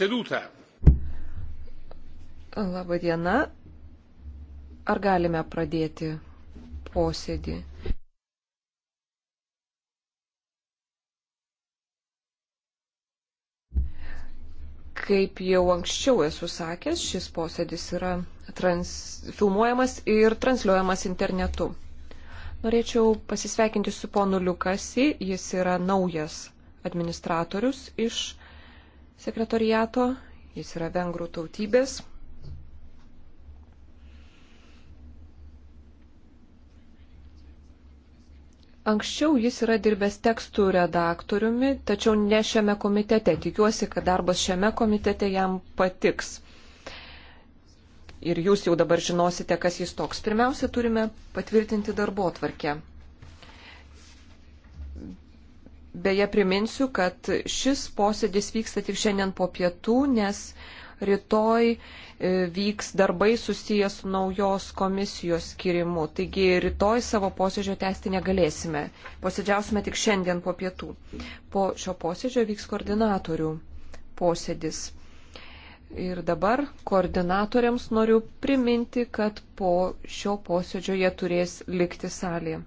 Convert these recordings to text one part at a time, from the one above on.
Seduta. Labą dieną. Ar galime pradėti posėdį? Kaip jau anksčiau esu sakęs, šis posėdis yra trans, filmuojamas ir transliuojamas internetu. Norėčiau pasisveikinti su ponu Liukasi, jis yra naujas administratorius iš sekretoriato, jis yra vengrų tautybės. Anksčiau jis yra dirbęs tekstų redaktoriumi, tačiau ne šiame komitete. Tikiuosi, kad darbas šiame komitete jam patiks. Ir jūs jau dabar žinosite, kas jis toks. Pirmiausia, turime patvirtinti darbo tvarkę. Beje, priminsiu, kad šis posėdis vyksta tik šiandien po pietų, nes rytoj e, vyks darbai susijęs su naujos komisijos skirimu. Taigi rytoj savo posėdžio tęsti negalėsime. Posėdžiausime tik šiandien po pietų. Po šio posėdžio vyks koordinatorių posėdis. Ir dabar koordinatoriams noriu priminti, kad po šio posėdžio jie turės likti salėje.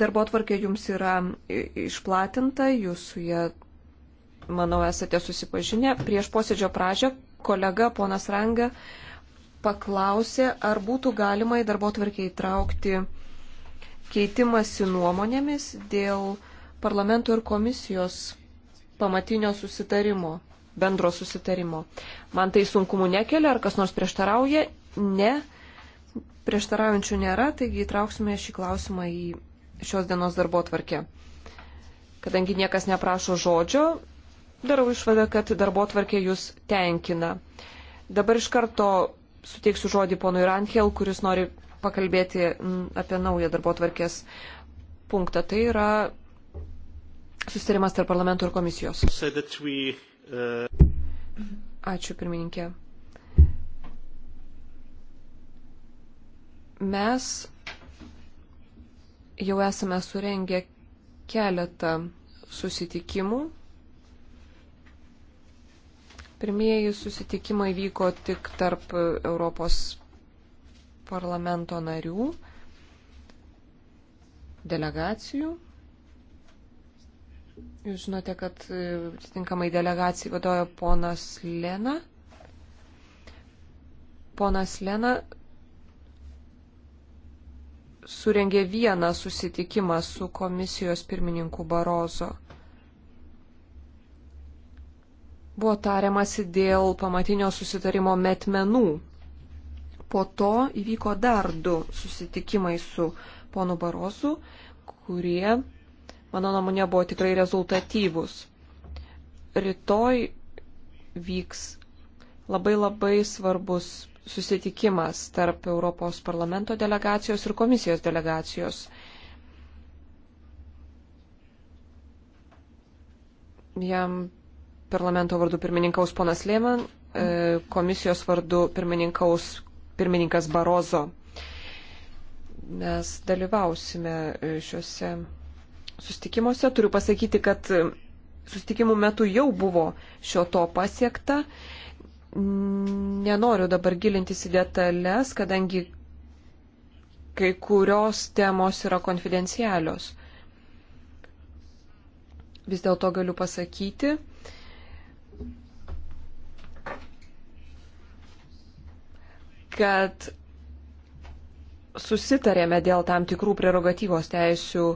Darbo tvarkė jums yra išplatinta, jūs su ją, manau, esate susipažinę. Prieš posėdžio pradžią kolega ponas Ranga paklausė, ar būtų galima į darbo tvarkę įtraukti keitimąsi nuomonėmis dėl parlamento ir komisijos pamatinio susitarimo, bendro susitarimo. Man tai sunkumų nekelia, ar kas nors prieštarauja? Ne. Prieštaraujančių nėra, taigi įtrauksime šį klausimą į šios dienos darbo tvarkė. Kadangi niekas neprašo žodžio, darau išvadą, kad darbo tvarkė jūs tenkina. Dabar iš karto suteiksiu žodį ponui Rankel, kuris nori pakalbėti apie naują darbo tvarkės punktą. Tai yra susitarimas tarp parlamento ir komisijos. Uh, Ačiū, pirmininkė. Mes jau esame surengę keletą susitikimų. Pirmieji susitikimai vyko tik tarp Europos parlamento narių, delegacijų. Jūs žinote, kad atitinkamai delegacijai vadojo ponas Lena. Ponas Lena surengė vieną susitikimą su komisijos pirmininku Barozo. Buvo tariamasi dėl pamatinio susitarimo metmenų. Po to įvyko dar du susitikimai su ponu Barozu, kurie, mano nuomonė, buvo tikrai rezultatyvus. Rytoj vyks labai labai svarbus susitikimas tarp Europos parlamento delegacijos ir komisijos delegacijos. Jam parlamento vardu pirmininkaus ponas Lėman, e, komisijos vardu pirmininkaus pirmininkas Barozo. Mes dalyvausime e, šiuose sustikimuose. Turiu pasakyti, kad e, sustikimų metu jau buvo šio to pasiekta nenoriu dabar gilintis į detalės, kadangi kai kurios temos yra konfidencialios. Vis dėlto galiu pasakyti, kad susitarėme dėl tam tikrų prerogatyvos teisių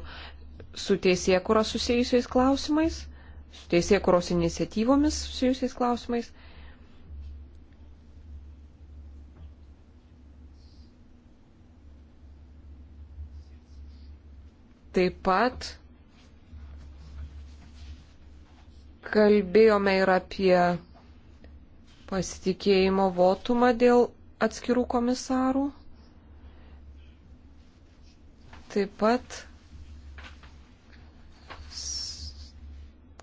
su teisėkuros susijusiais klausimais, su teisėkuros iniciatyvomis susijusiais klausimais. Taip pat kalbėjome ir apie pasitikėjimo votumą dėl atskirų komisarų. Taip pat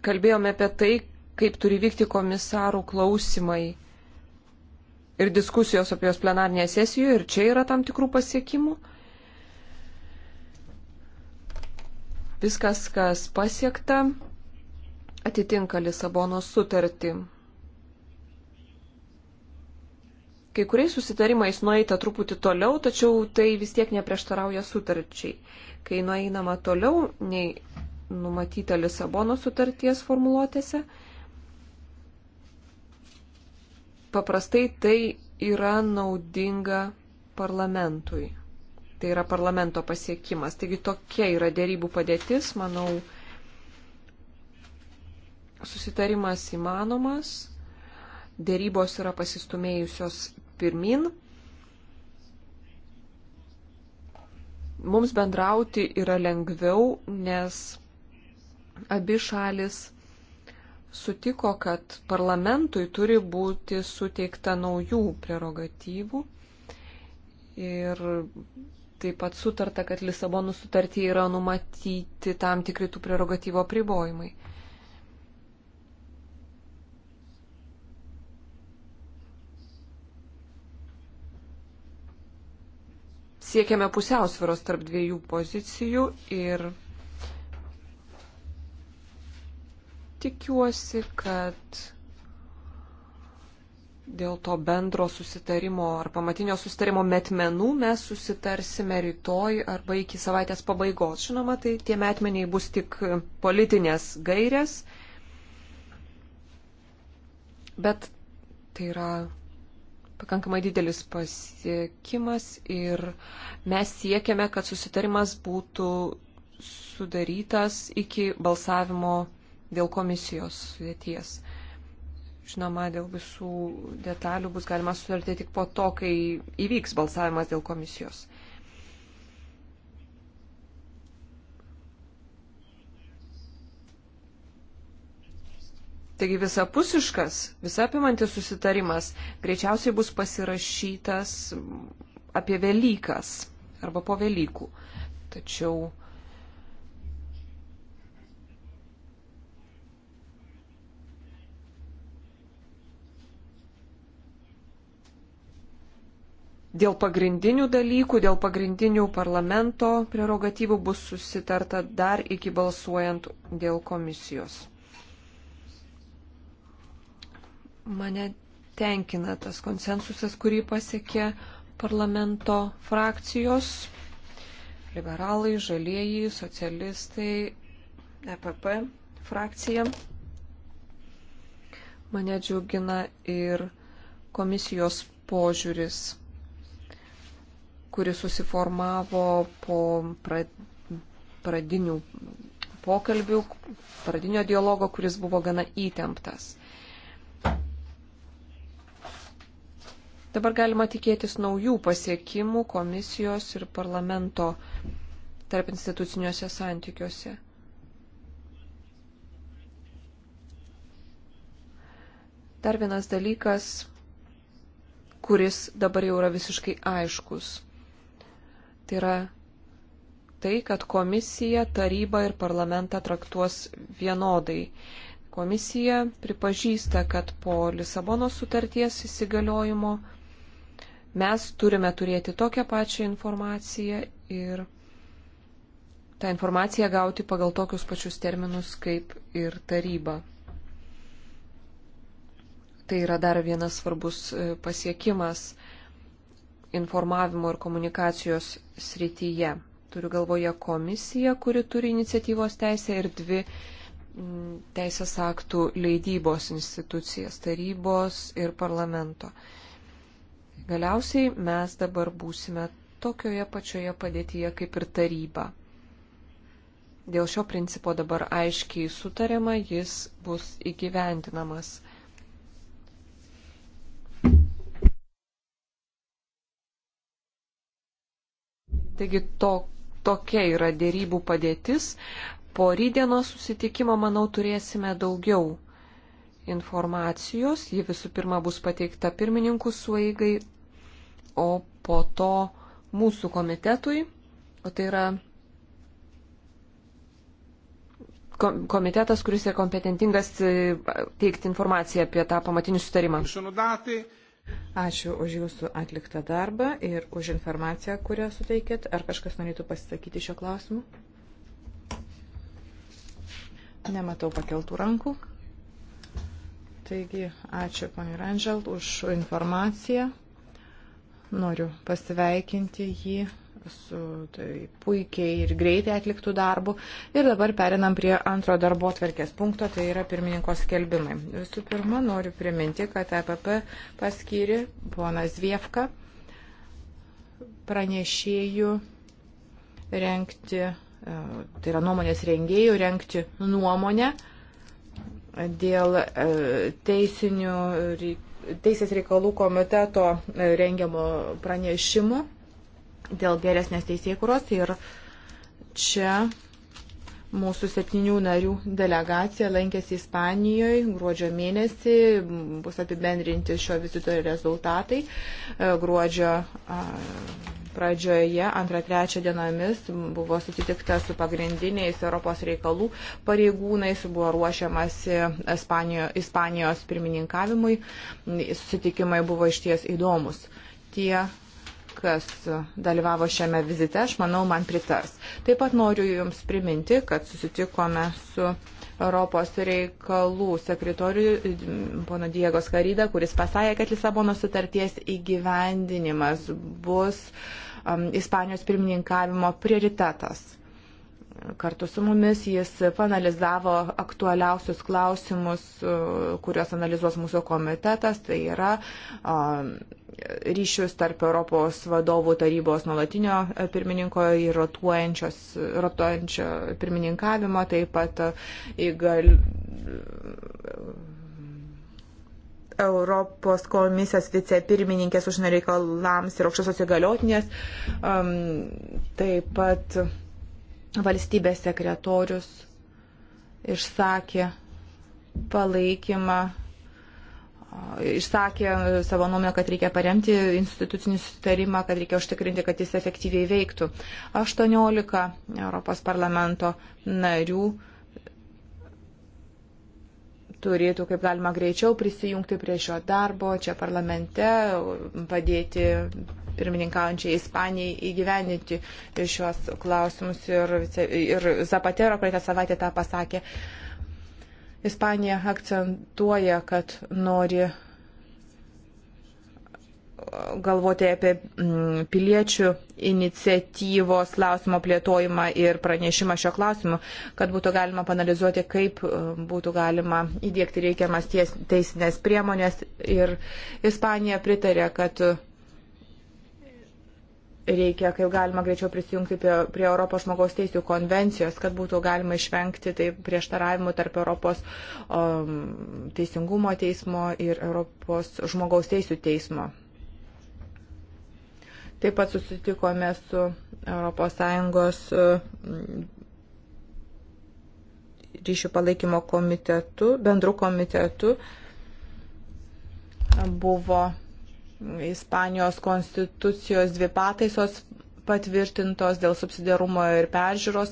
kalbėjome apie tai, kaip turi vykti komisarų klausimai ir diskusijos apie jos plenarnėje sesijoje ir čia yra tam tikrų pasiekimų. Viskas, kas pasiekta, atitinka Lisabonos sutartį. Kai kuriais susitarimais nueita truputį toliau, tačiau tai vis tiek neprieštarauja sutarčiai. Kai nueinama toliau nei numatyta Lisabono sutarties formuluotėse, paprastai tai yra naudinga parlamentui. Tai yra parlamento pasiekimas. Taigi tokia yra dėrybų padėtis. Manau, susitarimas įmanomas. Dėrybos yra pasistumėjusios pirmin. Mums bendrauti yra lengviau, nes abi šalis sutiko, kad parlamentui turi būti suteikta naujų prerogatyvų ir Taip pat sutarta, kad Lisabonų sutartyje yra numatyti tam tikri tų prerogatyvo pribojimai. Siekiame pusiausviros tarp dviejų pozicijų ir tikiuosi, kad dėl to bendro susitarimo ar pamatinio susitarimo metmenų mes susitarsime rytoj arba iki savaitės pabaigos. Žinoma, tai tie metmeniai bus tik politinės gairės, bet tai yra pakankamai didelis pasiekimas ir mes siekiame, kad susitarimas būtų sudarytas iki balsavimo dėl komisijos sudėties. Žinoma, dėl visų detalių bus galima sutarti tik po to, kai įvyks balsavimas dėl komisijos. Taigi visapusiškas, visapimantis susitarimas greičiausiai bus pasirašytas apie Velykas arba po Velykų. Tačiau dėl pagrindinių dalykų, dėl pagrindinių parlamento prerogatyvų bus susitarta dar iki balsuojant dėl komisijos. Mane tenkina tas konsensusas, kurį pasiekė parlamento frakcijos. Liberalai, žalieji, socialistai, EPP frakcija. Mane džiugina ir komisijos požiūris kuri susiformavo po pradinių pokalbių, pradinio dialogo, kuris buvo gana įtemptas. Dabar galima tikėtis naujų pasiekimų komisijos ir parlamento tarp instituciniuose santykiuose. Dar vienas dalykas, kuris dabar jau yra visiškai aiškus tai yra tai, kad komisija, taryba ir parlamentą traktuos vienodai. Komisija pripažįsta, kad po Lisabono sutarties įsigaliojimo mes turime turėti tokią pačią informaciją ir tą informaciją gauti pagal tokius pačius terminus kaip ir taryba. Tai yra dar vienas svarbus e, pasiekimas informavimo ir komunikacijos srityje. Turiu galvoje komisiją, kuri turi iniciatyvos teisę ir dvi mm, teisės aktų leidybos institucijas - tarybos ir parlamento. Galiausiai mes dabar būsime tokioje pačioje padėtyje kaip ir taryba. Dėl šio principo dabar aiškiai sutarima, jis bus įgyvendinamas. Taigi to, tokia yra dėrybų padėtis. Po rydienos susitikimo, manau, turėsime daugiau informacijos. Ji visų pirma bus pateikta pirmininkų sueigai, o po to mūsų komitetui. O tai yra komitetas, kuris yra kompetentingas e, teikti informaciją apie tą pamatinį sutarimą. Ačiū už Jūsų atliktą darbą ir už informaciją, kurią suteikėt. Ar kažkas norėtų pasisakyti šio klausimu? Nematau pakeltų rankų. Taigi, ačiū, ponė Rangel, už informaciją. Noriu pasveikinti jį su tai puikiai ir greitai atliktų darbų. Ir dabar perinam prie antro darbo atverkės punkto, tai yra pirmininko skelbimai. Visų pirma, noriu priminti, kad EPP paskyri ponas Zviefka pranešėjų renkti, e, tai yra nuomonės rengėjų renkti nuomonę dėl e, teisinių reikalų teisės reikalų komiteto e, rengiamo pranešimo dėl geresnės teisėkuros ir čia mūsų septynių narių delegacija lankėsi Ispanijoje gruodžio mėnesį, bus apibendrinti šio vizito rezultatai. E, gruodžio pradžioje, antrą, trečią dienomis buvo susitikta su pagrindiniais Europos reikalų pareigūnais, buvo ruošiamasi Ispanijo, Ispanijos pirmininkavimui, susitikimai buvo išties įdomus. Tie kas dalyvavo šiame vizite, aš manau, man pritars. Taip pat noriu Jums priminti, kad susitikome su Europos reikalų sekretoriu pono Diegos Karyda, kuris pasakė, kad Lisabono sutarties įgyvendinimas bus um, Ispanijos pirmininkavimo prioritetas. Kartu su mumis jis panalizavo aktualiausius klausimus, e, kuriuos analizuos mūsų komitetas, tai yra ryšius tarp Europos vadovų tarybos nuolatinio e, pirmininko ir rotuojančio pirmininkavimo, taip pat e, įgal... Europos komisijos vicepirmininkės užsienio reikalams ir aukštosios įgaliotinės. Taip pat valstybės sekretorius išsakė palaikymą, išsakė savo nuomonę, kad reikia paremti institucinį sutarimą, kad reikia užtikrinti, kad jis efektyviai veiktų. 18 Europos parlamento narių turėtų kaip galima greičiau prisijungti prie šio darbo čia parlamente, padėti pirmininkaujančiai Ispanijai įgyveninti šiuos klausimus ir, ir Zapatero praeitą savaitę tą pasakė. Ispanija akcentuoja, kad nori galvoti apie mm, piliečių iniciatyvos klausimo plėtojimą ir pranešimą šio klausimu, kad būtų galima panalizuoti, kaip e, būtų galima įdėkti reikiamas teisinės priemonės. Ir Ispanija pritarė, kad reikia kaip galima greičiau prisijungti prie, prie Europos žmogaus teisų konvencijos, kad būtų galima išvengti tai prieštaravimų tarp Europos um, teisingumo teismo ir Europos žmogaus teisų teismo. Taip pat susitikome su ES um, ryšių palaikymo komitetu, bendru komitetu. Buvo Ispanijos konstitucijos dvi pataisos patvirtintos dėl subsidiarumo ir peržiūros.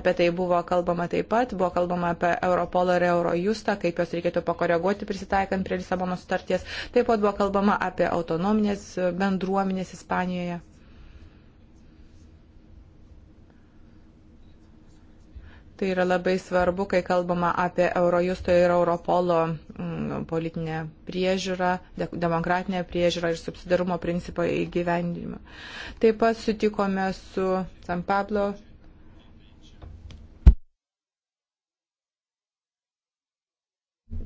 Apie tai buvo kalbama taip pat. Buvo kalbama apie Europolą ir Eurojustą, kaip jos reikėtų pakoreguoti prisitaikant prie Lisabono sutarties. Taip pat buvo kalbama apie autonominės bendruomenės Ispanijoje. Tai yra labai svarbu, kai kalbama apie Eurojusto ir Europolo mm, politinę priežiūrą, demokratinę priežiūrą ir subsidarumo principo įgyvendinimą. Taip pat sutikome su San Pablo.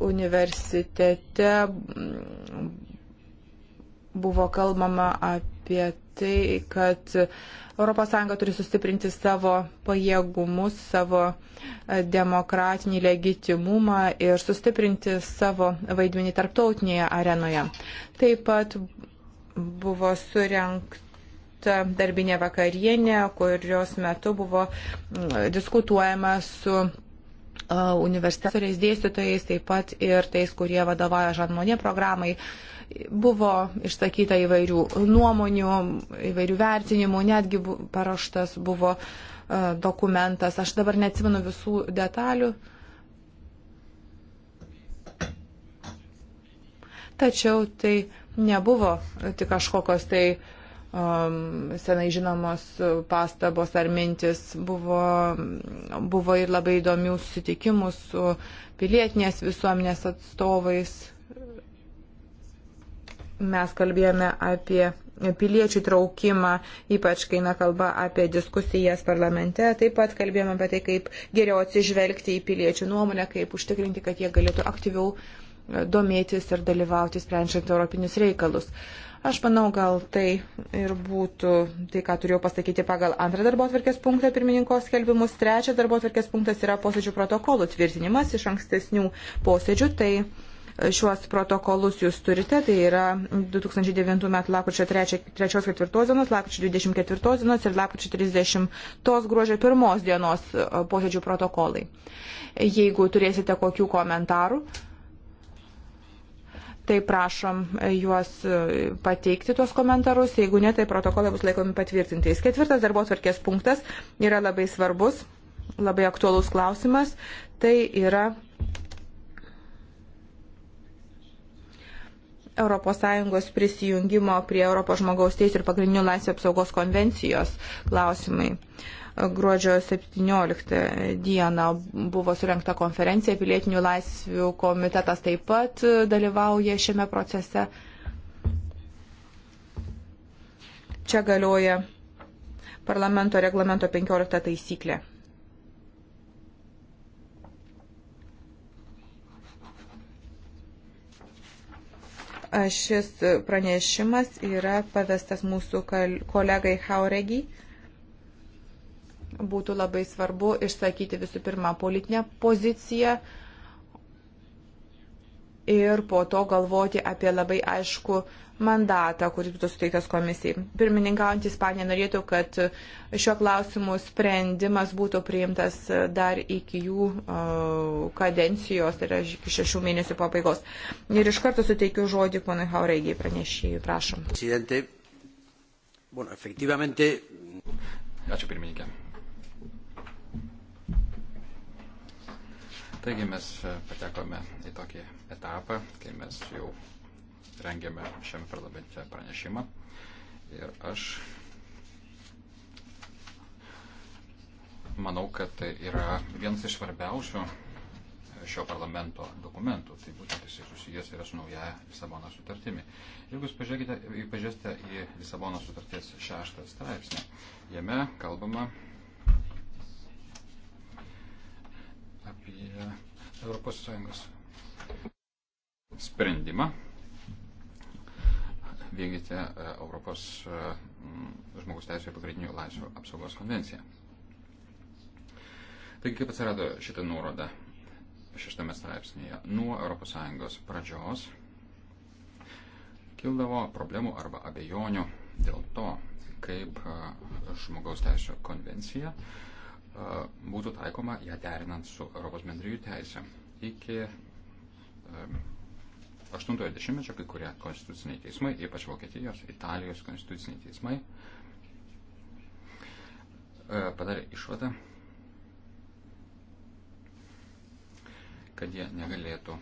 Universitete mm, buvo kalbama apie tai, kad uh, ES turi sustiprinti savo pajėgumus, savo e, demokratinį legitimumą ir sustiprinti savo vaidmenį tarptautinėje arenoje. Taip pat buvo surenkta darbinė vakarienė, kurios metu buvo diskutuojama su e, universitetoriais dėstytojais, taip pat ir tais, kurie vadovauja Žanmonė programai Buvo išsakyta įvairių nuomonių, įvairių vertinimų, netgi paraštas buvo e, dokumentas. Aš dabar neatsimenu visų detalių. Tačiau tai nebuvo tik kažkokios tai um, senai žinomos pastabos ar mintis. Buvo, buvo ir labai įdomių susitikimų su pilietinės visuomenės atstovais mes kalbėjome apie piliečių traukimą, ypač kai na kalba apie diskusijas parlamente. Taip pat kalbėjome apie tai, kaip geriau atsižvelgti į piliečių nuomonę, kaip užtikrinti, kad jie galėtų aktyviau e, domėtis ir dalyvauti sprendžiant europinius reikalus. Aš manau, gal tai ir būtų tai, ką turėjau pasakyti pagal antrą darbo atvirkės punktą pirmininkos skelbimus. Trečias darbo atvirkės punktas yra posėdžių protokolų tvirtinimas iš ankstesnių posėdžių. Tai Šiuos protokolus jūs turite, tai yra 2009 m. lapkričio 3-4 dienos, lapkričio 24 dienos ir lapkričio 30 gruodžio 1 dienos e, posėdžių protokolai. Jeigu turėsite kokių komentarų, tai prašom e, juos e, pateikti tuos komentarus, jeigu ne, tai protokolai bus laikomi patvirtintais. Ketvirtas darbo tvarkės punktas yra labai svarbus, labai aktuolus klausimas, tai yra ES prisijungimo prie ES teisų ir pagrindinių laisvės apsaugos konvencijos klausimai. Gruodžio 17 dieną buvo surinkta konferencija, pilietinių laisvių komitetas taip pat dalyvauja šiame procese. Čia galioja parlamento reglamento 15 taisyklė. Šis pranešimas yra pavestas mūsų kolegai Hauregiai būtų labai svarbu išsakyti visų pirma politinę poziciją ir po to galvoti apie labai aišku mandatą, kuris būtų suteiktas komisijai. Pirmininkaujant Ispanija norėtų, kad šiuo klausimu sprendimas būtų priimtas dar iki jų kadencijos, tai yra iki šešių mėnesių pabaigos. Ir iš karto suteikiu žodį ponui Haureigiai pranešėjai, prašom. Ačiū pirmininkė. Taigi mes patekome į tokį etapą, kai mes jau rengiame šiame parlamente pranešimą. Ir aš manau, kad tai yra vienas iš svarbiausių šio parlamento dokumentų. Tai būtent jisai susijęs yra su nauja Lisabono sutartimi. Jeigu jūs pažiūrėsite į Lisabono sutarties šeštą straipsnį, jame kalbama apie ES sprendimą vykdyti e, Europos e, žmogus teisų ir pagrindinių laisvių apsaugos konvenciją. Taigi, kaip atsirado šitą nuorodą šeštame straipsnėje? Nuo ES pradžios kildavo problemų arba abejonių dėl to, kaip e, žmogaus teisų konvencija būtų taikoma ją derinant su Europos bendrijų teisė. Iki 80-ojo dešimtmečio kai kurie konstituciniai teismai, ypač Vokietijos, Italijos konstituciniai teismai, e, padarė išvadą, kad jie negalėtų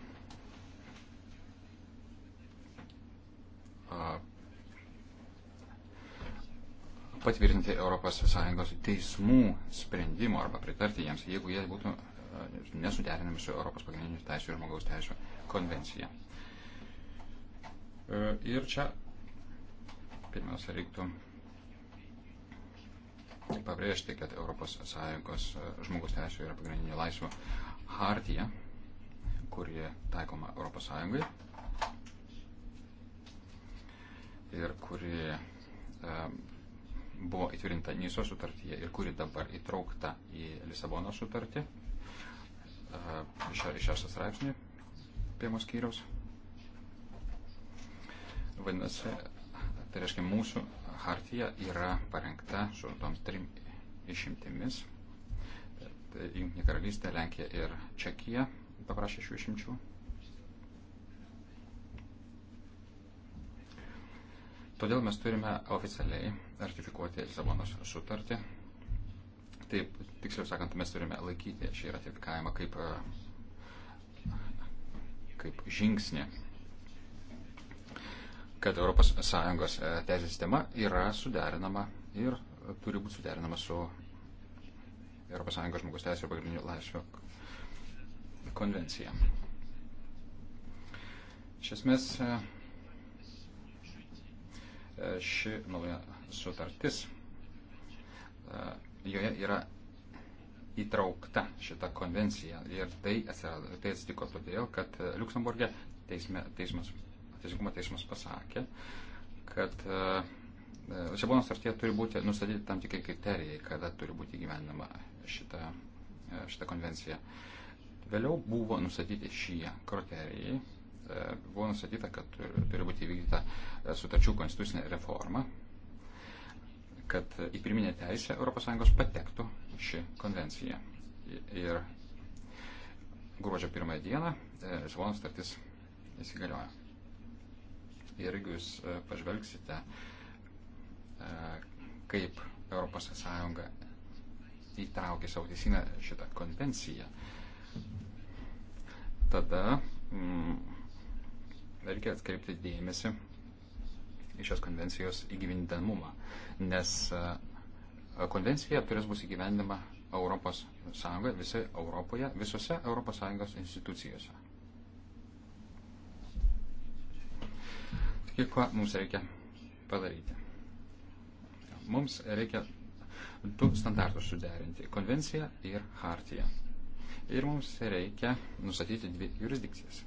patvirtinti ES teismų sprendimo arba pritarti jiems, jeigu jie būtų nesuderinami su ES pagrindinių teisų ir žmogaus teisų konvencija. E, ir čia pirmiausia reiktų pabrėžti, kad ES e, žmogus teisų yra pagrindinė laisvė hartija, kuri taikoma ES ir kuri e, buvo įtvirtinta Nyso sutartyje ir kuri dabar įtraukta į Lisabono sutartį, e, šią straipsnį, pirmos skyriaus. Vadinasi, tai reiškia, mūsų hartija yra parengta su toms trim išimtimis. Tai Junktinė karalystė, Lenkija ir Čekija paprašė šių išimčių. Todėl mes turime oficialiai ratifikuoti Lisabonos sutartį. Taip, tiksliau sakant, mes turime laikyti šį ratifikavimą kaip, kaip žingsnį kad ES e, teisės sistema yra suderinama ir turi būti suderinama su ES žmogus teisė ir pagrindinių laisvių konvencija. Iš esmės, e, e, ši nauja sutartis, joje yra įtraukta šita konvencija ir tai, atsirado, tai atsitiko todėl, kad Luksemburgė teisme, teismas teisingumo teismas pasakė, kad e, e, Lisabonos sartyje turi būti nustatyti tam tikri kriterijai, kada turi būti gyvenama šita, e, šita konvencija. Vėliau buvo nustatyti šie kriterijai. Buvo nustatyta, kad turi, turi būti įvykdyta sutarčių konstitucinė reforma, kad į pirminę teisę ES patektų ši konvencija. Ir gruodžio pirmąją dieną Lisabonos startis įsigalioja. Ir jeigu jūs e, pažvelgsite, e, kaip ES įtraukė savo teisinę šitą konvenciją, tada mm, reikia atkreipti dėmesį į šios konvencijos įgyvendinamumą, nes e, konvencija turės bus įgyvendama Europos Sąjungoje, visai Europoje, visose Europos Sąjungos institucijose. Taigi, ką mums reikia padaryti? Mums reikia du standartus suderinti - konvenciją ir hartiją. Ir mums reikia nustatyti dvi jurisdikcijas.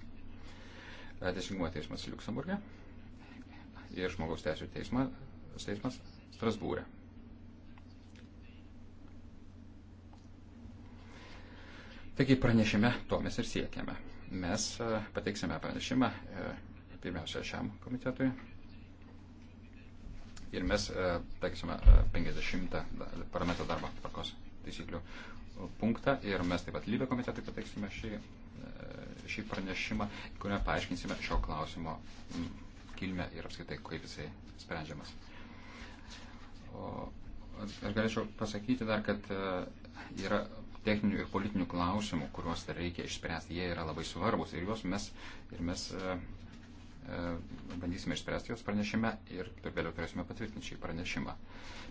Teisingumo teismas Luksemburgė ir žmogaus teisų teisma, teismas Strasbūrė. Taigi pranešime to mes ir siekiame. Mes e, pateiksime pranešimą e, pirmiausia šiam komitetui. Ir mes e, taikysime 50 e, parametro darbo tvarkos taisyklių punktą ir mes taip pat lygio komitetui pateiksime šį, e, šį pranešimą, kuriame paaiškinsime šio klausimo kilmę ir apskaitai, kaip jisai sprendžiamas. O, aš galėčiau pasakyti dar, kad yra techninių ir politinių klausimų, kuriuos reikia išspręsti. Jie yra labai svarbus ir juos mes, ir mes E, bandysime išspręsti jos pranešime ir vėliau turėsime patvirtinti šį pranešimą.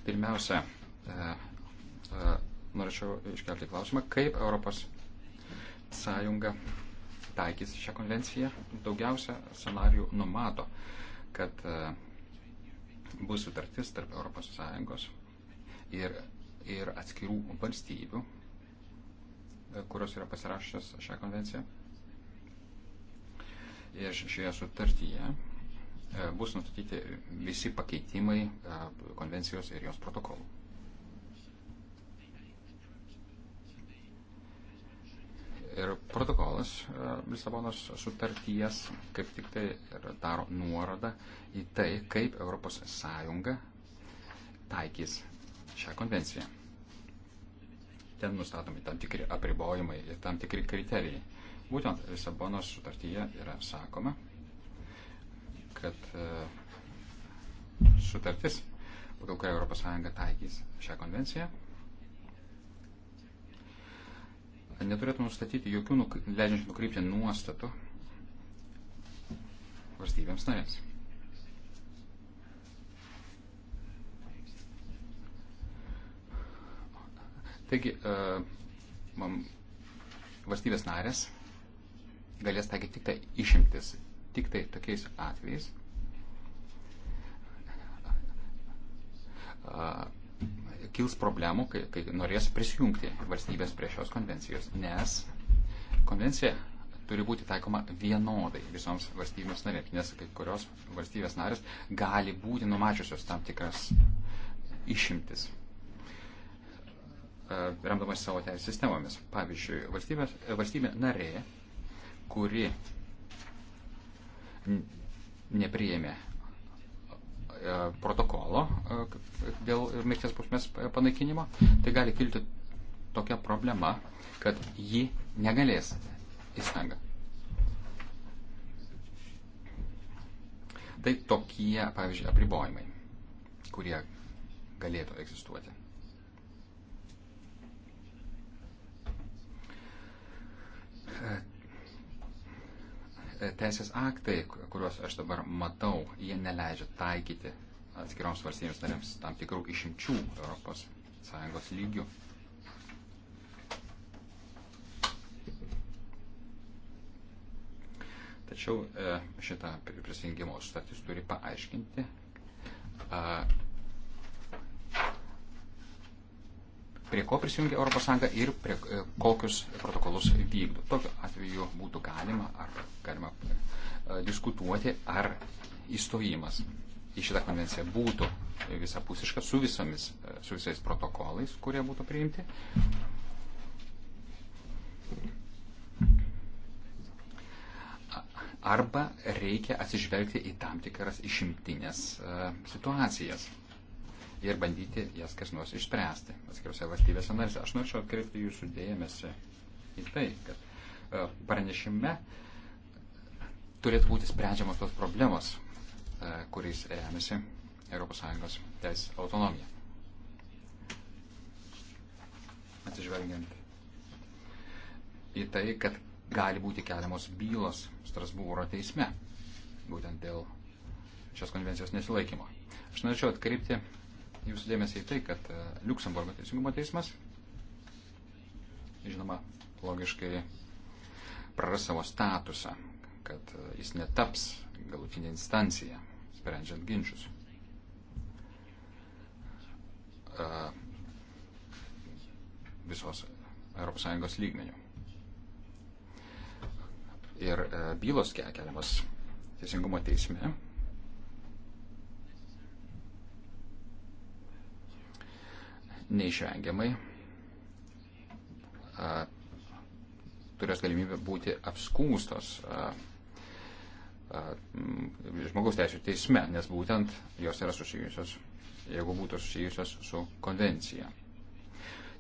Pirmiausia, e, e, norėčiau iškelti klausimą, kaip Europos Sąjunga taikys šią konvenciją. Daugiausia scenarių numato, kad bus sutartis tarp Europos Sąjungos ir, ir atskirų valstybių, kurios yra pasirašęs šią konvenciją šioje sutartyje e, bus nustatyti visi pakeitimai e, konvencijos ir jos protokolų. Ir protokolas e, Lisabonos sutarties kaip tik tai daro nuorodą į tai, kaip ES taikys šią konvenciją. Ten nustatomi tam tikri apribojimai ir tam tikri kriterijai. Būtent Lisabonos sutartyje yra sakoma, kad e, sutartis, pagal kurią ES taikys šią konvenciją, neturėtų nustatyti jokių nuk, leidžiančių nukrypti nuostatų valstybėms narėms. Taigi, uh, e, man, valstybės narės galės taikyti tik tai išimtis, tik tai tokiais atvejais. Kils problemų, kai, kai norės prisijungti valstybės prie šios konvencijos, nes konvencija turi būti taikoma vienodai visoms valstybėms narėms, nes kai kurios valstybės narės gali būti numačiusios tam tikras išimtis, remdamas savo teisės sistemomis. Pavyzdžiui, valstybė narė kuri nepriėmė e, protokolo e, dėl mirties bausmės panaikinimo, tai gali kilti tokia problema, kad ji negalės į sąjungą. Tai tokie, pavyzdžiui, apribojimai, kurie galėtų egzistuoti. E, teisės aktai, kuriuos aš dabar matau, jie neleidžia taikyti atskiroms valstybėms narėms tam tikrų išimčių ES lygių. Tačiau e, šitą prisijungimo sutartis turi paaiškinti, prie ko prisijungia ES ir prie e, kokius protokolus vykdo. Tokiu atveju būtų galima, ar, galima e, diskutuoti, ar įstojimas į šitą konvenciją būtų visapusiška su, visomis, e, su visais protokolais, kurie būtų priimti. Arba reikia atsižvelgti į tam tikras išimtinės situacijas ir bandyti jas kas nors išspręsti atskiriuose valstybėse narėse. Aš norėčiau atkreipti jūsų dėmesį į tai, kad e, pranešime turėtų būti sprendžiamos tos problemos, e, kuriais remiasi ES teisės autonomija. Atsižvelgiant į tai, kad gali būti keliamos bylos Strasbūro teisme, būtent dėl šios konvencijos nesilaikymo. Aš norėčiau atkreipti jūsų dėmesį į tai, kad e, Luksemburgo teisingumo teismas, žinoma, logiškai praras savo statusą, kad e, jis netaps galutinė instancija, sprendžiant ginčius. E, visos ES lygmenių. Ir bylos keliamas teisingumo teisme neišvengiamai a, turės galimybę būti apskūstos a, a, žmogaus teisų teisme, nes būtent jos yra susijusios, jeigu būtų susijusios su konvencija.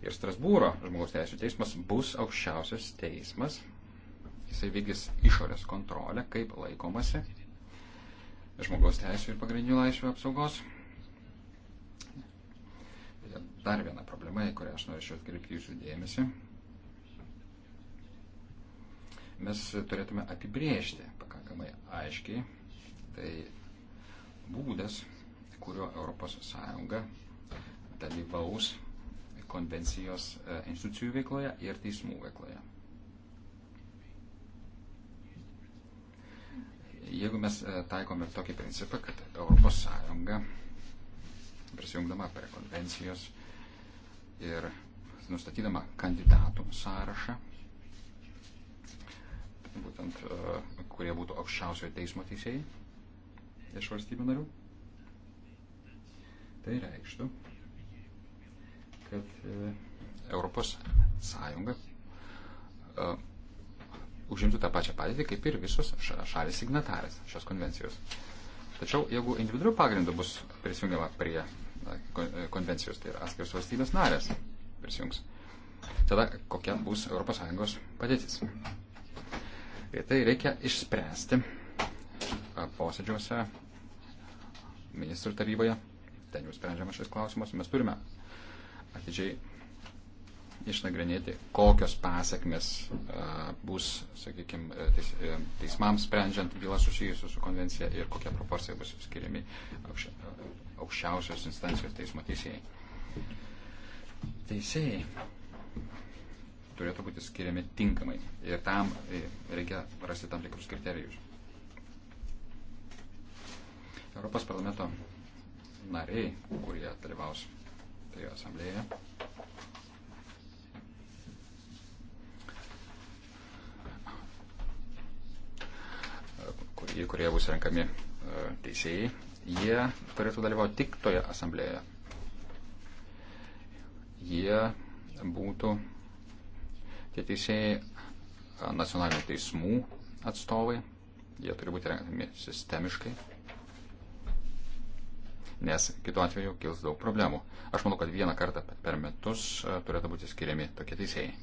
Ir Strasbūro žmogaus teisų teismas bus aukščiausias teismas. Jisai vykdys išorės kontrolę, kaip laikomasi žmogaus teisų ir pagrindinių laisvių apsaugos dar viena problema, į kurią aš norėčiau atkreipti jūsų dėmesį. Mes turėtume apibriežti pakankamai aiškiai, tai būdas, kuriuo ES dalyvaus konvencijos e, institucijų veikloje ir teismų veikloje. Jeigu mes e, taikome tokį principą, kad ES prisijungdama prie konvencijos ir nustatydama kandidatų sąrašą, būtent e, kurie būtų aukščiausiojo teismo teisėjai iš valstybių narių. Tai reikštų, kad e, Europos Sąjunga e, užimtų tą pačią padėtį kaip ir visos šalis signatarės šios konvencijos. Tačiau jeigu individualių pagrindų bus prisijungiama prie E, konvencijos, tai yra atskiros valstybės narės prisijungs. Tada kokia bus ES padėtis? Ir tai reikia išspręsti e, posėdžiuose ministrų taryboje. Ten jau sprendžiamas šis klausimas. Mes turime atidžiai išnagrinėti, kokios pasiekmes bus, sakykime, teis, teismams sprendžiant bylą susijusiu su konvencija ir kokie proporcijai bus skiriami aukščiausios instancijos teismo teisėjai. Teisėjai turėtų būti skiriami tinkamai ir tam e, reikia rasti tam tikrus kriterijus. Europos parlamento nariai, kurie dalyvaus toje tai asamblėje, į kurioje bus renkami e, teisėjai, jie turėtų dalyvauti tik toje asamblėje. Jie būtų tie teisėjai e, nacionalinių teismų atstovai, jie turi būti renkami sistemiškai, nes kitu atveju kils daug problemų. Aš manau, kad vieną kartą per metus e, turėtų būti skiriami tokie teisėjai.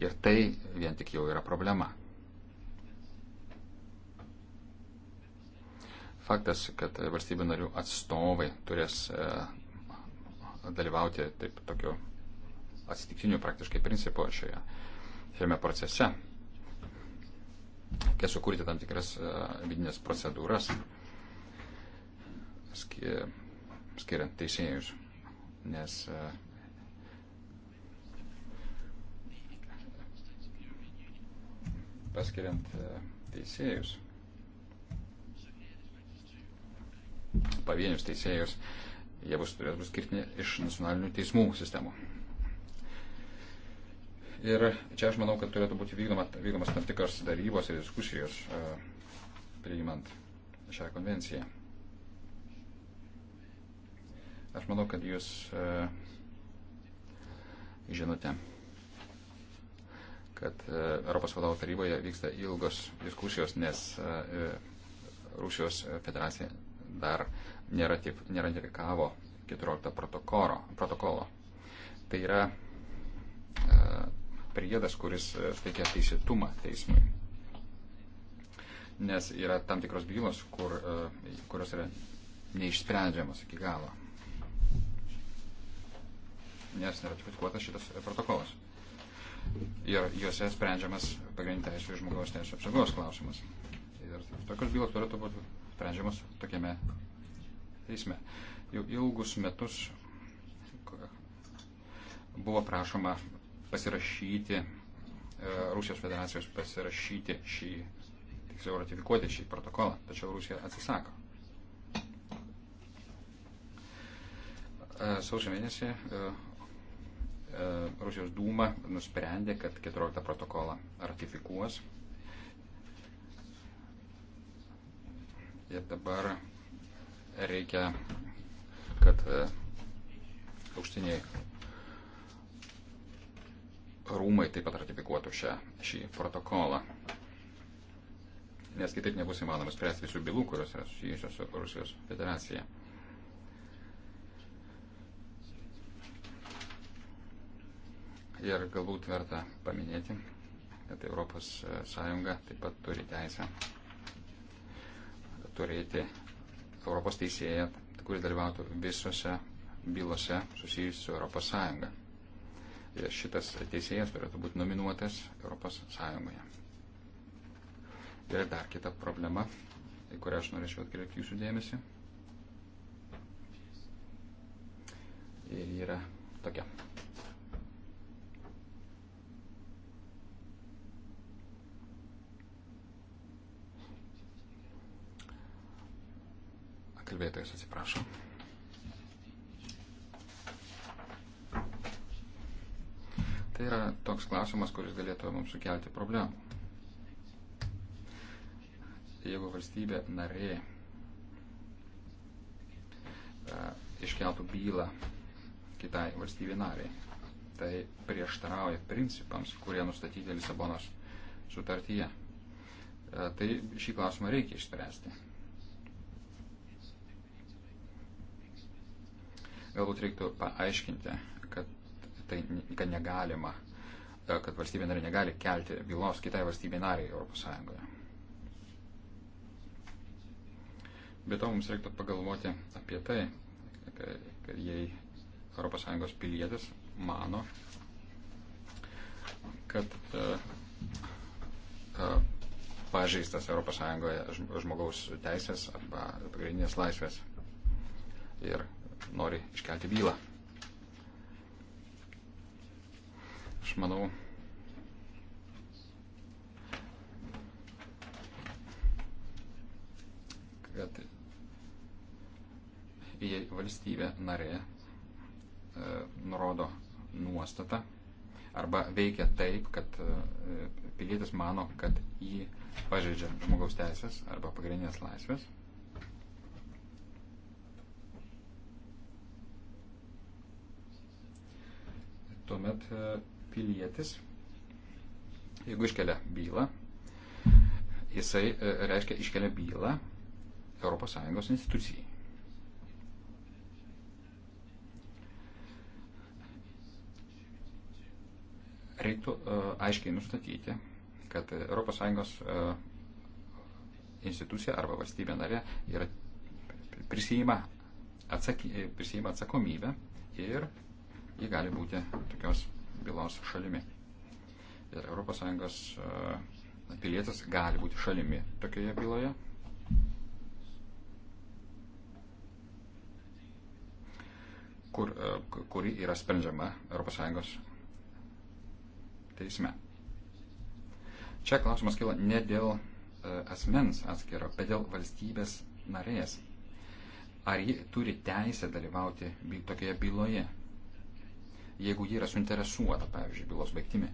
Ir tai vien tik jau yra problema. faktas, kad e, valstybių narių atstovai turės e, dalyvauti taip tokiu atsitiktiniu praktiškai principu šioje, šiame procese. Reikia sukurti tam tikras e, vidinės procedūras, skiriant teisėjus, nes paskiriant teisėjus pavienius teisėjus, jie bus, turės bus skirti iš nacionalinių teismų sistemų. Ir čia aš manau, kad turėtų būti vykdoma, vykdomas tam tikras darybos ir diskusijos e, priimant šią konvenciją. Aš manau, kad jūs e, žinote, kad e, Europos vadovų taryboje vyksta ilgos diskusijos, nes Rusijos federacija dar neratifikavo 14 protokolo. protokolo. Tai yra e, priedas, kuris e, teikia teisėtumą teismui. Nes yra tam tikros bylos, kur, e, kurios yra neišsprendžiamas iki galo. Nes neratifikuotas šitas protokolas. Ir juose sprendžiamas pagrindinių teisų ir žmogaus teisų apsaugos klausimas. Ir tokios bylos turėtų būti sprendžiamos tokiame teisme. Jau ilgus metus buvo prašoma pasirašyti, e, Rusijos federacijos pasirašyti šį, tiksliau ratifikuoti šį protokolą, tačiau Rusija atsisako. E, sausio mėnesį e, Rusijos Dūma nusprendė, kad 14 protokolą ratifikuos Ir dabar reikia, kad e, aukštiniai rūmai taip pat ratifikuotų šią, šį protokolą. Nes kitaip nebus įmanoma spręsti visų bylų, kurios yra susijusios su Rusijos federacija. Ir galbūt verta paminėti, kad Europos e, Sąjunga taip pat turi teisę turėti Europos teisėją, kuris dalyvautų visose bylose susijusiu su Europos Sąjunga. Ir šitas teisėjas turėtų būti nominuotas Europos Sąjungoje. Ir dar kita problema, į kurią aš norėčiau atkreipti jūsų dėmesį. Ir yra tokia. Kalbėtojas atsiprašo. Tai yra toks klausimas, kuris galėtų mums sukelti problemų. Jeigu valstybė narė e, iškeltų bylą kitai valstybė nariai, tai prieštarauja principams, kurie nustatyti Lisabonos sutartyje. E, tai šį klausimą reikia išspręsti. Galbūt reiktų paaiškinti, kad tai kad negalima, kad valstybė narė negali kelti bylos kitai valstybė nariai ES. Be to mums reiktų pagalvoti apie tai, kad jei ES pilietis mano, kad e, e, pažeistas ES žmogaus teisės arba pagrindinės laisvės ir nori iškelti bylą. Aš manau, kad jei valstybė narė e, nurodo nuostatą arba veikia taip, kad e, pilietis mano, kad jį pažeidžia žmogaus teisės arba pagrindinės laisvės, tuomet e, pilietis, jeigu iškelia bylą, jisai e, reiškia iškelia bylą ES institucijai. Reiktų uh, aiškiai nustatyti, kad ES uh, institucija arba valstybė narė yra prisijima, atsaky, prisijima atsakomybę ir ji gali būti tokios bylos šalimi. Ir ES e, pilietis gali būti šalimi tokioje byloje. Kur, e, kuri yra sprendžiama ES teisme. Čia klausimas kyla ne dėl e, asmens atskiro, bet dėl valstybės narės. Ar ji turi teisę dalyvauti tokioje byloje? jeigu ji yra suinteresuota, pavyzdžiui, bylos baigtimi.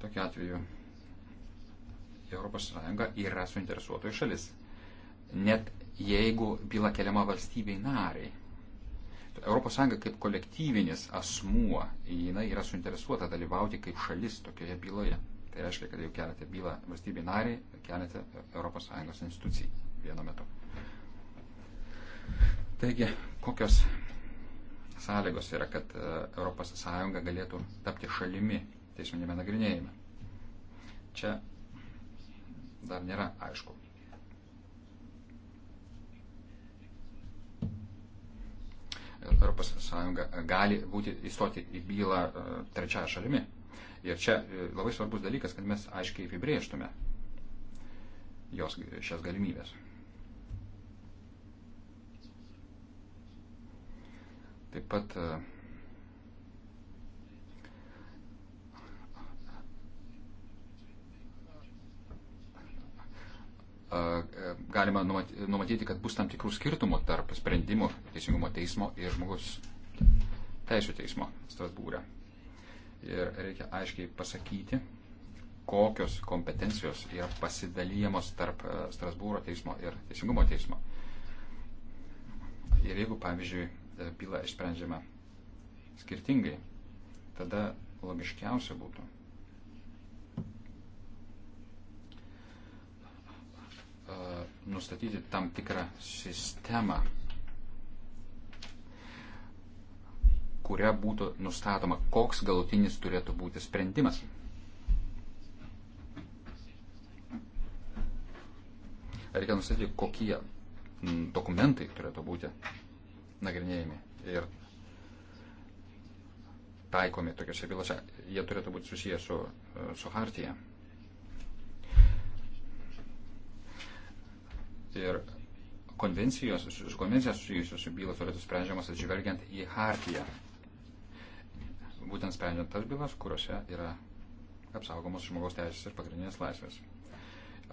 Tokiu atveju ES yra suinteresuotoji šalis. Net jeigu byla keliama valstybei nariai. Tai ES kaip kolektyvinis asmuo, jinai yra suinteresuota dalyvauti kaip šalis tokioje byloje. Tai reiškia, kad jau keliate bylą valstybei nariai, keliate ES institucijai vienu metu. Taigi, kokios sąlygos yra, kad ES galėtų tapti šalimi teisminėme nagrinėjime. Čia dar nėra aišku. ES gali būti įstoti į bylą e, trečiąją šalimi. Ir čia e, labai svarbus dalykas, kad mes aiškiai apibrėžtume jos šias galimybės. Taip pat e, e, galima numatyti, kad bus tam tikrų skirtumų tarp sprendimų Teisingumo teismo ir žmogus teisų teismo Strasbūrė. Ir reikia aiškiai pasakyti, kokios kompetencijos yra pasidalyjamos tarp e, Strasbūro teismo ir Teisingumo teismo. Ir jeigu, pavyzdžiui, E, byla išsprendžiama skirtingai, tada logiškiausia būtų. E, nustatyti tam tikrą sistemą, kuria būtų nustatoma, koks galutinis turėtų būti sprendimas. Reikia nustatyti, kokie dokumentai turėtų būti nagrinėjami ir taikomi tokiuose bylose, jie turėtų būti susiję su, su Hartija. Ir konvencijos, su konvencijos susijusios su bylos turėtų sprendžiamas atsižvelgiant į Hartiją. Būtent sprendžiant tas bylas, kuriuose yra apsaugomos žmogaus teisės ir pagrindinės laisvės.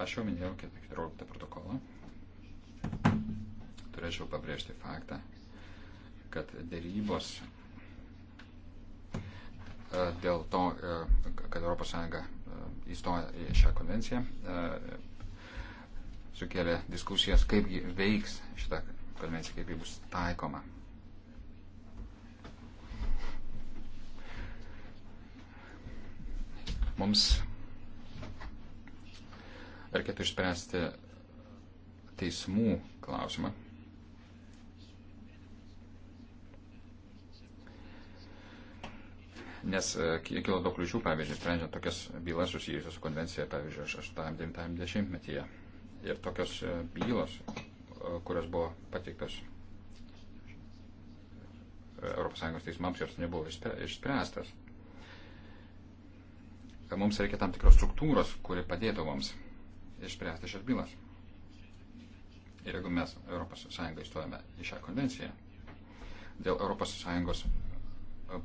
Aš jau minėjau 14 protokolą. Turėčiau pabrėžti faktą, kad dėrybos e, dėl to, e, kad ES e, įstoja į šią konvenciją, sukėlė diskusijas, kaipgi veiks šitą konvenciją, kaip ji bus taikoma. Mums reikėtų išspręsti teismų klausimą, nes e, kilo daug kliučių, pavyzdžiui, sprendžiant tokias bylas susijusios su konvencija, pavyzdžiui, 8-90-metyje. Ir tokios e, bylos, e, kurios buvo pateiktos ES teismams, jos nebuvo išspręstas. Mums reikia tam tikros struktūros, kuri padėtų mums išspręsti šias bylas. Ir jeigu mes ES įstojame į šią konvenciją, dėl ES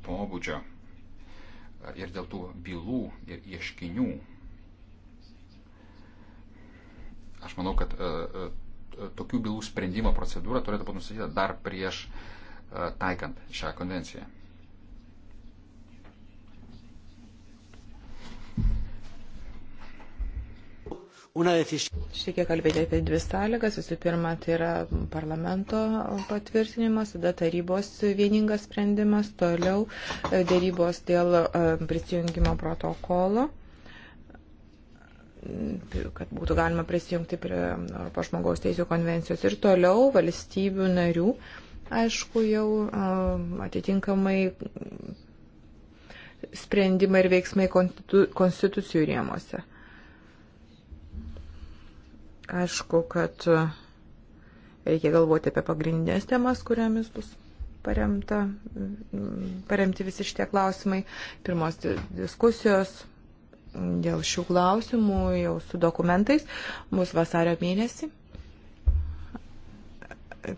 pobūdžio ir dėl tų bylų ir ieškinių. Aš manau, kad e, e, tokių bylų sprendimo procedūra turėtų būti nustatyta dar prieš e, taikant šią konvenciją. Šiek tiek kalbėti apie dvi sąlygas. Visų pirma, tai yra parlamento patvirtinimas, tada tarybos vieningas sprendimas, toliau e, dėrybos dėl e, prisijungimo protokolo kad būtų galima prisijungti prie Europos žmogaus teisų konvencijos ir toliau valstybių narių, aišku, jau e, atitinkamai sprendimai ir veiksmai konstitu, konstitucijų rėmose. Aišku, kad reikia galvoti apie pagrindinės temas, kuriamis bus paremta, paremti visi šitie klausimai. Pirmos diskusijos dėl šių klausimų jau su dokumentais bus vasario mėnesį.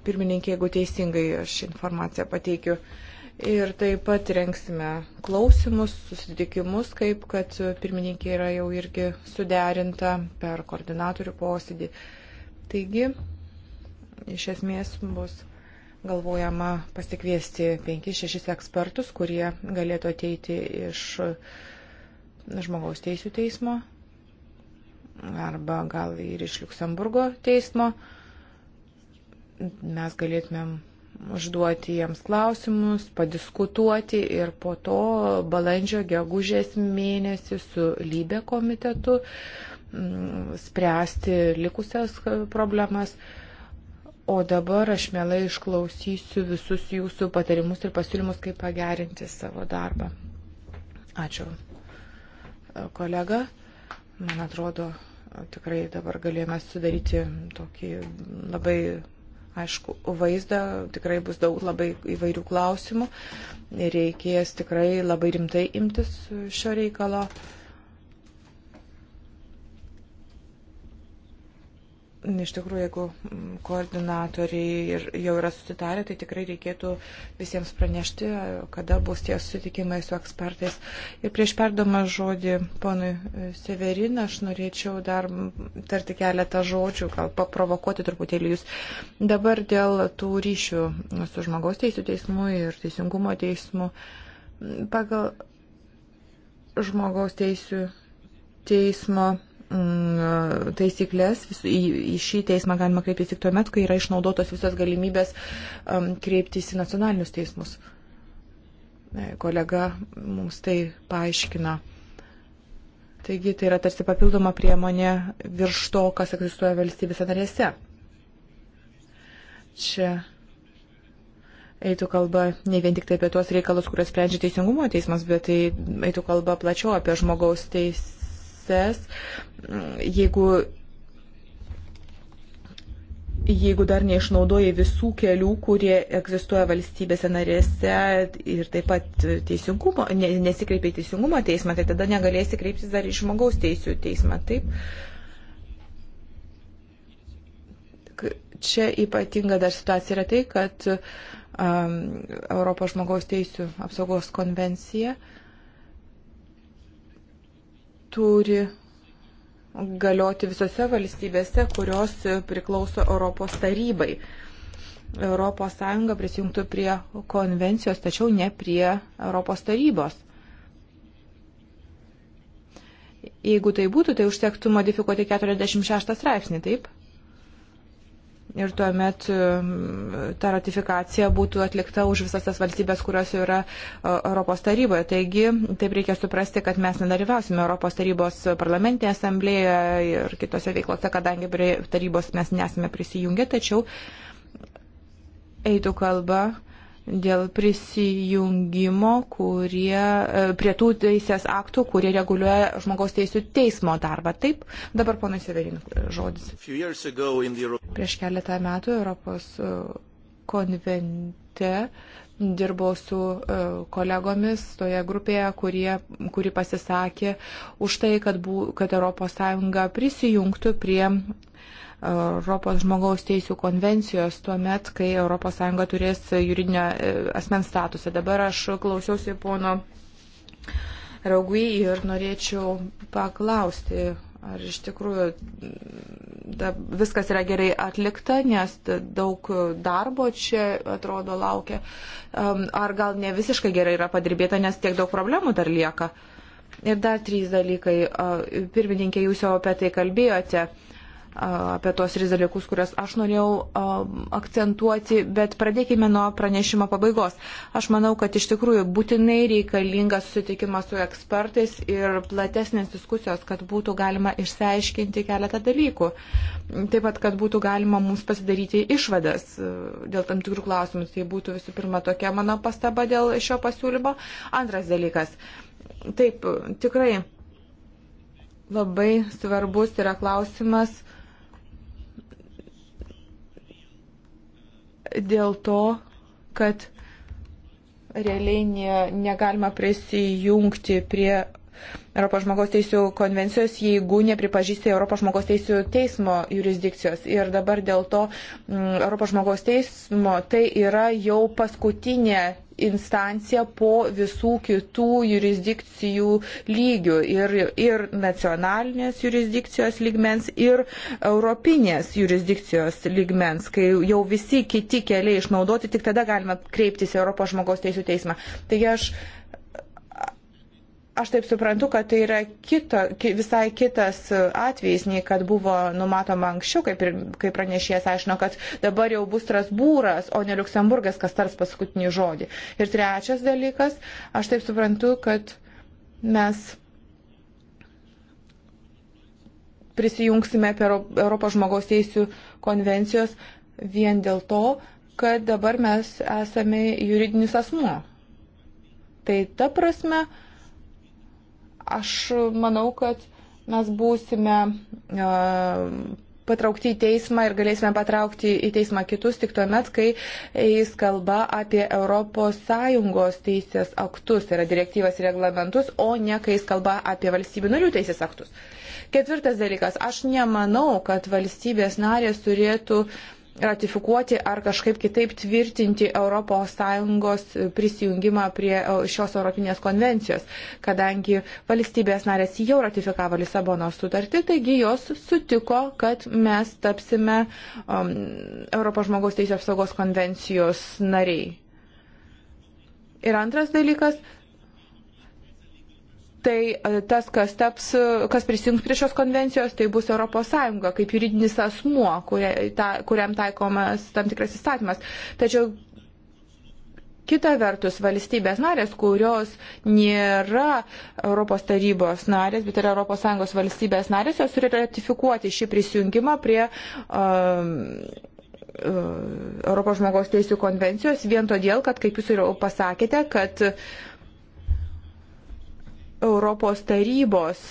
Pirmininkė, jeigu teisingai aš informaciją pateikiu, Ir taip pat renksime klausimus, susitikimus, kaip kad pirmininkė yra jau irgi suderinta per koordinatorių posėdį. Taigi, iš esmės bus galvojama pasikviesti 5-6 ekspertus, kurie galėtų ateiti iš žmogaus teisų teismo arba gal ir iš Luksemburgo teismo. Mes galėtumėm užduoti jiems klausimus, padiskutuoti ir po to balandžio gegužės mėnesį su lybė komitetu mm, spręsti likusias problemas. O dabar aš mielai išklausysiu visus jūsų patarimus ir pasiūlymus, kaip pagerinti savo darbą. Ačiū, kolega. Man atrodo, tikrai dabar galėjome sudaryti tokį labai aišku, vaizdą, tikrai bus daug labai įvairių klausimų ir reikės tikrai labai rimtai imtis šio reikalo. Uh, Iš tikrųjų, jeigu mm, koordinatoriai ir jau yra susitarę, tai tikrai reikėtų visiems pranešti, kada bus tie susitikimai su ekspertais. Ir prieš perdamą žodį ponui Severiną, aš norėčiau dar tarti keletą žodžių, gal paprovokuoti truputėlį jūs. Dabar dėl tų ryšių su žmogaus teisų teismu ir teisingumo teismu. Pagal žmogaus teisų teismo Mm, taisyklės į šį teismą galima kreiptis tik tuomet, kai yra išnaudotos visos galimybės um, kreiptis į nacionalinius teismus. E, kolega mums tai paaiškina. Taigi tai yra tarsi papildoma priemonė virš to, kas egzistuoja valstybėse narėse. Čia eitų kalba ne vien tik tai apie tuos reikalus, kuriuos sprendžia Teisingumo teismas, bet tai eitų kalba plačiau apie žmogaus teisės puses, jeigu jeigu dar neišnaudoja visų kelių, kurie egzistuoja valstybėse narėse ir taip pat teisingumo, nesikreipia į teisingumo teismą, tai tada negalėsi kreiptis dar į žmogaus teisų teismą. Taip. Čia ypatinga dar situacija yra tai, kad um, Europos žmogaus teisų apsaugos konvencija uh, turi galioti visose valstybėse, kurios priklauso Europos tarybai. Europos Sąjunga prisijungtų prie konvencijos, tačiau ne prie Europos tarybos. Jeigu tai būtų, tai užtektų modifikuoti 46 straipsnį, taip? ir tuomet ta ratifikacija būtų atlikta už visas tas valstybės, kurios yra Europos taryboje. Taigi, taip reikia suprasti, kad mes nedalyvausime Europos tarybos parlamentinėje asamblėje ir kitose veiklose, kadangi prie tarybos mes nesame prisijungę, tačiau eitų kalba dėl prisijungimo kurie, e, prie tų teisės aktų, kurie reguliuoja žmogaus teisų teismo darbą. Taip, dabar ponai Severin žodis. Prieš keletą metų Europos e, konvente dirbau su e, kolegomis toje grupėje, kurie, kuri pasisakė už tai, kad, bu, kad ES prisijungtų prie Europos žmogaus teisų konvencijos tuo met, kai ES turės juridinio e, asmens statusą. Dabar aš klausiausi pono Raugui ir norėčiau paklausti, ar iš tikrųjų mm, da, viskas yra gerai atlikta, nes daug darbo čia atrodo laukia. Ar gal ne visiškai gerai yra padirbėta, nes tiek daug problemų dar lieka. Ir dar trys dalykai. Pirmininkė, jūs jau apie tai kalbėjote apie tos tris dalykus, kuriuos aš norėjau akcentuoti, bet pradėkime nuo pranešimo pabaigos. Aš manau, kad iš tikrųjų būtinai reikalingas susitikimas su ekspertais ir platesnės diskusijos, kad būtų galima išsiaiškinti keletą dalykų. Taip pat, kad būtų galima mums pasidaryti išvadas dėl tam tikrų klausimų. Tai būtų visų pirma tokia mano pastaba dėl šio pasiūlymo. Antras dalykas. Taip, tikrai labai svarbus yra klausimas dėl to, kad realiai ne, negalima prisijungti prie Europos žmogaus teisų konvencijos, jeigu nepripažįsti Europos žmogaus teisų teismo jurisdikcijos. Ir dabar dėl to m, mm, Europos žmogaus teismo tai yra jau paskutinė instancija po visų kitų jurisdikcijų lygių ir, ir nacionalinės jurisdikcijos lygmens ir europinės jurisdikcijos lygmens, kai jau visi kiti keliai išnaudoti, tik tada galima kreiptis į Europos žmogaus teisų teismą. Taigi aš Aš taip suprantu, kad tai yra kita, visai kitas atvejis, nei kad buvo numatoma anksčiau, kaip, ir, kaip pranešėjas aišino, kad dabar jau bus Strasbūras, o ne Luksemburgas, kas tars paskutinį žodį. Ir trečias dalykas, aš taip suprantu, kad mes prisijungsime prie Europos žmogaus teisų konvencijos vien dėl to, kad dabar mes esame juridinis asmuo. Tai ta prasme, uh, Aš manau, kad mes būsime e, patraukti į teismą ir galėsime patraukti į teismą kitus tik tuo met, kai jis kalba apie ES teisės aktus, tai yra direktyvas ir reglamentus, o ne kai jis kalba apie valstybių narių teisės aktus. Ketvirtas dalykas, aš nemanau, kad valstybės narės turėtų uh, ratifikuoti ar kažkaip kitaip tvirtinti ES prisijungimą prie e, šios Europinės konvencijos, kadangi valstybės narės jau ratifikavo Lisabono sutartį, taigi jos sutiko, kad mes tapsime um, Europos žmogaus teisės apsaugos konvencijos nariai. Ir antras dalykas, tai e, tas, kas, taps, kas prisijungs prie šios konvencijos, tai bus ES kaip juridinis asmuo, kuria, ta, kuriam taikomas tam tikras įstatymas. Tačiau kita vertus valstybės narės, kurios nėra Europos tarybos narės, bet yra ES valstybės narės, jos turi ratifikuoti šį prisijungimą prie. Um, uh, Europos žmogaus teisų konvencijos vien todėl, kad, kaip jūs ir pasakėte, kad uh, Europos tarybos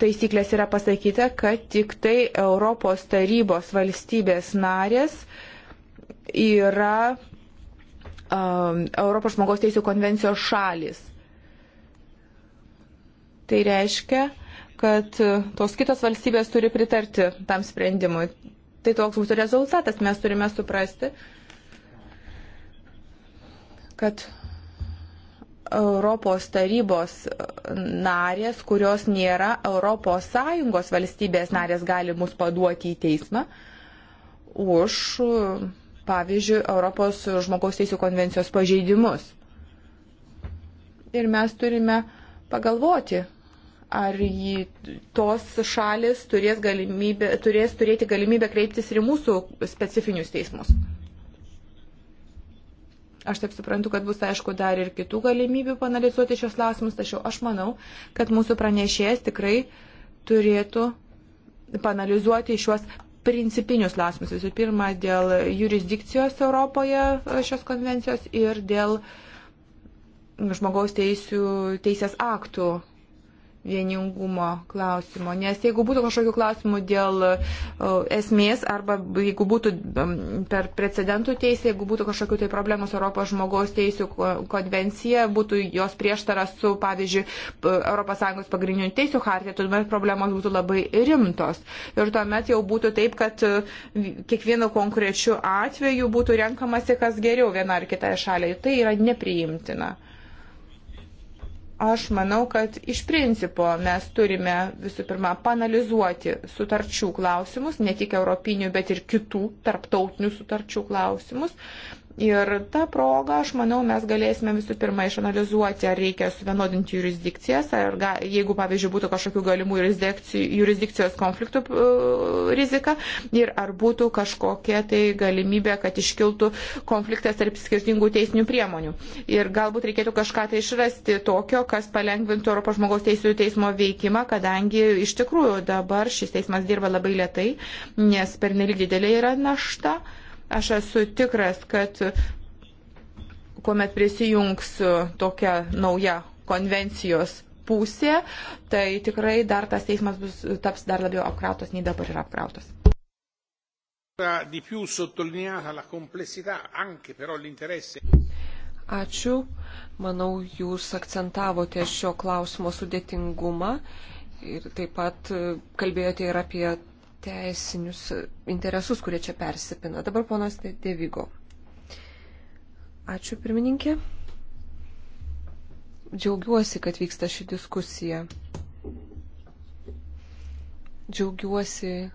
taisyklės yra pasakyta, kad tik tai Europos tarybos valstybės narės yra um, Europos žmogaus teisų konvencijos šalis. Tai reiškia, kad tos kitos valstybės turi pritarti tam sprendimui. Tai toks būtų rezultatas, mes turime suprasti, kad Europos tarybos narės, kurios nėra ES valstybės narės, gali mus paduoti į teismą už, pavyzdžiui, Europos žmogaus teisų konvencijos pažeidimus. Ir mes turime pagalvoti, ar tos šalis turės, galimybę, turės turėti galimybę kreiptis ir į mūsų specifinius teismus. Aš taip suprantu, kad bus aišku dar ir kitų galimybių panalizuoti šios klausimus, tačiau aš manau, kad mūsų pranešėjas tikrai turėtų panalizuoti šiuos principinius klausimus. Visų pirma, dėl jurisdikcijos Europoje e, šios konvencijos ir dėl žmogaus teisų, teisės aktų vieningumo klausimo. Nes jeigu būtų kažkokių klausimų dėl e, esmės arba jeigu būtų per precedentų teisę, jeigu būtų kažkokių tai problemų su Europos žmogaus teisų konvencija, būtų jos prieštaras su, pavyzdžiui, ES pagrindinių teisų hartė, tuomet problemos būtų labai rimtos. Ir tuomet jau būtų taip, kad e, kiekvienu konkrečiu atveju būtų renkamasi, kas geriau viena ar kitai šaliai. Tai yra nepriimtina. Aš manau, kad iš principo mes turime visų pirma panalizuoti sutarčių klausimus, ne tik europinių, bet ir kitų tarptautinių sutarčių klausimus. Ir tą progą, aš manau, mes galėsime visų pirma išanalizuoti, ar reikia suvienodinti jurisdikcijas, ar ga, jeigu, pavyzdžiui, būtų kažkokių galimų jurisdikcijos konfliktų rizika ir ar būtų kažkokia tai galimybė, kad iškiltų konfliktas tarp skirtingų teisinių priemonių. Ir galbūt reikėtų kažką tai išrasti tokio, kas palengvintų Europos žmogaus teisų teismo veikimą, kadangi iš tikrųjų dabar šis teismas dirba labai lietai, nes per nelyg didelė yra našta. Aš esu tikras, kad kuomet prisijungs tokia nauja konvencijos pusė, tai tikrai dar tas teismas bus, taps dar labiau apkrautas, nei dabar yra apkrautas. Ačiū. Manau, jūs akcentavote šio klausimo sudėtingumą ir taip pat e, kalbėjote ir apie teisinius interesus, kurie čia persipina. Dabar ponas Devygo. Ačiū pirmininkė. Džiaugiuosi, kad vyksta ši diskusija. Džiaugiuosi e,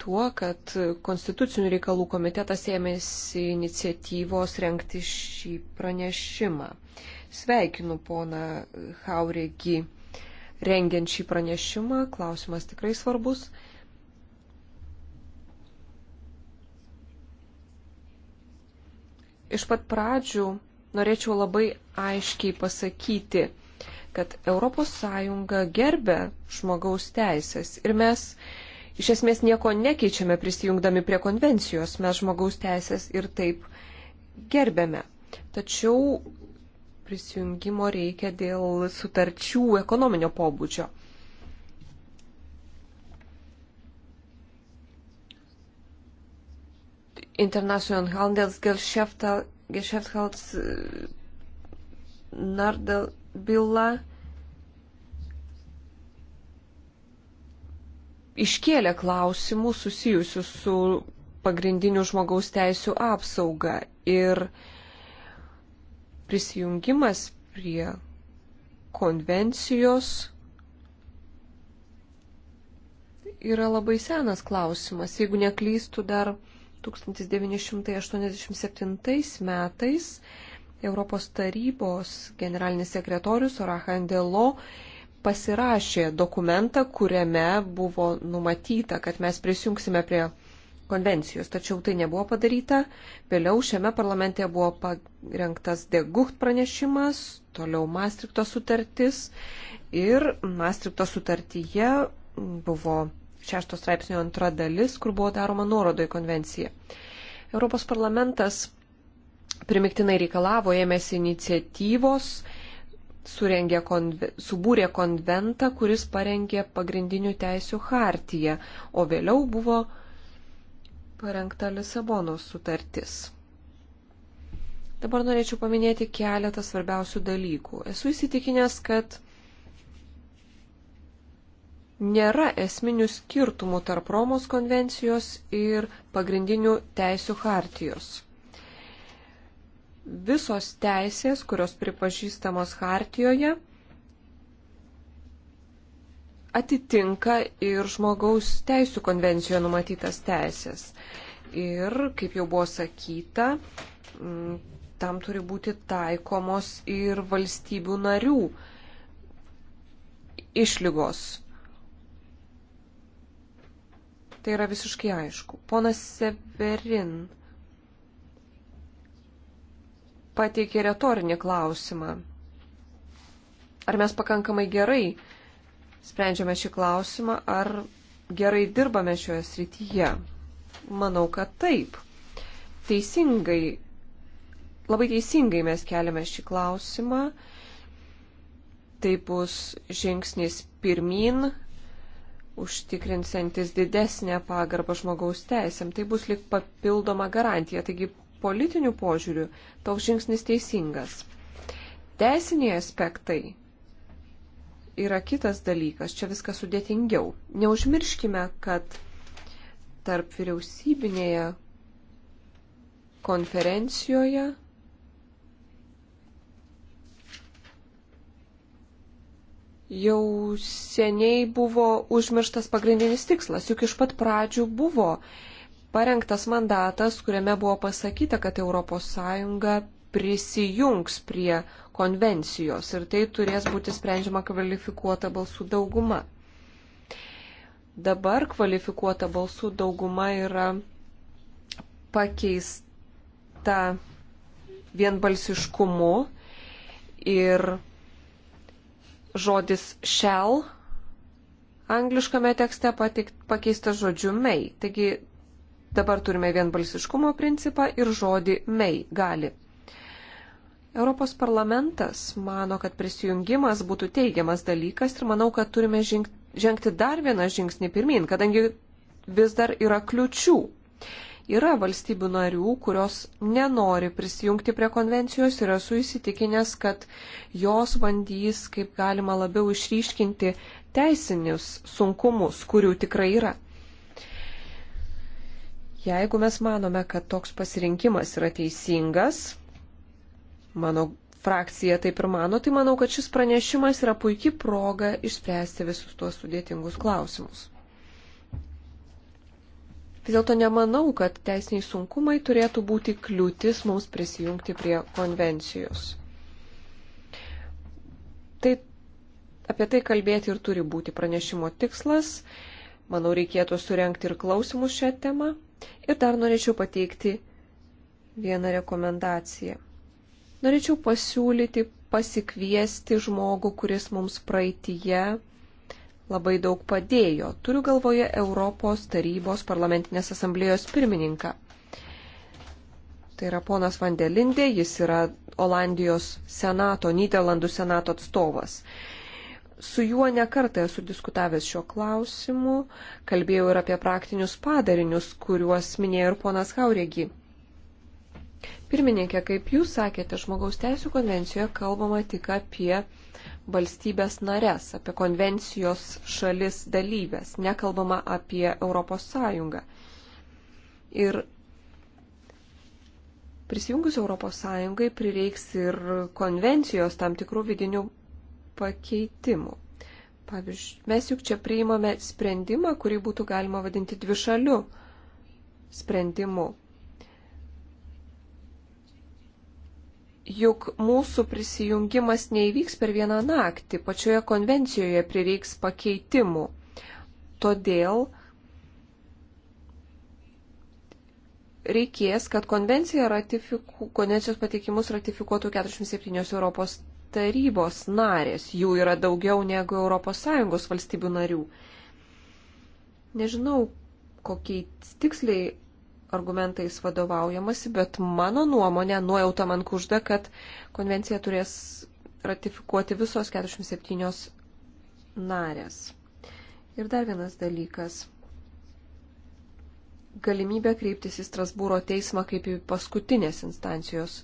tuo, kad Konstitucinių reikalų komitetas ėmėsi iniciatyvos renkti šį pranešimą. Sveikinu poną Haurėgi rengiant šį pranešimą. Klausimas tikrai svarbus. iš pat pradžių norėčiau labai aiškiai pasakyti, kad ES gerbė žmogaus teisės ir mes iš esmės nieko nekeičiame prisijungdami prie konvencijos, mes žmogaus teisės ir taip gerbėme. Tačiau prisijungimo reikia dėl sutarčių ekonominio pobūdžio. International Handelsgeschäftshalts äh, Nardel byla iškėlė klausimų susijusių su pagrindinių žmogaus teisų apsauga ir prisijungimas prie konvencijos yra labai senas klausimas. Jeigu neklystų dar 1987 metais Europos tarybos generalinis sekretorius Orahandelo pasirašė dokumentą, kuriame buvo numatyta, kad mes prisijungsime prie konvencijos, tačiau tai nebuvo padaryta. Vėliau šiame parlamente buvo parengtas Degucht pranešimas, toliau Maastrichto sutartis ir Maastrichto sutartyje buvo šešto straipsnio antra dalis, kur buvo daroma nuorodo į konvenciją. Europos parlamentas primiktinai reikalavo, ėmėsi iniciatyvos, surengė, konve, subūrė konventą, kuris parengė pagrindinių teisių hartiją, o vėliau buvo parengta Lisabonos sutartis. Dabar norėčiau paminėti keletą svarbiausių dalykų. Esu įsitikinęs, kad nėra esminių skirtumų tarp Romos konvencijos ir pagrindinių teisių hartijos. Visos teisės, kurios pripažįstamos hartijoje, atitinka ir žmogaus teisų konvencijoje numatytas teisės. Ir, kaip jau buvo sakyta, tam turi būti taikomos ir valstybių narių išlygos Tai yra visiškai aišku. Ponas Severin pateikė retorinį klausimą. Ar mes pakankamai gerai sprendžiame šį klausimą, ar gerai dirbame šioje srityje? Manau, kad taip. Teisingai, labai teisingai mes keliame šį klausimą. Tai bus žingsnis pirmin užtikrinsantis didesnę pagarbą žmogaus teisėm. Tai bus lik papildoma garantija. Taigi politinių požiūrių toks žingsnis teisingas. Teisiniai aspektai yra kitas dalykas, čia viskas sudėtingiau. Neužmirškime, kad tarp vyriausybinėje konferencijoje jau seniai buvo užmirštas pagrindinis tikslas, juk iš pat pradžių buvo parengtas mandatas, kuriame buvo pasakyta, kad ES prisijungs prie konvencijos ir tai turės būti sprendžiama kvalifikuota balsų dauguma. Dabar kvalifikuota balsų dauguma yra pakeista vienbalsiškumu ir žodis shall angliškame tekste pakeistas žodžiu may. Taigi dabar turime vienbalsiškumo principą ir žodį may gali. Europos parlamentas mano, kad prisijungimas būtų teigiamas dalykas ir manau, kad turime žengti dar vieną žingsnį pirmin, kadangi vis dar yra kliučių. Yra valstybių narių, kurios nenori prisijungti prie konvencijos ir esu įsitikinęs, kad jos bandys kaip galima labiau išryškinti teisinius sunkumus, kurių tikrai yra. Jeigu mes manome, kad toks pasirinkimas yra teisingas, mano frakcija taip ir mano, tai manau, kad šis pranešimas yra puikia proga išspręsti visus tuos sudėtingus klausimus. Vis dėlto nemanau, kad teisiniai sunkumai turėtų būti kliūtis mums prisijungti prie konvencijos. Tai apie tai kalbėti ir turi būti pranešimo tikslas. Manau, reikėtų surenkti ir klausimus šią temą. Ir dar norėčiau pateikti vieną rekomendaciją. Norėčiau pasiūlyti pasikviesti žmogų, kuris mums praeitįje labai daug padėjo. Turiu galvoje Europos tarybos parlamentinės asamblėjos pirmininką. Tai yra ponas Vandelindė, jis yra Olandijos senato, Niderlandų senato atstovas. Su juo nekartą esu diskutavęs šiuo klausimu, kalbėjau ir apie praktinius padarinius, kuriuos minėjo ir ponas Haurėgi. Pirmininkė, kaip jūs sakėte, žmogaus teisų konvencijoje kalbama tik apie valstybės narės, apie konvencijos šalis dalyvės, nekalbama apie Europos Sąjungą. Ir prisijungus Europos Sąjungai prireiks ir konvencijos tam tikrų vidinių pakeitimų. Pavyzdžiui, mes juk čia priimame sprendimą, kurį būtų galima vadinti dvišaliu sprendimu. Juk mūsų prisijungimas neįvyks per vieną naktį, pačioje konvencijoje prireiks pakeitimų. Todėl reikės, kad ratifiku, konvencijos pateikimus ratifikuotų 47 Europos tarybos narės. Jų yra daugiau negu ES valstybių narių. Nežinau, kokiais tiksliai argumentais vadovaujamasi, bet mano nuomonė, nuojauta man kužda, kad konvenciją turės ratifikuoti visos 47 narės. Ir dar vienas dalykas. Galimybė kreiptis į Strasbūro teismą kaip į paskutinės instancijos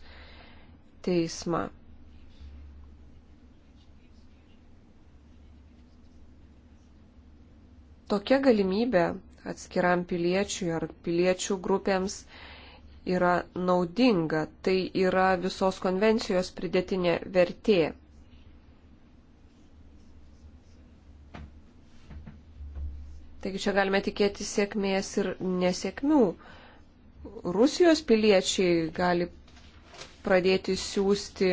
teismą. Tokia galimybė atskiram piliečiui ar piliečių grupėms yra naudinga. Tai yra visos konvencijos pridėtinė vertė. Taigi čia galime tikėti sėkmės ir nesėkmių. Rusijos piliečiai gali pradėti siūsti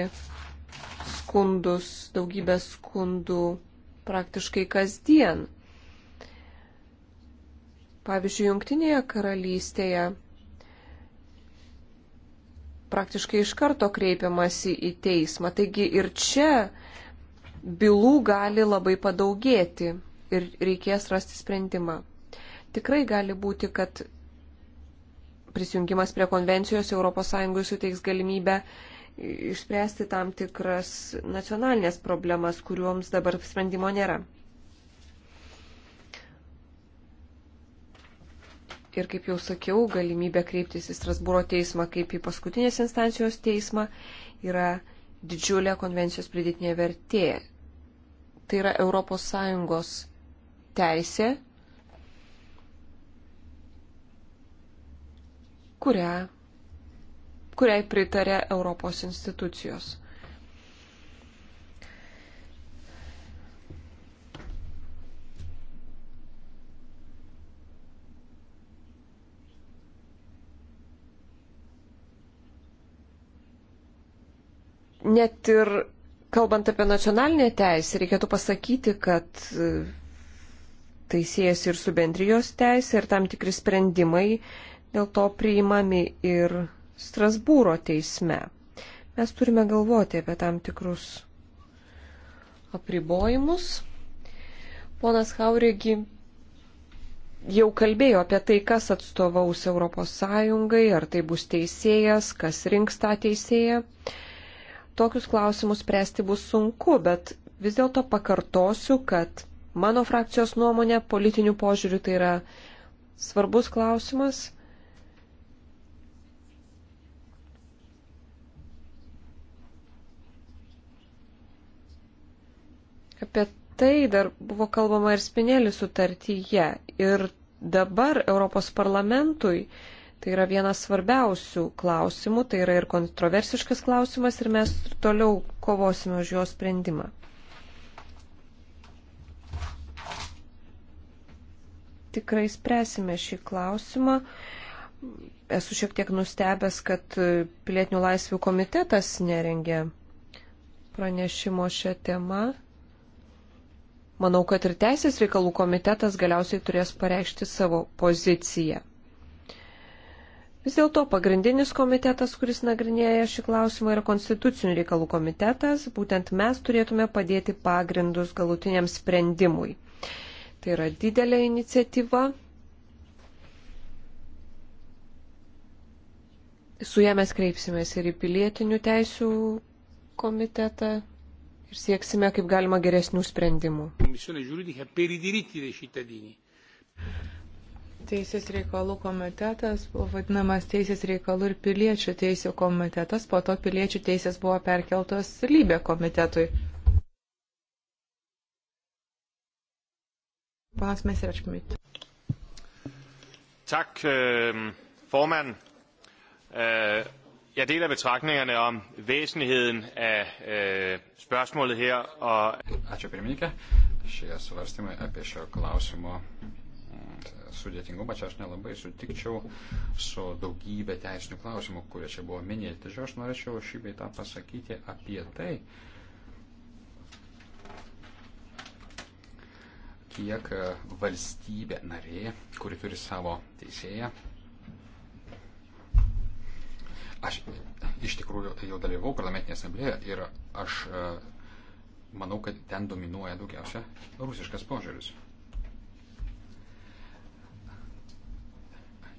skundus, daugybę skundų praktiškai kasdien. Pavyzdžiui, Junktinėje karalystėje praktiškai iš karto kreipiamasi į teismą. Taigi ir čia bylų gali labai padaugėti ir reikės rasti sprendimą. Tikrai gali būti, kad prisijungimas prie konvencijos ES suteiks galimybę išspręsti tam tikras nacionalinės problemas, kuriuoms dabar sprendimo nėra. ir, kaip jau sakiau, galimybė kreiptis į Strasbūro teismą kaip į paskutinės instancijos teismą yra didžiulė konvencijos pridėtinė vertė. Tai yra ES teisė, kurią, kuriai pritarė Europos institucijos. net ir kalbant apie nacionalinę teisę, reikėtų pasakyti, kad e, tai siejasi ir su bendrijos teisė, ir tam tikri sprendimai dėl to priimami ir Strasbūro teisme. Mes turime galvoti apie tam tikrus apribojimus. Ponas Haurėgi jau kalbėjo apie tai, kas atstovaus Europos Sąjungai, ar tai bus teisėjas, kas rinks tą teisėją. Uh, tokius klausimus spręsti bus sunku, bet vis dėlto pakartosiu, kad mano frakcijos nuomonė politinių požiūrių tai yra svarbus klausimas. Apie tai dar buvo kalbama ir spinėlį sutartyje. Ir dabar Europos parlamentui uh, Tai yra vienas svarbiausių klausimų, tai yra ir kontroversiškas klausimas ir mes toliau kovosime už jo sprendimą. Tikrai spręsime šį klausimą. Esu šiek tiek nustebęs, kad Pilietinių laisvių komitetas nerengė pranešimo šią temą. Manau, kad ir Teisės reikalų komitetas galiausiai turės pareikšti savo poziciją. Vis dėlto pagrindinis komitetas, kuris nagrinėja šį klausimą, yra konstitucinių reikalų komitetas. Būtent mes turėtume padėti pagrindus galutiniam sprendimui. Tai yra didelė iniciatyva. Su ją mes kreipsimės ir į pilietinių teisių komitetą ir sieksime kaip galima geresnių sprendimų. Komisionė, žiūrėti, Teisės reikalų komitetas buvo vadinamas Teisės reikalų ir piliečių teisų komitetas, po to piliečių teisės buvo perkeltos lybė komitetui. Panas Meseračmit. Tak, formand. Øh, jeg deler betragtningerne om væsentligheden af øh, spørgsmålet her. Og... Ačiū pirmininkė. Šie svarstymai apie šio klausimo sudėtingumą, čia aš nelabai sutikčiau su daugybė teisinių klausimų, kurie čia buvo minėti. Tačiau aš norėčiau šį beitą pasakyti apie tai, kiek valstybė narė, kuri turi savo teisėją, Aš iš tikrųjų tai jau dalyvau parlamentinėje asamblėje ir aš e, manau, kad ten dominuoja daugiausia rusiškas požiūris.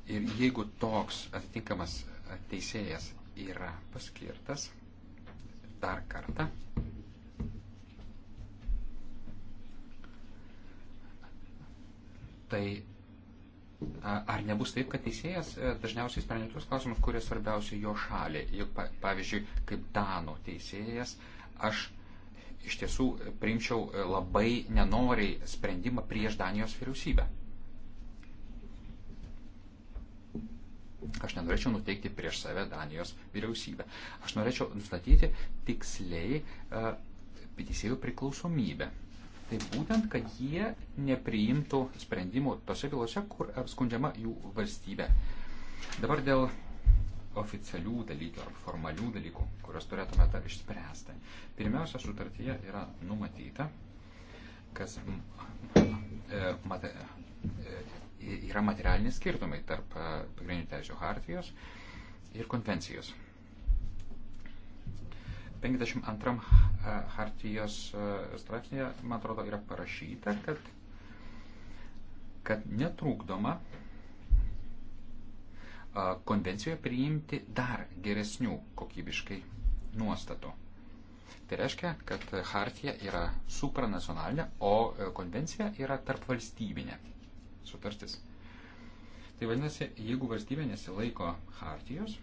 Ir jeigu toks atitinkamas teisėjas yra paskirtas dar kartą, tai ar nebus taip, kad teisėjas e, dažniausiai sprendžia tuos klausimus, kurie svarbiausia jo šaliai. Juk, pavyzdžiui, kaip Danų teisėjas, aš iš tiesų priimčiau e, labai nenoriai sprendimą prieš Danijos vyriausybę. Aš nenorėčiau nuteikti prieš save Danijos vyriausybę. Aš norėčiau nustatyti tiksliai uh, teisėjų priklausomybę. Tai būtent, kad jie nepriimtų sprendimų tose bylose, kur apskundžiama jų valstybė. Dabar dėl oficialių dalykų ar formalių dalykų, kuriuos turėtume dar išspręsti. Pirmiausia, sutartyje yra numatyta, kas e, mate, e, yra materialiniai skirtumai tarp e, pagrindinių teisų hartijos ir konvencijos. 52 e, hartijos e, straipsnėje, man atrodo, yra parašyta, kad, kad netrūkdoma konvencijoje priimti dar geresnių kokybiškai nuostatų. Tai reiškia, kad hartija yra supranacionalinė, o konvencija yra tarpvalstybinė sutartis. Tai vadinasi, jeigu valstybė nesilaiko hartijos,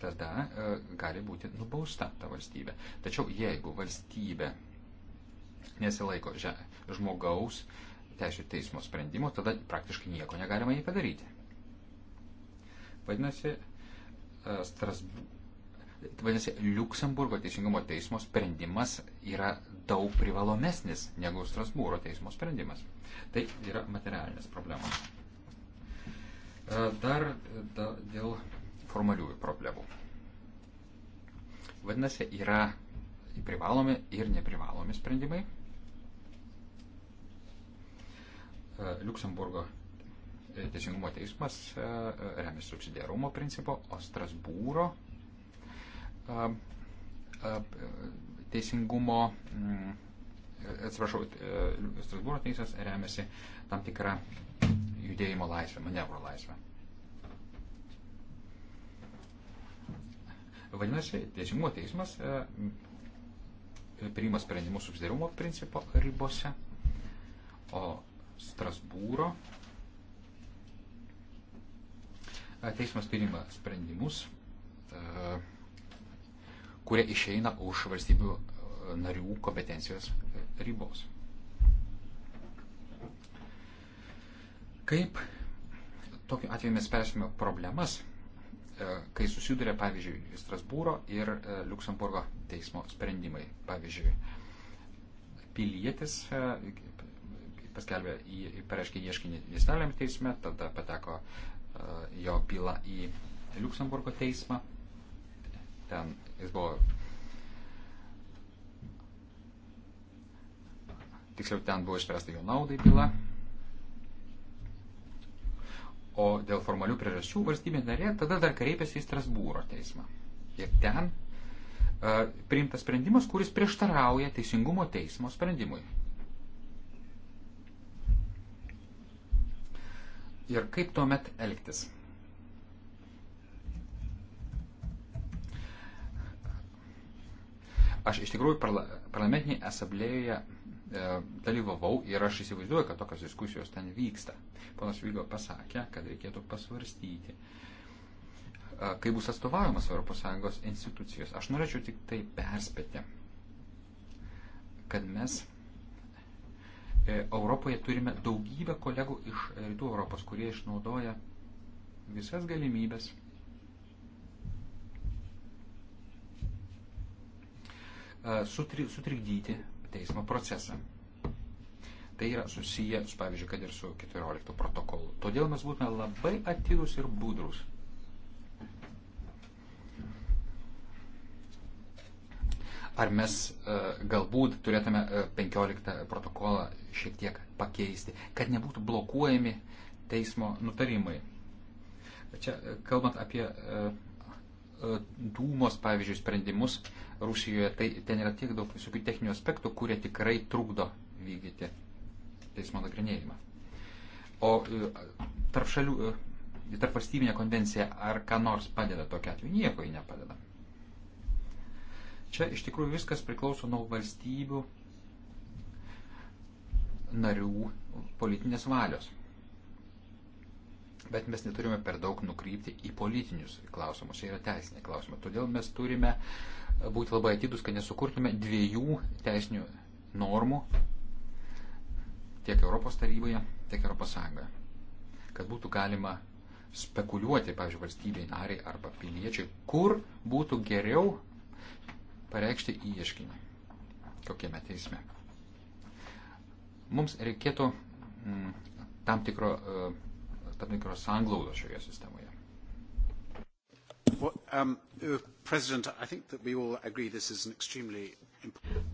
tada e, gali būti nubausta ta valstybė. Tačiau jeigu valstybė nesilaiko žmogaus teisų teismo sprendimo, tada praktiškai nieko negalima jį padaryti. Vadinasi, e, Strasbū... Vadinasi, Luksemburgo teisingumo teismo sprendimas yra daug privalomesnis negu Strasbūro teismo sprendimas. Tai yra materialinės problemos. E, dar e, da, dėl formaliųjų problemų. Vadinasi, yra privalomi ir neprivalomi sprendimai. E, Liuksemburgo teisingumo teismas remiasi subsidiarumo principo, o Strasbūro teisingumo, mm, atsiprašau, e, Strasbūro teisės remiasi tam tikrą judėjimo laisvę, manevro laisvę. Vadinasi, teisingumo teismas e, priima sprendimus subsidiarumo principo ribose, o Strasbūro e, teismas priima sprendimus kurie išeina už valstybių e, narių kompetencijos e, ribos. Kaip tokiu atveju mes spręsime problemas, e, kai susiduria, pavyzdžiui, Strasbūro ir Luksemburgo teismo sprendimai. Pavyzdžiui, pilietis paskelbė, pareiškė ieškinį Vistaliam teisme, tada pateko jo byla į Luksemburgo teismą ten jis buvo. Tiksliau, ten buvo išspręsta jo naudai byla. O dėl formalių priežasčių valstybė narė tada dar kreipėsi į Strasbūro teismą. Ir ten uh, priimtas sprendimas, kuris prieštarauja teisingumo teismo sprendimui. Ir kaip tuomet elgtis? Aš iš tikrųjų parla, parlamentinėje asamblėjoje e, dalyvavau ir aš įsivaizduoju, kad tokios diskusijos ten vyksta. Ponas Vygo pasakė, kad reikėtų pasvarstyti, e, kai bus atstovavimas ES institucijos. Aš norėčiau tik tai perspėti, kad mes e, Europoje turime daugybę kolegų iš Rytų Europos, kurie išnaudoja visas galimybės E, sutrikdyti teismo procesą. Tai yra susiję, su, pavyzdžiui, kad ir su 14 protokolu. Todėl mes būtume labai atidus ir budrus. Ar mes e, galbūt turėtume 15 e, protokolą šiek tiek pakeisti, kad nebūtų blokuojami teismo nutarimai. Čia kalbant apie E, dūmos, pavyzdžiui, sprendimus Rusijoje, tai ten yra tiek daug visokių techninių aspektų, kurie tikrai trukdo vykdyti teismo nagrinėjimą. O e, tarp šalių, e, tarp valstybinė konvencija ar ką nors padeda tokia atveju, nieko jį nepadeda. Čia iš tikrųjų viskas priklauso nuo valstybių narių politinės valios. Bet mes neturime per daug nukrypti į politinius klausimus, čia yra teisiniai klausimai. Todėl mes turime būti labai atidus, kad nesukurtume dviejų teisinių normų tiek Europos taryboje, tiek Europos sąjungoje. Kad būtų galima spekuliuoti, pavyzdžiui, valstybei nariai arba piliečiai, kur būtų geriau pareikšti ieškinį, kokiame teisme. Mums reikėtų mm, tam tikro uh, tam tikros sanglaudos šioje sistemoje. Well, um, uh, extremely...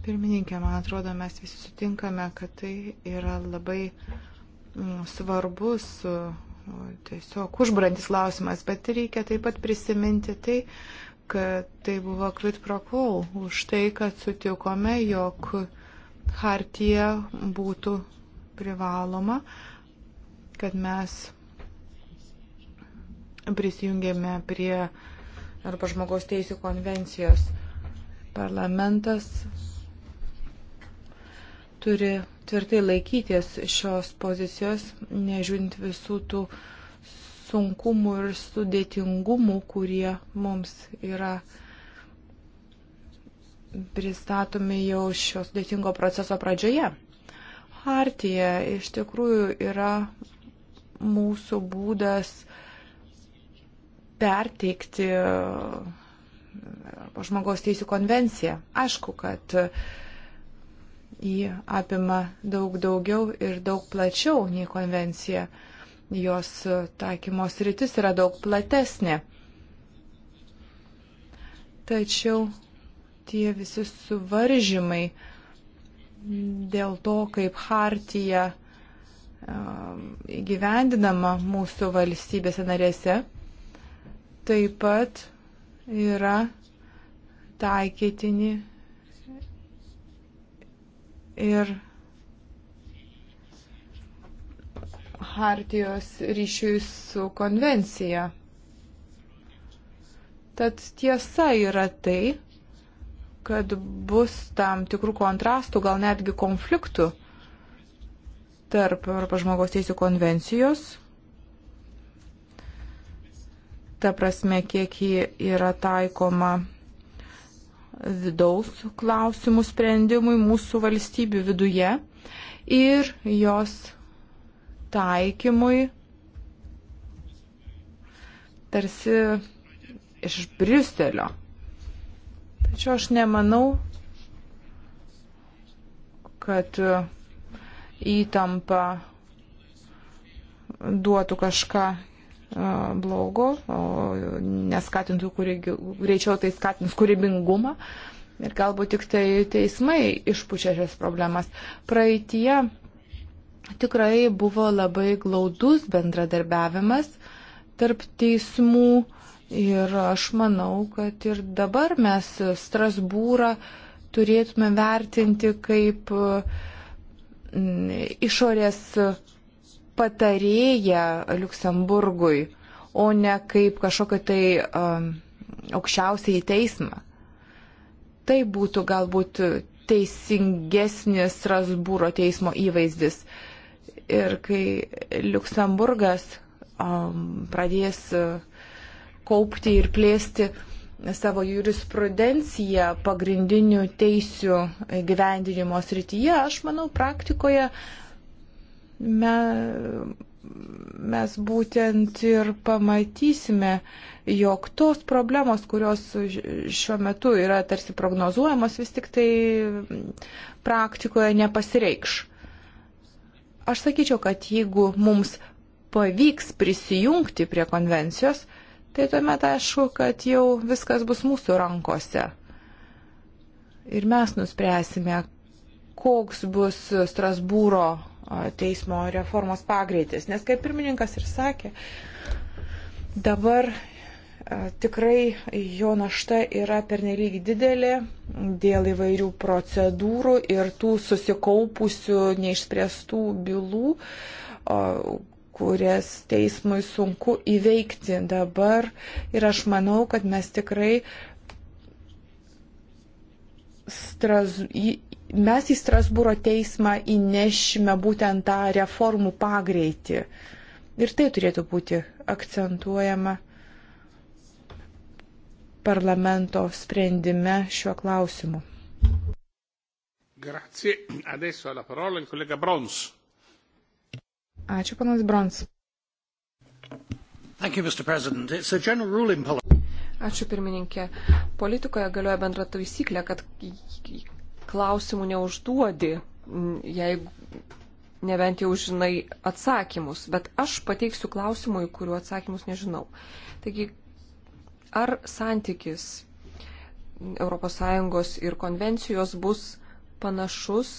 Pirmininkė, man atrodo, mes visi sutinkame, kad tai yra labai mm, svarbus tiesiog užbrantis klausimas, bet reikia taip pat prisiminti tai, kad tai buvo quid pro quo už tai, kad sutikome, jog hartija būtų privaloma, kad mes prisijungėme prie arba žmogaus teisų konvencijos. Parlamentas turi tvirtai laikytis šios pozicijos, nežiūrint visų tų sunkumų ir sudėtingumų, kurie mums yra pristatomi jau šios sudėtingo proceso pradžioje. Hartija iš tikrųjų yra mūsų būdas perteikti e, žmogaus teisų konvenciją. Aišku, kad jį apima daug daugiau ir daug plačiau nei konvencija. Jos taikymos rytis yra daug platesnė. Tačiau tie visi suvaržymai dėl to, kaip hartija e, įgyvendinama mūsų valstybėse narėse, taip pat yra taikytini ir hartijos ryšiui su konvencija. Tad tiesa yra tai, kad bus tam tikrų kontrastų, gal netgi konfliktų tarp Europos žmogaus teisų konvencijos ta prasme, kiek ji yra taikoma vidaus klausimų sprendimui mūsų valstybių viduje ir jos taikymui tarsi iš Briuselio. Tačiau aš nemanau, kad įtampa duotų kažką blogo, o neskatintų, kuri, greičiau tai skatins kūrybingumą. Ir galbūt tik tai teismai išpučia šias problemas. Praeitie tikrai buvo labai glaudus bendradarbiavimas tarp teismų ir aš manau, kad ir dabar mes Strasbūrą turėtume vertinti kaip mm, išorės patarėja Luksemburgui, o ne kaip kažkokia tai um, aukščiausiai teismą. Tai būtų galbūt teisingesnis Strasbūro teismo įvaizdis. Ir kai Luksemburgas um, pradės uh, kaupti ir plėsti savo jurisprudenciją pagrindinių teisių gyvendinimo srityje, aš manau, praktikoje uh, me, mes būtent ir pamatysime, jog tos problemos, kurios šiuo metu yra tarsi prognozuojamos, vis tik tai praktikoje nepasireikš. Aš sakyčiau, kad jeigu mums pavyks prisijungti prie konvencijos, tai tuomet aišku, kad jau viskas bus mūsų rankose. Ir mes nuspręsime, koks bus Strasbūro teismo reformos pagreitis. Nes kaip pirmininkas ir sakė, dabar tikrai jo našta yra pernelyg didelė dėl įvairių procedūrų ir tų susikaupusių neišspręstų bylų, kurias teismui sunku įveikti dabar. Ir aš manau, kad mes tikrai Stras, į, mes į Strasbūro teismą įnešime būtent tą reformų pagreitį. Ir tai turėtų būti akcentuojama parlamento sprendime šiuo klausimu. Ačiū, panas Brons. You, Ačiū, pirmininkė. Politikoje galioja bendra taisyklė, kad klausimų neužduodi, jeigu nebent jau žinai atsakymus, bet aš pateiksiu klausimų, į kuriuo atsakymus nežinau. Taigi, ar santykis ES ir konvencijos bus panašus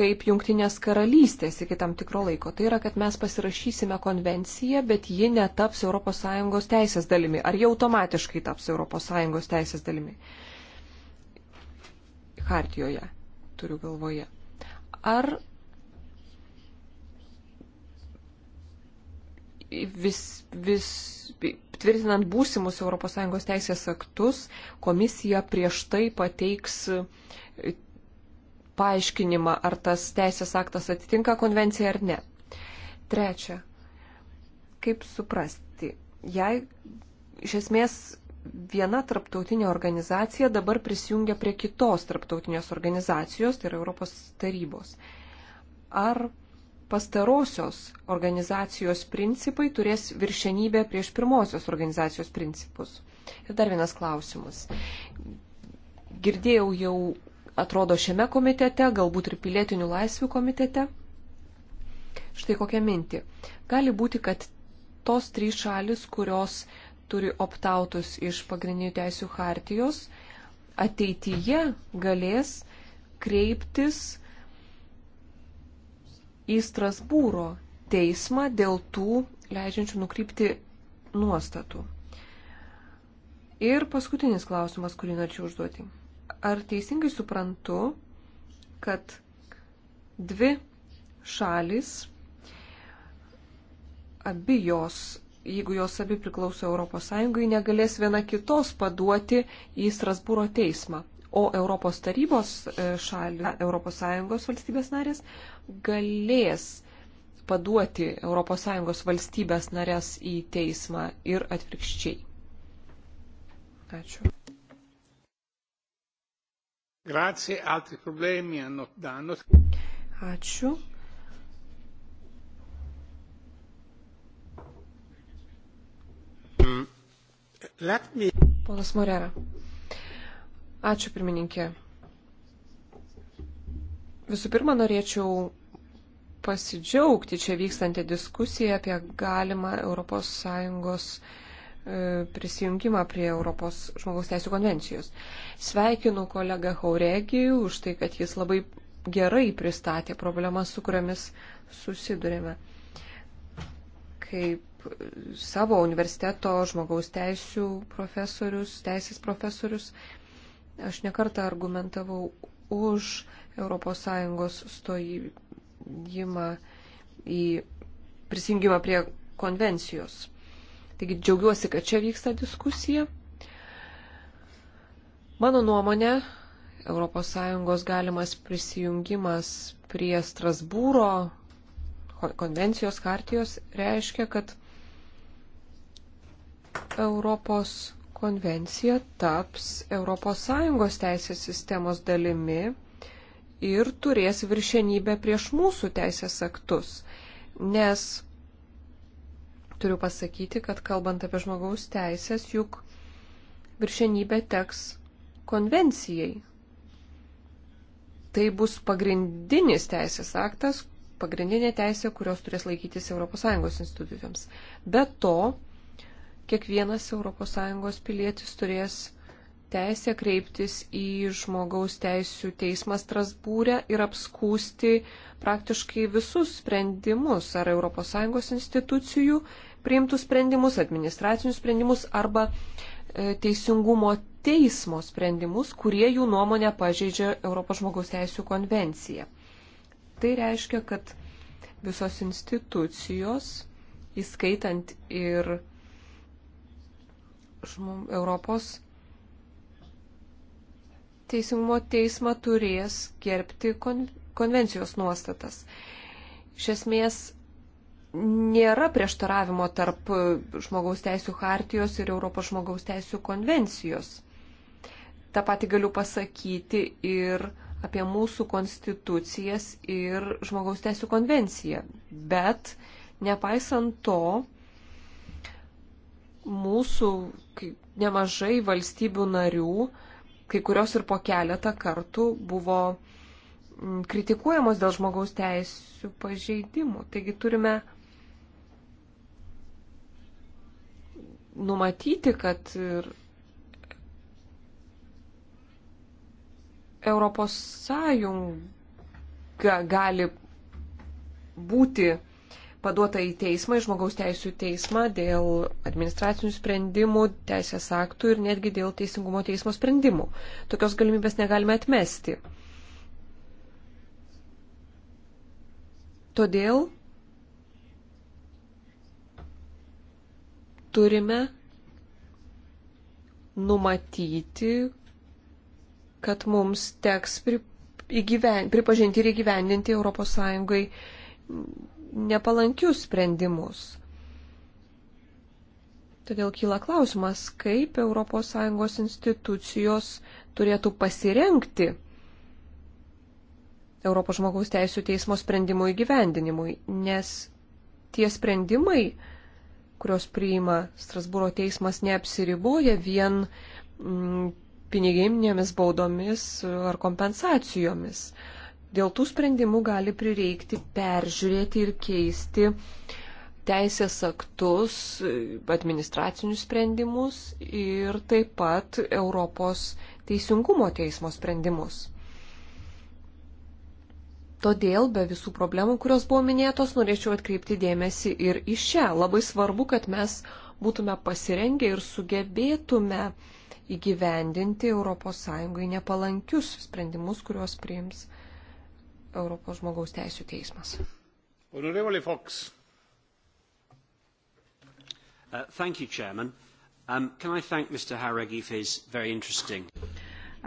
kaip Junktinės karalystės iki tam tikro laiko. Tai yra, kad mes pasirašysime konvenciją, bet ji netaps ES teisės dalimi. Ar jau automatiškai taps ES teisės dalimi? hartijoje, turiu galvoje. Ar vis, vis tvirtinant būsimus ES teisės aktus, komisija prieš tai pateiks e, paaiškinimą, ar tas teisės aktas atitinka konvenciją ar ne. Trečia, kaip suprasti, jei iš esmės viena tarptautinė organizacija dabar prisijungia prie kitos tarptautinės organizacijos, tai yra Europos tarybos. Ar pastarosios organizacijos principai turės viršenybę prieš pirmosios organizacijos principus? Ir dar vienas klausimas. Girdėjau jau, atrodo, šiame komitete, galbūt ir pilietinių laisvių komitete. Štai kokią mintį. Gali būti, kad tos trys šalis, kurios uh, turi optautus iš pagrindinių teisių hartijos, ateityje galės kreiptis į Strasbūro teismą dėl tų leidžiančių nukrypti nuostatų. Ir paskutinis klausimas, kurį norėčiau užduoti. Ar teisingai suprantu, kad dvi šalis, abi jos jeigu jos abi priklauso ES, negalės viena kitos paduoti į Strasbūro teismą. O Europos tarybos e, šalį, ES valstybės narės galės paduoti ES valstybės narės į teismą ir atvirkščiai. Ačiū. Grazie, altri problemi hanno danno. Ačiū. Um, me... Ponas Morera. Ačiū pirmininkė. Visų pirma, norėčiau pasidžiaugti čia vykstantį diskusiją apie galimą ES e, prisijungimą prie Europos žmogaus teisų konvencijos. Sveikinu kolegą Hauregijų už tai, kad jis labai gerai pristatė problemas, su kuriamis susidurėme. Kaip savo universiteto žmogaus teisų profesorius, teisės profesorius, aš nekartą argumentavau už ES stojimą į prisijungimą prie konvencijos. Taigi džiaugiuosi, kad čia vyksta diskusija. Mano nuomonė, ES galimas prisijungimas prie Strasbūro konvencijos hartijos reiškia, kad Europos konvencija taps ES teisės sistemos dalimi ir turės viršenybę prieš mūsų teisės aktus. Nes turiu pasakyti, kad kalbant apie žmogaus teisės, juk viršenybė teks konvencijai. Tai bus pagrindinis teisės aktas, pagrindinė teisė, kurios turės laikytis ES institucijoms. Be to, kiekvienas ES pilietis turės teisę kreiptis į žmogaus teisų teismą Strasbūrę ir apskūsti praktiškai visus sprendimus ar ES institucijų priimtus sprendimus, administracinius sprendimus arba e, teisingumo teismo sprendimus, kurie jų nuomonę pažeidžia Europos žmogaus teisų konvenciją. Tai reiškia, kad visos institucijos, įskaitant ir žmum, Europos teisingumo teismą turės gerbti kon, konvencijos nuostatas. Iš esmės nėra prieštaravimo tarp e, žmogaus teisų hartijos ir Europos žmogaus teisų konvencijos. Ta pati galiu pasakyti ir apie mūsų konstitucijas ir žmogaus teisų konvenciją. Bet nepaisant to, mūsų nemažai valstybių narių, kai kurios ir po keletą kartų buvo mm, kritikuojamos dėl žmogaus teisų pažeidimų. Taigi turime numatyti, kad ir Europos Sąjunga gali būti paduota į teismą, į žmogaus teisų teismą dėl administracinių sprendimų, teisės aktų ir netgi dėl teisingumo teismo sprendimų. Tokios galimybės negalime atmesti. Todėl turime numatyti, kad mums teks pri, įgyven, pripažinti ir įgyvendinti ES nepalankius sprendimus. Todėl kyla klausimas, kaip ES institucijos turėtų pasirenkti Europos žmogaus teisų teismo sprendimų įgyvendinimui, nes tie sprendimai, kurios priima Strasbūro teismas, neapsiriboja vien mm, piniginėmis baudomis ar kompensacijomis. Uh, Dėl tų sprendimų gali prireikti peržiūrėti ir keisti teisės aktus, administracinius sprendimus ir taip pat Europos teisingumo teismo sprendimus. Todėl be visų problemų, kurios buvo minėtos, norėčiau atkreipti dėmesį ir į šią. Labai svarbu, kad mes būtume pasirengę ir sugebėtume įgyvendinti ES nepalankius sprendimus, kuriuos priims Europos žmogaus teisų teismas. Honorable Fox. Uh, thank you, Chairman. Um, can I thank Mr. Haragi for his very interesting.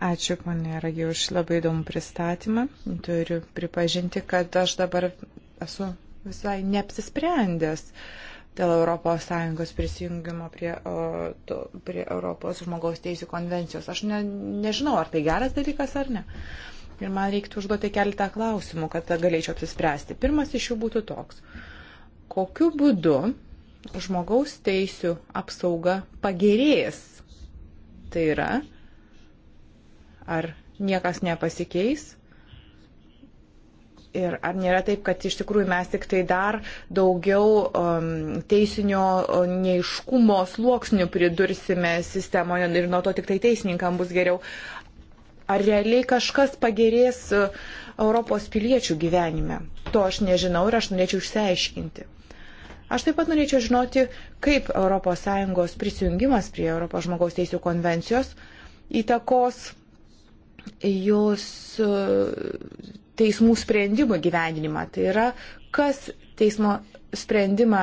Ačiū, ponė Ragi, už labai įdomų pristatymą. Turiu pripažinti, kad aš dabar esu visai neapsisprendęs dėl ES prisijungimo prie, o, to, prie Europos žmogaus teisų konvencijos. Aš ne, nežinau, ar tai geras dalykas ar ne. Uh, Ir man reiktų užduoti keletą klausimų, kad galėčiau apsispręsti. Pirmas iš jų būtų toks. Kokiu būdu žmogaus teisų apsauga pagerės? Tai yra, ar niekas nepasikeis? Ir ar nėra taip, kad iš tikrųjų mes tik tai dar daugiau um, teisinio neiškumo sluoksnių pridursime sistemoje ir nuo to tik tai teisininkam bus geriau? Ar realiai kažkas pagerės e, Europos piliečių gyvenime? To aš nežinau ir aš norėčiau išsiaiškinti. Aš taip pat norėčiau žinoti, kaip ES prisijungimas prie Europos žmogaus teisų konvencijos įtakos jos e, teismų sprendimų gyvendinimą. Tai yra, kas teismo sprendimą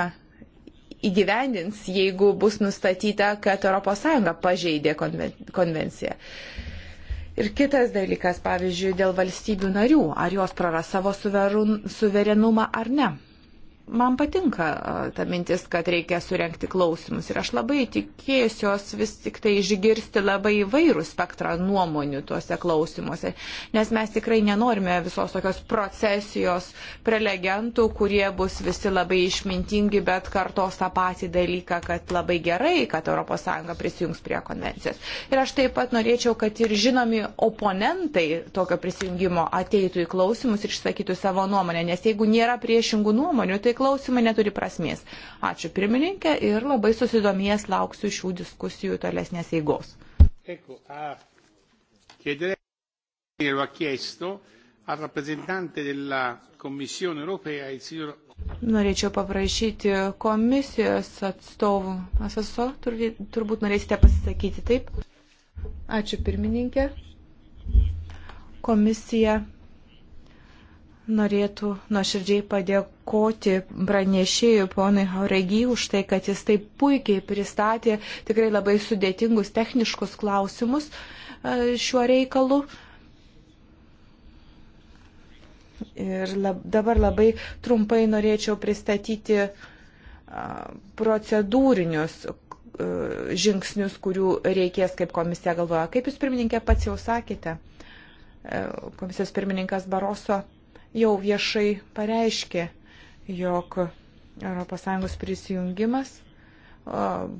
įgyvendins, jeigu bus nustatyta, kad ES pažeidė konvenciją. Ir kitas dalykas, pavyzdžiui, dėl valstybių narių, ar jos praras savo suverenumą ar ne man patinka ta mintis, kad reikia surenkti klausimus ir aš labai tikėjusios vis tik tai išgirsti labai įvairų spektrą nuomonių tuose klausimuose, nes mes tikrai nenorime visos tokios procesijos prelegentų, kurie bus visi labai išmintingi, bet kartos tą patį dalyką, kad labai gerai, kad ES prisijungs prie konvencijos. Ir aš taip pat norėčiau, kad ir žinomi oponentai tokio prisijungimo ateitų į klausimus ir išsakytų savo nuomonę, nes jeigu nėra priešingų nuomonių, tai klausimai neturi prasmės. Ačiū pirmininkė ir labai susidomėjęs lauksiu šių diskusijų tolesnės eigos. E Norėčiau paprašyti komisijos atstovų. Asaso, turbūt norėsite pasisakyti taip. Ačiū pirmininkė. Komisija norėtų nuoširdžiai padėkoti pranešėjui ponui Hauregy už tai, kad jis taip puikiai pristatė tikrai labai sudėtingus techniškus klausimus e, šiuo reikalu. Ir lab, dabar labai trumpai norėčiau pristatyti e, procedūrinius e, žingsnius, kurių reikės, kaip komisija galvoja. Kaip jūs pirmininkė pats jau sakėte, komisijos pirmininkas Baroso jau viešai pareiškė, jog ES prisijungimas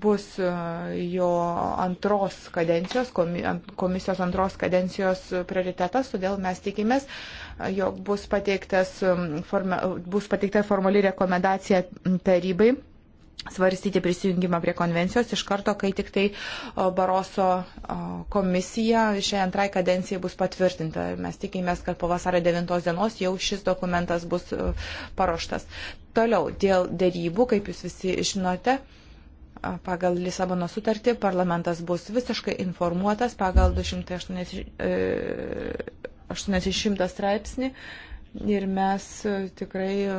bus jo antros kadencijos, komisijos antros kadencijos prioritetas, todėl mes tikimės, jog bus, bus pateikta formali rekomendacija tarybai svarstyti prisijungimą prie konvencijos iš karto, kai tik tai Baroso komisija šiai antrai kadencijai bus patvirtinta. Mes tikimės, kad po vasario 9 dienos jau šis dokumentas bus paruoštas. Toliau, dėl dėrybų, kaip jūs visi žinote, pagal Lisabono sutartį parlamentas bus visiškai informuotas pagal 280 e, straipsnį ir mes e, tikrai e,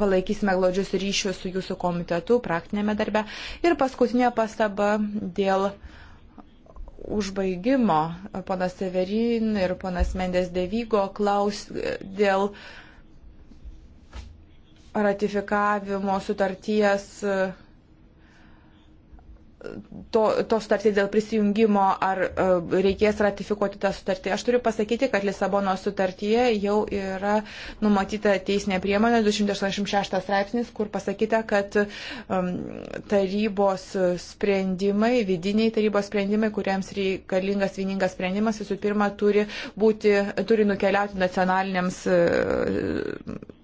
palaikysime glaudžius ryšius su jūsų komitetu praktinėme darbe. Ir paskutinė pastaba dėl užbaigimo. Ponas Severin ir ponas Mendes Devygo klaus dėl ratifikavimo sutarties to, to sutarties dėl prisijungimo, ar uh, reikės ratifikuoti tą sutartį. Aš turiu pasakyti, kad Lisabono sutartyje jau yra numatyta teisinė priemonė 286 straipsnis, kur pasakyta, kad um, tarybos sprendimai, vidiniai tarybos sprendimai, kuriems reikalingas vieningas sprendimas, visų pirma, turi, būti, turi nukeliauti nacionaliniams. Uh,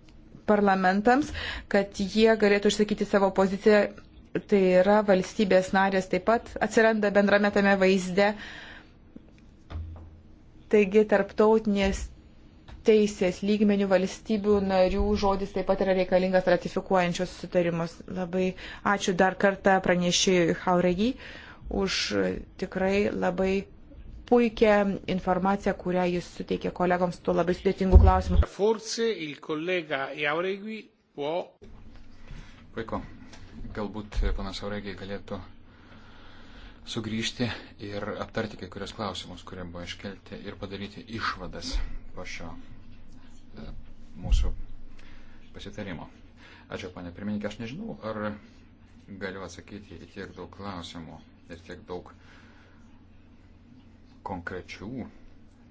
parlamentams, kad jie galėtų išsakyti savo poziciją Tai yra valstybės narės taip pat atsiranda bendrame tame vaizde. Taigi tarptautinės teisės lygmenių valstybių narių žodis taip pat yra reikalingas ratifikuojančios sutarimus. Labai ačiū dar kartą pranešėjui Hauregi už tikrai labai puikią informaciją, kurią jis suteikė kolegoms tuo labai sudėtingu klausimu. Puiku galbūt panas Auregiai galėtų sugrįžti ir aptarti kai kurios klausimus, kurie buvo iškelti ir padaryti išvadas po šio e, mūsų pasitarimo. Ačiū, panė pirmininkė, aš nežinau, ar galiu atsakyti į tiek daug klausimų ir tiek daug konkrečių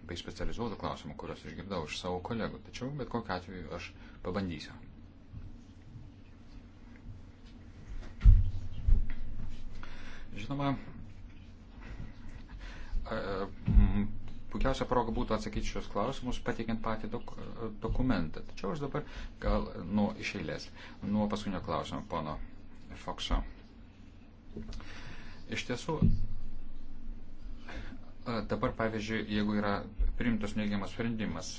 bei specializuotų klausimų, kuriuos išgirdau iš savo kolegų. Tačiau bet kokiu atveju aš pabandysiu. Žinoma, puikiausia proga būtų atsakyti šios klausimus, pateikiant patį dok dokumentą. Tačiau aš dabar gal nuo iš eilės, nuo paskutinio klausimo, pono Fokso. Iš tiesų, dabar, pavyzdžiui, jeigu yra priimtas neigiamas sprendimas,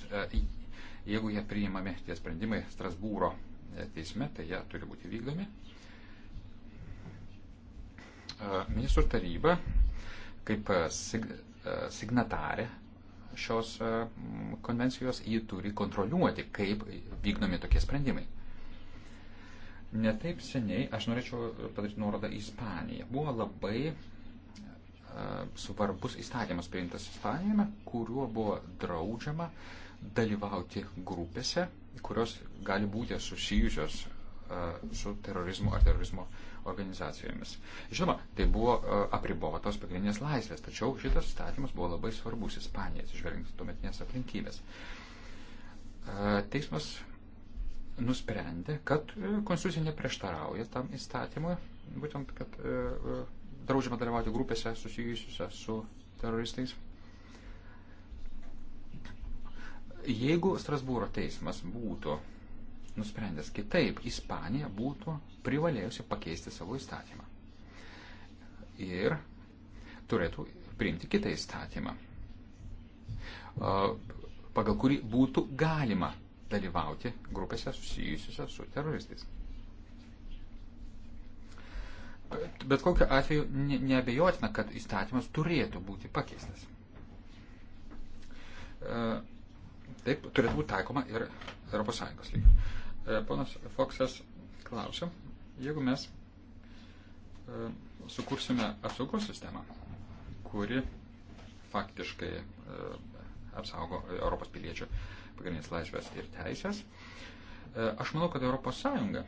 jeigu jie priimami tie sprendimai Strasbūro e, teisme, tai jie turi būti vykdomi. Ministrų taryba kaip e, e, signatarė šios e, konvencijos jį turi kontroliuoti, kaip vykdomi tokie sprendimai. Netaip seniai, aš norėčiau padaryti nuorodą į Ispaniją. Buvo labai uh, svarbus įstatymas priimtas Ispanijame, kuriuo buvo draudžiama dalyvauti grupėse, kurios gali būti susijusios uh, su terorizmu ar terorizmo uh, organizacijomis. Žinoma, tai buvo e, apribotos pagrindinės laisvės, tačiau šitas statymas buvo labai svarbus Ispanijai, atsižvelgiant tuometinės aplinkybės. E, teismas nusprendė, kad e, konstitucija neprieštarauja tam įstatymui, būtent, kad draudžiama dalyvauti grupėse susijusiuose su teroristais. Jeigu Strasbūro teismas būtų nusprendęs kitaip, Ispanija būtų privalėjusi pakeisti savo įstatymą. Ir turėtų priimti kitą įstatymą, pagal kurį būtų galima dalyvauti grupėse susijusiuose su teroristais. Bet kokiu atveju neabejotina, kad įstatymas turėtų būti pakeistas. Taip turėtų būti taikoma ir ES lygių. E, ponas Foksas klausia, jeigu mes e, sukursime apsaugos sistemą, kuri faktiškai e, apsaugo Europos piliečių pagrindinės laisvės ir teisės. Aš manau, kad ES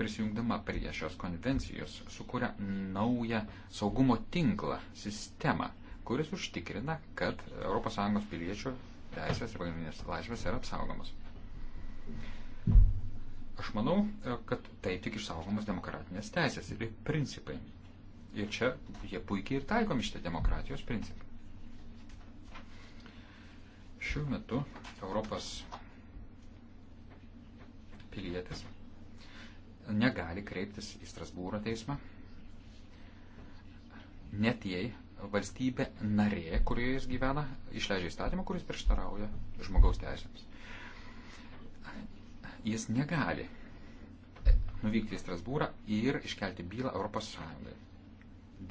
prisijungdama prie šios konvencijos sukuria naują saugumo tinklą, sistemą, kuris užtikrina, kad ES piliečių teisės ir pagrindinės laisvės yra apsaugomos. Aš manau, e, kad tai tik išsaugomos demokratinės teisės ir principai. Ir čia jie puikiai ir taikomi šitie demokratijos principai. Šiuo metu Europos pilietis negali kreiptis į Strasbūro teismą, net jei valstybė narė, kurioje jis gyvena, išleidžia įstatymą, kuris prieštarauja žmogaus teisėms jis negali nuvykti į Strasbūrą ir iškelti bylą ES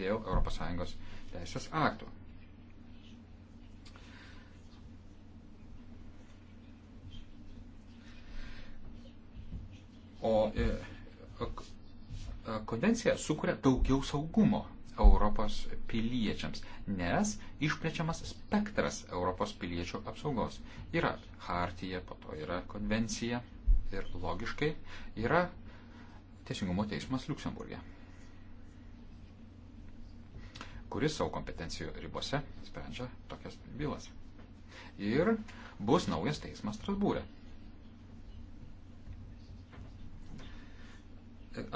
dėl ES teisės aktų. O e, e, konvencija sukuria daugiau saugumo Europos piliečiams, nes išplečiamas spektras Europos piliečių apsaugos. Yra hartija, po to yra konvencija, ir logiškai yra Teisingumo teismas Luksemburgė, kuris savo kompetencijų ribose sprendžia tokias bylas. Ir bus naujas teismas Strasbūrė.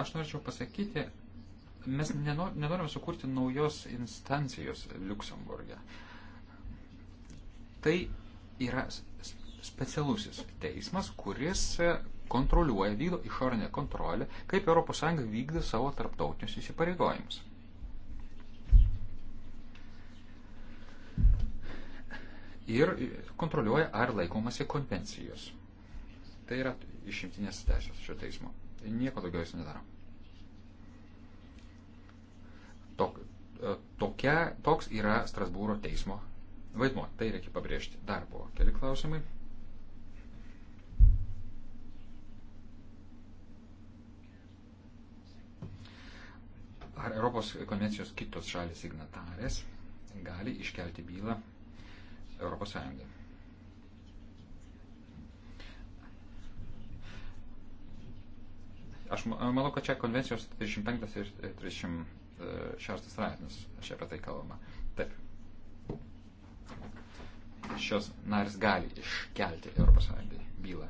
Aš norėčiau pasakyti, mes nenorime sukurti naujos instancijos Luksemburgė. Tai yra specialusis teismas, kuris e, kontroliuoja, vykdo išorinę kontrolę, kaip ES vykdo savo tarptautinius įsipareigojimus. Ir kontroliuoja, ar laikomasi konvencijos. Tai yra išimtinės teisės šio teismo. Nieko daugiau jis nedaro. Tok, e, tokia, toks yra Strasbūro teismo vaidmo. Tai reikia pabrėžti. Dar buvo keli klausimai. ar Europos konvencijos kitos šalis signatarės gali iškelti bylą Europos Sąjungai. Aš manau, kad čia konvencijos 35 ir 36 straipsnis, aš apie tai kalbama. Taip. Šios narys gali iškelti Europos Sąjungai bylą.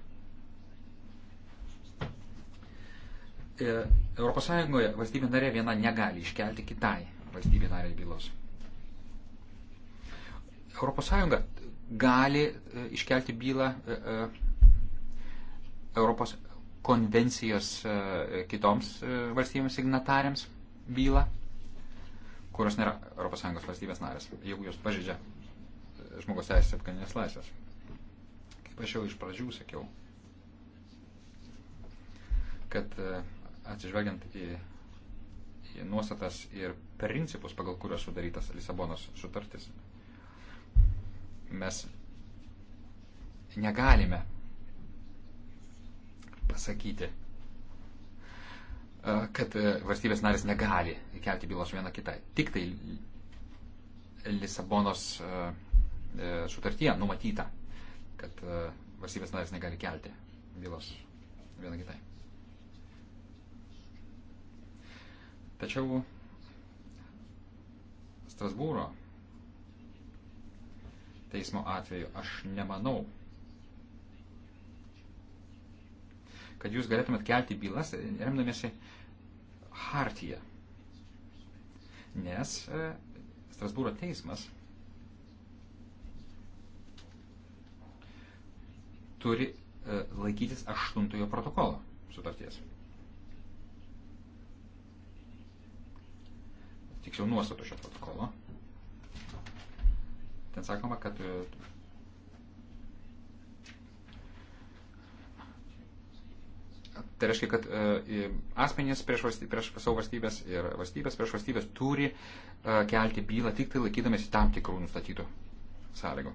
ES valstybė narė viena negali iškelti kitai valstybė narė bylos. ES gali e, iškelti bylą e, e, Europos konvencijos kitoms valstybėms signatarėms bylą, kurios nėra ES valstybės narės, jeigu jūs pažydžia žmogus teisės ir kaninės laisvės. Kaip aš jau iš pradžių sakiau, kad uh, atsižvelgiant į, į nuostatas ir principus, pagal kuriuos sudarytas Lisabonos sutartis, mes negalime pasakyti, kad valstybės narės negali kelti bylos viena kitai. Tik tai Lisabonos sutartyje numatyta, kad valstybės narės negali kelti bylos viena kitai. Tačiau Strasbūro teismo atveju aš nemanau, kad jūs galėtumėt kelti bylas remdamėsi hartiją. Nes e, Strasbūro teismas turi e, laikytis aštuntojo protokolo sutarties. tiksliau nuostatų šio protokolo. Ten sakoma, kad e, Tai reiškia, kad e, asmenys prieš, valstybės, prieš savo valstybės ir valstybės prieš valstybės turi e, kelti bylą tik tai laikydamėsi tam tikrų nustatytų sąlygų.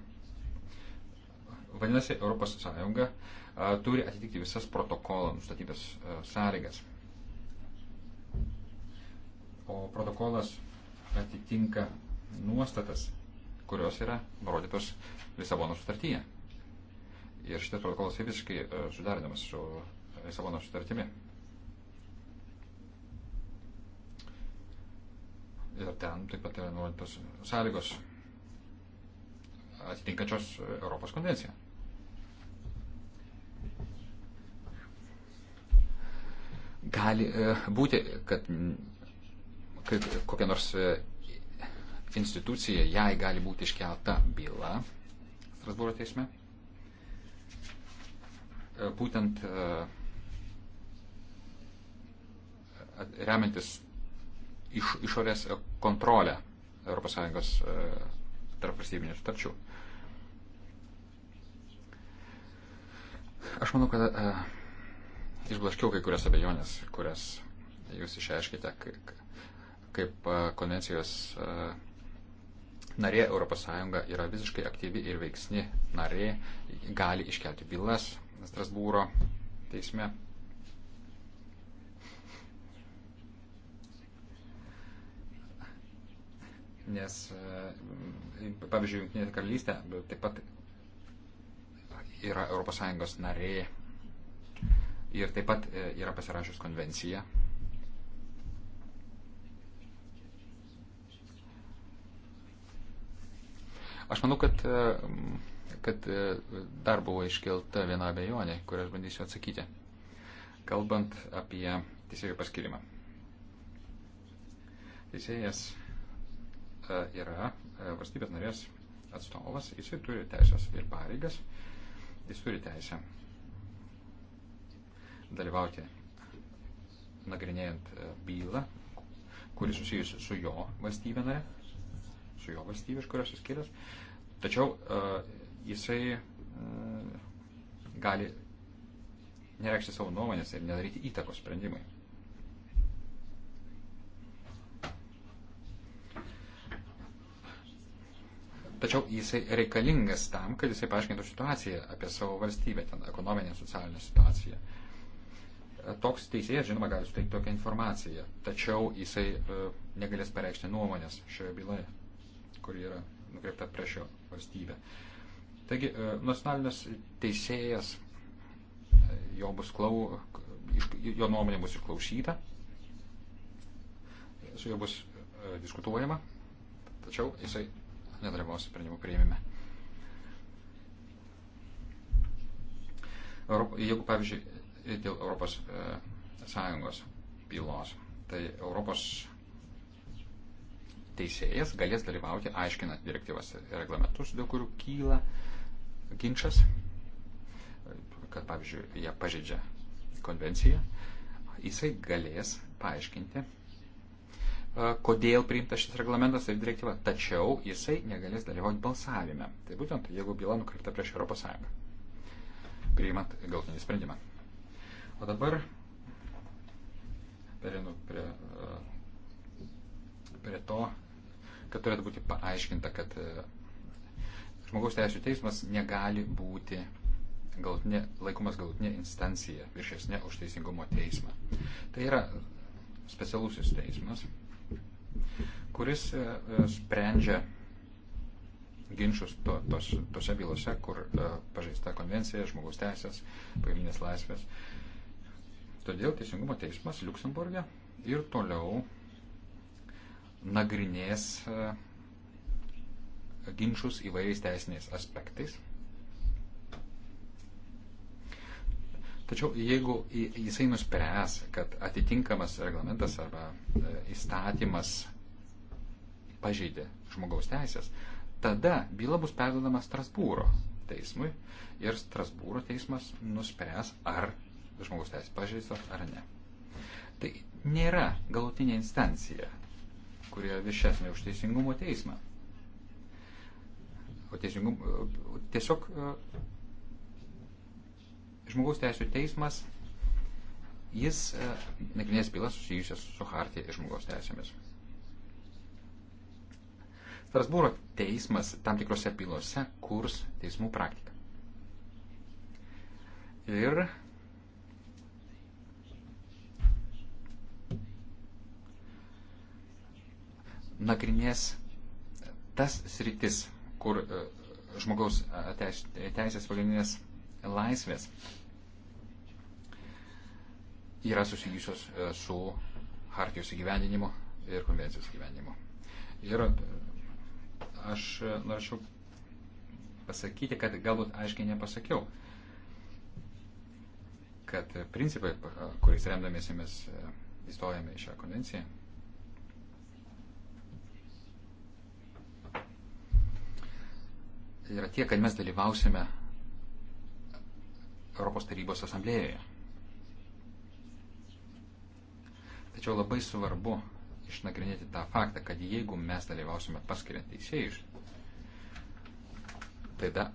Vadinasi, ES turi atitikti visas protokolą nustatytas sąlygas o protokolas atitinka nuostatas, kurios yra nurodytos Lisabono sutartyje. Ir šitas protokolas visiškai e, sudarinamas su Lisabono sutartimi. Ir ten taip pat yra nurodytos sąlygos atitinkančios Europos konvenciją. Gali e, būti, kad kokia nors e, institucija, jai gali būti iškelta byla Strasbūro teisme. E, būtent e, remiantis iš, išorės kontrolę ES tarp valstybinių sutarčių. Aš manau, kad e, išblaškiau kai kurias abejonės, kurias jūs išreiškite, kaip konvencijos narė ES yra visiškai aktyvi ir veiksni narė, gali iškelti bylas Strasbūro teisme. Nes, pavyzdžiui, Junktinė karalystė taip pat yra ES narė ir taip pat e, yra pasirašęs konvenciją Aš manau, kad, e, kad e, dar buvo iškelta viena abejonė, kurią aš bandysiu atsakyti, kalbant apie teisėjų paskirimą. Teisėjas e, yra valstybės narės atstovas, jisai turi teisės ir pareigas, jis turi teisę dalyvauti nagrinėjant bylą, kuris susijusi su jo valstybė narė su jo valstybės, kurios jis kilęs, tačiau e, jisai mm, gali nereikšti savo nuomonės ir nedaryti įtakos sprendimai. Tačiau jisai reikalingas tam, kad jisai paaiškintų situaciją apie savo valstybę, ten ekonominę, socialinę situaciją. E, toks teisėjas, žinoma, gali suteikti tokią informaciją, tačiau jisai e, negalės pareikšti nuomonės šioje byloje kuri yra nukreipta prieš jo valstybę. Taigi, e, nacionalinis teisėjas, e, jo, bus klau, jo nuomonė bus išklausyta, su juo bus e, diskutuojama, tačiau jisai nedalyvaus sprendimų prieimime. Jeigu, pavyzdžiui, dėl Europos Sąjungos bylos, tai Europos teisėjas galės dalyvauti aiškinant direktyvas ir reglamentus, dėl kurių kyla ginčas, kad pavyzdžiui, jie pažeidžia konvenciją, jisai galės paaiškinti, e, kodėl priimtas šis reglamentas ir direktyva, tačiau jisai negalės dalyvauti balsavime. Tai būtent, jeigu byla nukreipta prieš ES, priimant galtinį sprendimą. O dabar perinu prie, e, prie to, kad turėtų būti paaiškinta, kad e, žmogaus teisų teismas negali būti galutinė, laikomas galutinė instancija viršesnė už teisingumo teismą. Tai yra specialusis teismas, kuris e, e, sprendžia ginčius to, tos, tose bylose, kur pažeista konvencija, žmogaus teisės, pagrindinės laisvės. Todėl Teisingumo teismas Luksemburgė ir toliau nagrinės e, ginčius įvairiais teisiniais aspektais. Tačiau jeigu jisai nuspręs, kad atitinkamas reglamentas arba e, įstatymas pažeidė žmogaus teisės, tada byla bus perdodama Strasbūro teismui ir Strasbūro teismas nuspręs, ar žmogaus teisės pažeistos ar ne. Tai nėra galutinė instancija, kurie viešesnė už teisingumo teismą. O teisingumo, tiesiog e, žmogaus teisų teismas, jis e, nagrinės bylas susijusias su hartija ir žmogaus teisėmis. Strasbūro teismas tam tikrose bylose kurs teismų praktiką. Ir nagrinės tas sritis, kur e, žmogaus e, teisės pagrindinės laisvės yra susijusios e, su hartijos įgyvendinimu ir konvencijos įgyvendinimu. Ir aš norėčiau pasakyti, kad galbūt aiškiai nepasakiau, kad principai, kuriais remdamiesi mes įstojame į šią konvenciją, yra tie, kad mes dalyvausime Europos tarybos asamblėjoje. Tačiau labai svarbu išnagrinėti tą faktą, kad jeigu mes dalyvausime paskiriant teisėjus, tada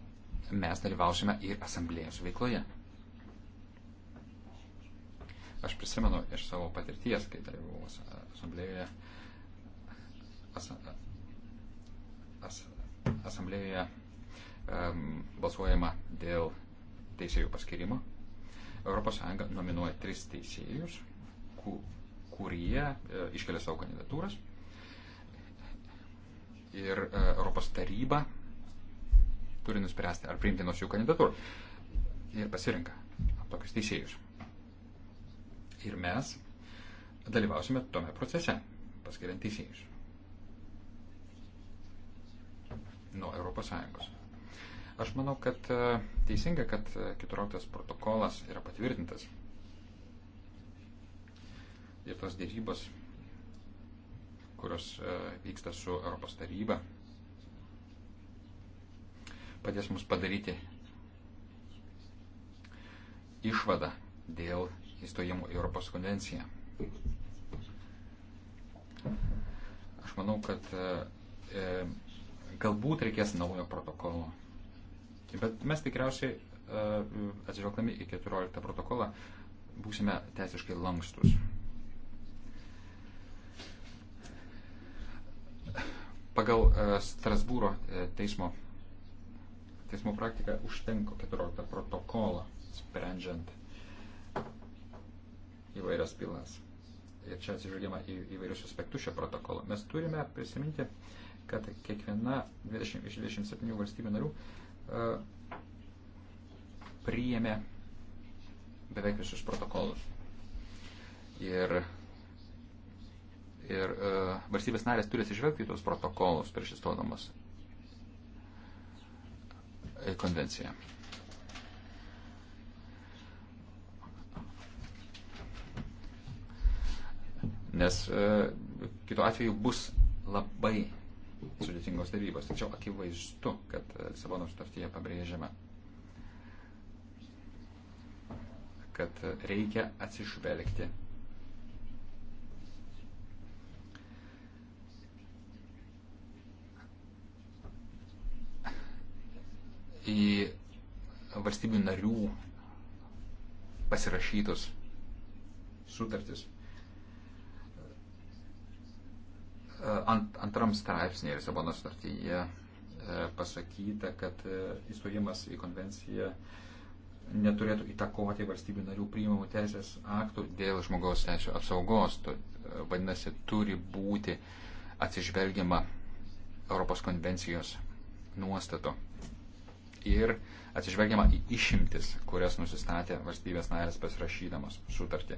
mes dalyvausime ir asamblėjos veikloje. Aš prisimenu iš savo patirties, kai dalyvau asamblėjoje, as, as, asamblėjoje balsuojama dėl teisėjų paskirimo. ES nominuoja tris teisėjus, kurie e, iškelia savo kandidatūras. Ir e, Europos taryba turi nuspręsti, ar priimtinos jų kandidatūrų. Ir pasirinka tokius teisėjus. Ir mes dalyvausime tome procese, paskiriant teisėjus nuo Europos Sąjungos. Aš manau, kad e, teisinga, kad 14 e, protokolas yra patvirtintas. Ir tos dėrybos, kurios e, vyksta su Europos taryba, padės mums padaryti išvadą dėl įstojimo į Europos konvenciją. Aš manau, kad e, galbūt reikės naujo protokolo Bet mes tikriausiai, e, atsižvelgdami į 14 protokolą, būsime teisiškai lankstus. Pagal e, Strasbūro e, teismo, teismo praktiką užtenka 14 protokolą, sprendžiant įvairias bylas. Ir čia atsižvelgiama į įvairius aspektus šio protokolo. Mes turime prisiminti, kad kiekviena 20 iš 27 valstybių narių uh, E, priėmė beveik visus protokolus. Ir, ir uh, valstybės narės turi atsižvelgti į tuos protokolus prieš įstodamas į konvenciją. Nes uh, kitu atveju bus labai sudėtingos darybos. Tačiau akivaizdu, kad Lisabono sutartyje pabrėžiama, kad reikia atsižvelgti į valstybių narių pasirašytus sutartis ant, antram straipsnėje Lisabono sutartyje e, pasakyta, kad e, įstojimas į konvenciją neturėtų įtakoti valstybių narių priimamų teisės aktų dėl žmogaus teisų apsaugos. E, vadinasi, turi būti atsižvelgiama Europos konvencijos nuostato ir atsižvelgiama į išimtis, kurias nusistatė valstybės narės pasirašydamos sutartį.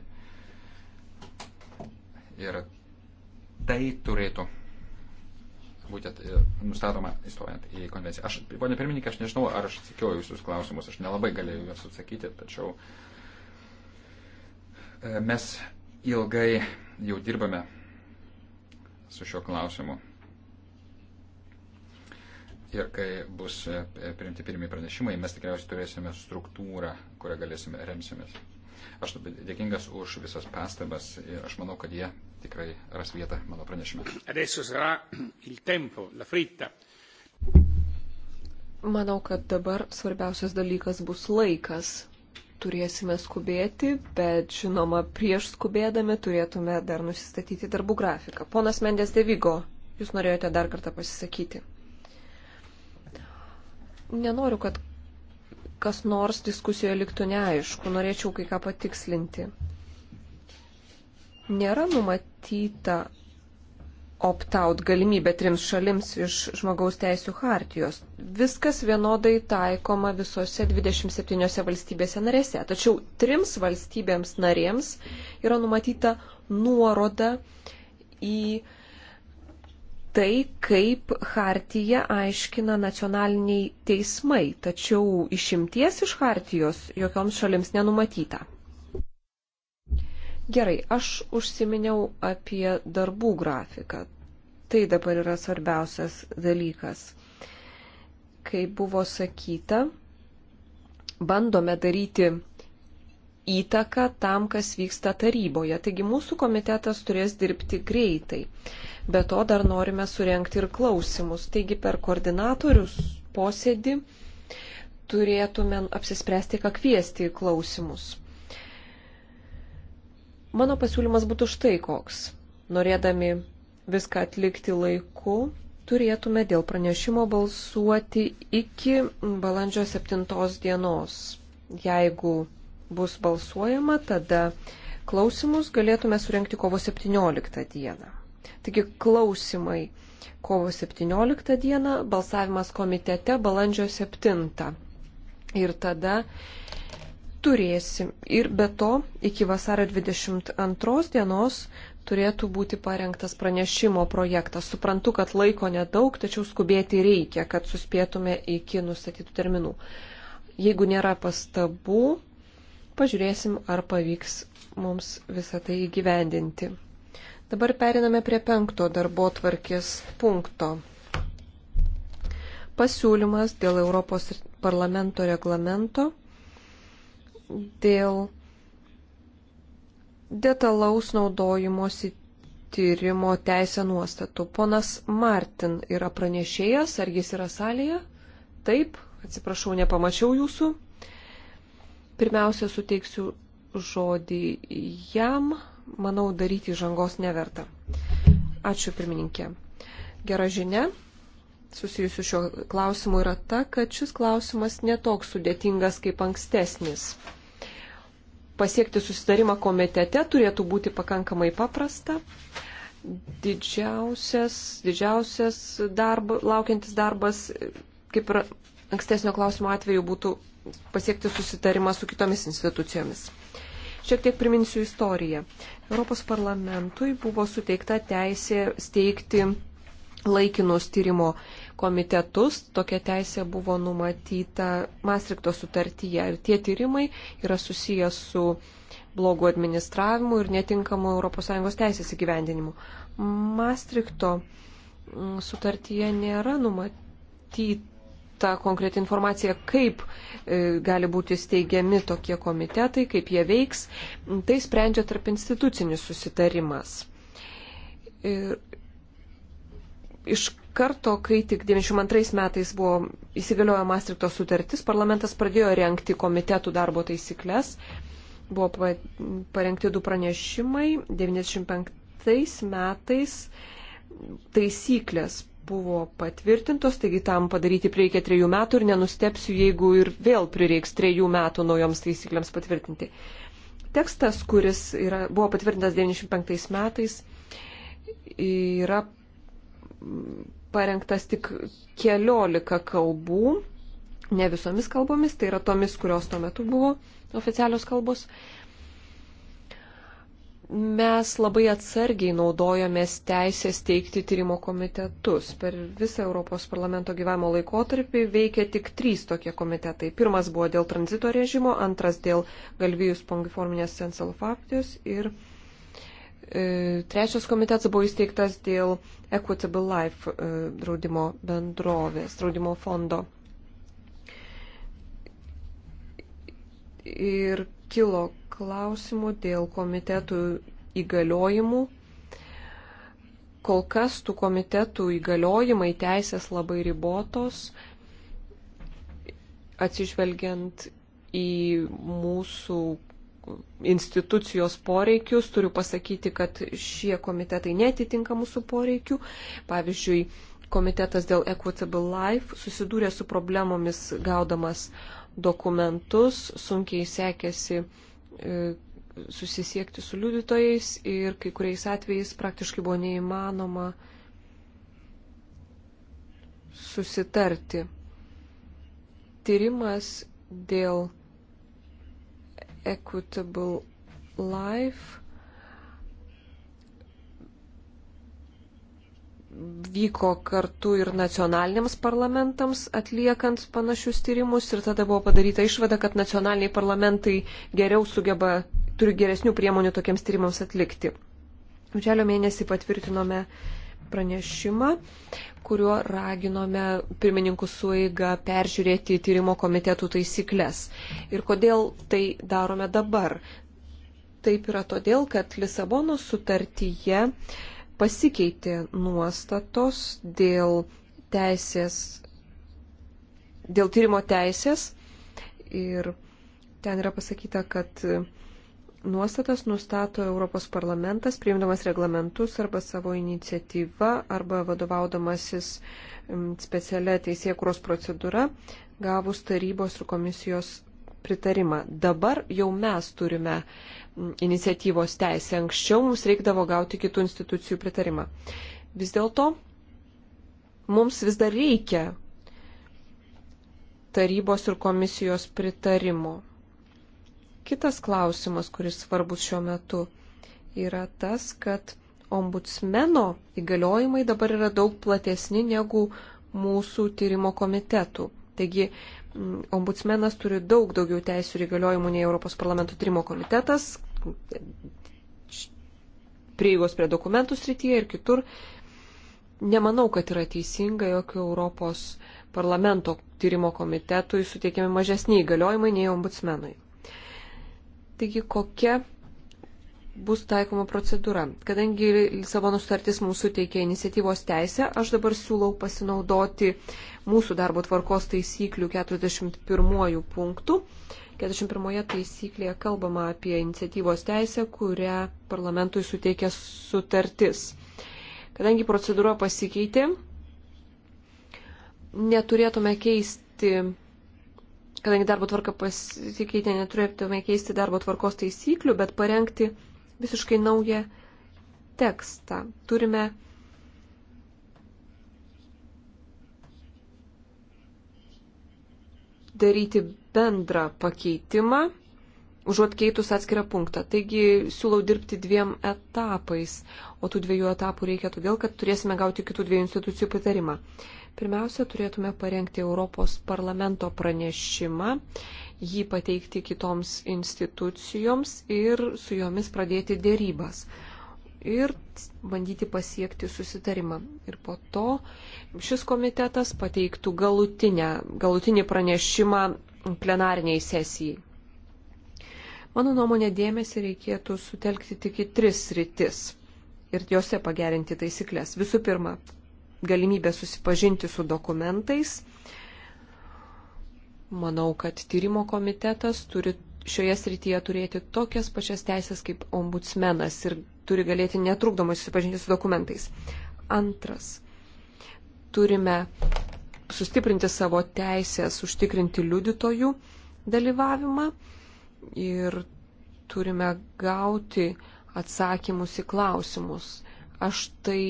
Ir tai turėtų būtent nustatoma įstojant į konvenciją. Aš, ponė pirmininkė, aš nežinau, ar aš atsakiau visus klausimus, aš nelabai galėjau juos atsakyti, tačiau e, mes ilgai jau dirbame su šiuo klausimu. Ir kai bus e, priimti pirmieji pranešimai, mes tikriausiai turėsime struktūrą, kurią galėsime remsimės. Aš dėkingas už visas pastabas ir aš manau, kad jie tikrai ras vietą mano pranešime. Manau, kad dabar svarbiausias dalykas bus laikas. Turėsime skubėti, bet žinoma, prieš skubėdami turėtume dar nusistatyti darbų grafiką. Ponas Mendės Devigo, jūs norėjote dar kartą pasisakyti. Nenoriu, kad kas nors diskusijoje liktų neaišku, norėčiau kai ką patikslinti nėra numatyta opt-out galimybė trims šalims iš žmogaus teisų hartijos. Viskas vienodai taikoma visose 27 valstybėse narėse. Tačiau trims valstybėms narėms yra numatyta nuoroda į tai, kaip hartija aiškina nacionaliniai teismai. Tačiau išimties iš hartijos jokioms šalims nenumatyta. Gerai, aš užsiminiau apie darbų grafiką. Tai dabar yra svarbiausias dalykas. Kai buvo sakyta, bandome daryti įtaką tam, kas vyksta taryboje. Taigi mūsų komitetas turės dirbti greitai. Be to dar norime surenkti ir klausimus. Taigi per koordinatorius posėdį turėtume apsispręsti, ką kviesti į klausimus. Mano pasiūlymas būtų štai koks. Norėdami viską atlikti laiku, turėtume dėl pranešimo balsuoti iki balandžio 7 dienos. Jeigu bus balsuojama, tada klausimus galėtume surenkti kovo 17 dieną. Taigi klausimai kovo 17 dieną, balsavimas komitete balandžio 7. Ir tada turėsim. Ir be to, iki vasario 22 dienos turėtų būti parengtas pranešimo projektas. Suprantu, kad laiko nedaug, tačiau skubėti reikia, kad suspėtume iki nustatytų terminų. Jeigu nėra pastabų, pažiūrėsim, ar pavyks mums visą tai įgyvendinti. Dabar periname prie penkto darbo tvarkės punkto. Pasiūlymas dėl Europos parlamento reglamento dėl detalaus naudojimosi tyrimo teisę nuostatų. Ponas Martin yra pranešėjas, ar jis yra salėje? Taip, atsiprašau, nepamačiau jūsų. Pirmiausia, suteiksiu žodį jam, manau, daryti žangos neverta. Ačiū pirmininkė. Gera žinia, susijusių šio klausimu yra ta, kad šis klausimas netoks sudėtingas kaip ankstesnis. Pasiekti susitarimą komitete turėtų būti pakankamai paprasta. Didžiausias, didžiausias darb, laukiantis darbas, kaip ir ankstesnio klausimo atveju, būtų pasiekti susitarimą su kitomis institucijomis. Šiek tiek priminsiu istoriją. Europos parlamentui buvo suteikta teisė steigti laikinus tyrimo komitetus. Tokia teisė buvo numatyta Mastrikto sutartyje ir tie tyrimai yra susijęs su blogų administravimų ir netinkamų ES teisės įgyvendinimų. Maastrichto mm, sutartyje nėra numatyta konkreti informacija, kaip e, gali būti steigiami tokie komitetai, kaip jie veiks. Tai sprendžia tarp institucinis susitarimas. Ir iš karto, kai tik 92 metais buvo įsigaliojo Mastrikto sutartis, parlamentas pradėjo renkti komitetų darbo taisyklės. Buvo parengti du pranešimai. 95 metais taisyklės buvo patvirtintos, taigi tam padaryti prireikė trejų metų ir nenustepsiu, jeigu ir vėl prireiks trejų metų naujoms taisyklėms patvirtinti. Tekstas, kuris yra, buvo patvirtintas 95 metais, yra parengtas tik keliolika kalbų, ne visomis kalbomis, tai yra tomis, kurios tuo metu buvo oficialios kalbos. Mes labai atsargiai naudojomės teisės teikti tyrimo komitetus. Per visą Europos parlamento gyvavimo laikotarpį veikia tik trys tokie komitetai. Pirmas buvo dėl tranzito režimo, antras dėl galvijus pongiforminės sensalofaptijos ir E, trečias komitetas buvo įsteigtas dėl Equitable Life e, draudimo bendrovės, draudimo fondo. Ir kilo klausimų dėl komitetų įgaliojimų. Kol kas tų komitetų įgaliojimai teisės labai ribotos, atsižvelgiant į mūsų institucijos poreikius. Turiu pasakyti, kad šie komitetai netitinka mūsų poreikių. Pavyzdžiui, komitetas dėl Equitable Life susidūrė su problemomis gaudamas dokumentus, sunkiai sekėsi e, susisiekti su liudytojais ir kai kuriais atvejais praktiškai buvo neįmanoma susitarti. Tyrimas dėl Equitable Life vyko kartu ir nacionaliniams parlamentams atliekant panašius tyrimus ir tada buvo padaryta išvada, kad nacionaliniai parlamentai geriau sugeba, turi geresnių priemonių tokiems tyrimams atlikti. Dželio mėnesį patvirtinome pranešimą, kuriuo raginome pirmininkų suiga peržiūrėti tyrimo komitetų taisyklės. Ir kodėl tai darome dabar? Taip yra todėl, kad Lisabono sutartyje pasikeitė nuostatos dėl teisės, dėl tyrimo teisės ir ten yra pasakyta, kad nuostatas nustato Europos parlamentas, priimdamas reglamentus arba savo iniciatyvą arba vadovaudamasis specialia teisėkuros procedūra, gavus tarybos ir komisijos pritarimą. Dabar jau mes turime iniciatyvos teisę. Anksčiau mums reikdavo gauti kitų institucijų pritarimą. Vis dėlto mums vis dar reikia tarybos ir komisijos pritarimo Kitas klausimas, kuris svarbus šiuo metu, yra tas, kad ombudsmeno įgaliojimai dabar yra daug platesni negu mūsų tyrimo komitetų. Taigi mm, ombudsmenas turi daug daugiau teisų ir įgaliojimų nei Europos parlamento tyrimo komitetas, prieigos prie dokumentų srityje ir kitur. Nemanau, kad yra teisinga, jog Europos parlamento tyrimo komitetui suteikiami mažesni įgaliojimai nei ombudsmenui. Taigi kokia bus taikoma procedūra. Kadangi Lisabono sutartis mums suteikia iniciatyvos teisę, aš dabar siūlau pasinaudoti mūsų darbo tvarkos taisyklių 41 punktų. 41 taisyklėje kalbama apie iniciatyvos teisę, kurią parlamentui suteikia sutartis. Kadangi procedūra pasikeitė, neturėtume keisti kadangi darbo tvarka pasikeitė, neturėtume keisti darbo tvarkos taisyklių, bet parengti visiškai naują tekstą. Turime daryti bendrą pakeitimą užuot keitus atskirą punktą. Taigi siūlau dirbti dviem etapais, o tų dviejų etapų reikia todėl, kad turėsime gauti kitų dviejų institucijų pritarimą. Pirmiausia, turėtume parengti Europos parlamento pranešimą, jį pateikti kitoms institucijoms ir su jomis pradėti dėrybas. Ir bandyti pasiekti susitarimą. Ir po to šis komitetas pateiktų galutinę, galutinį pranešimą plenariniai sesijai. Mano nuomonė dėmesį reikėtų sutelkti tik į tris rytis ir juose pagerinti taisyklės. Visų pirma, galimybė susipažinti su dokumentais. Manau, kad tyrimo komitetas turi šioje srityje turėti tokias pačias teisės kaip ombudsmenas ir turi galėti netrukdomai susipažinti su dokumentais. Antras, turime sustiprinti savo teisės, užtikrinti liudytojų dalyvavimą ir turime gauti atsakymus į klausimus. Aš tai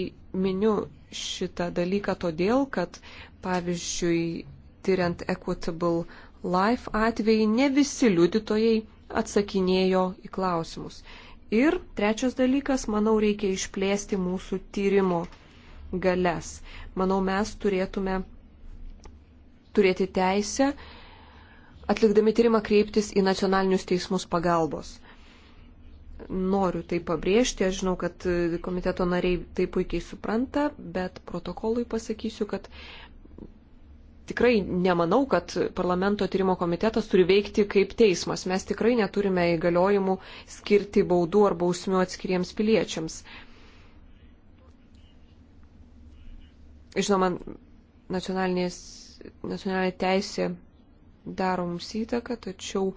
miniu šitą dalyką todėl, kad pavyzdžiui, tyriant Equitable Life atvejai, ne visi liudytojai atsakinėjo į klausimus. Ir trečias dalykas, manau, reikia išplėsti mūsų tyrimo galės. Manau, mes turėtume turėti teisę uh, atlikdami tyrimą kreiptis į nacionalinius teismus pagalbos. Noriu tai pabrėžti, aš žinau, kad komiteto nariai tai puikiai supranta, bet protokolui pasakysiu, kad tikrai nemanau, kad parlamento tyrimo komitetas turi veikti kaip teismas. Mes tikrai neturime įgaliojimų skirti baudų ar bausmių atskiriems piliečiams. Žinoma, nacionalinė teisė daro mums įtaką, tačiau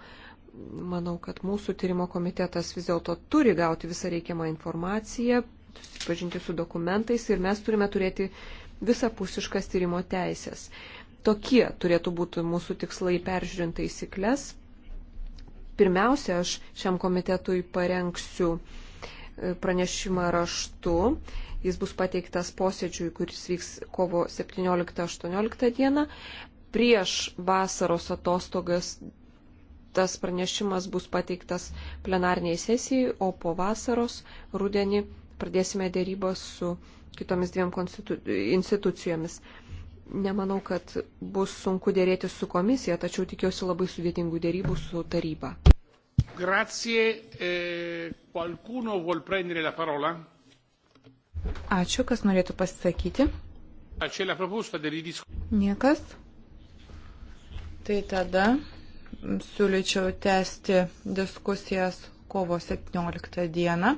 manau, kad mūsų tyrimo komitetas vis dėlto turi gauti visą reikiamą informaciją, susipažinti su dokumentais ir mes turime turėti visapusiškas tyrimo teisės. Tokie turėtų būti mūsų tikslai peržiūrint taisyklės. Pirmiausia, aš šiam komitetui parengsiu e, pranešimą raštu. Jis bus pateiktas posėdžiui, kuris vyks kovo 17-18 dieną prieš vasaros atostogas tas pranešimas bus pateiktas plenarniai sesijai, o po vasaros rudenį pradėsime dėrybas su kitomis dviem konstitu... institucijomis. Nemanau, kad bus sunku dėrėti su komisija, tačiau tikiuosi labai sudėtingų dėrybų su taryba. Grazie. Eh, qualcuno vuol prendere la parola? Ačiū, kas norėtų pasisakyti. Niekas. Tai tada siūlyčiau tęsti diskusijas kovo 17 dieną.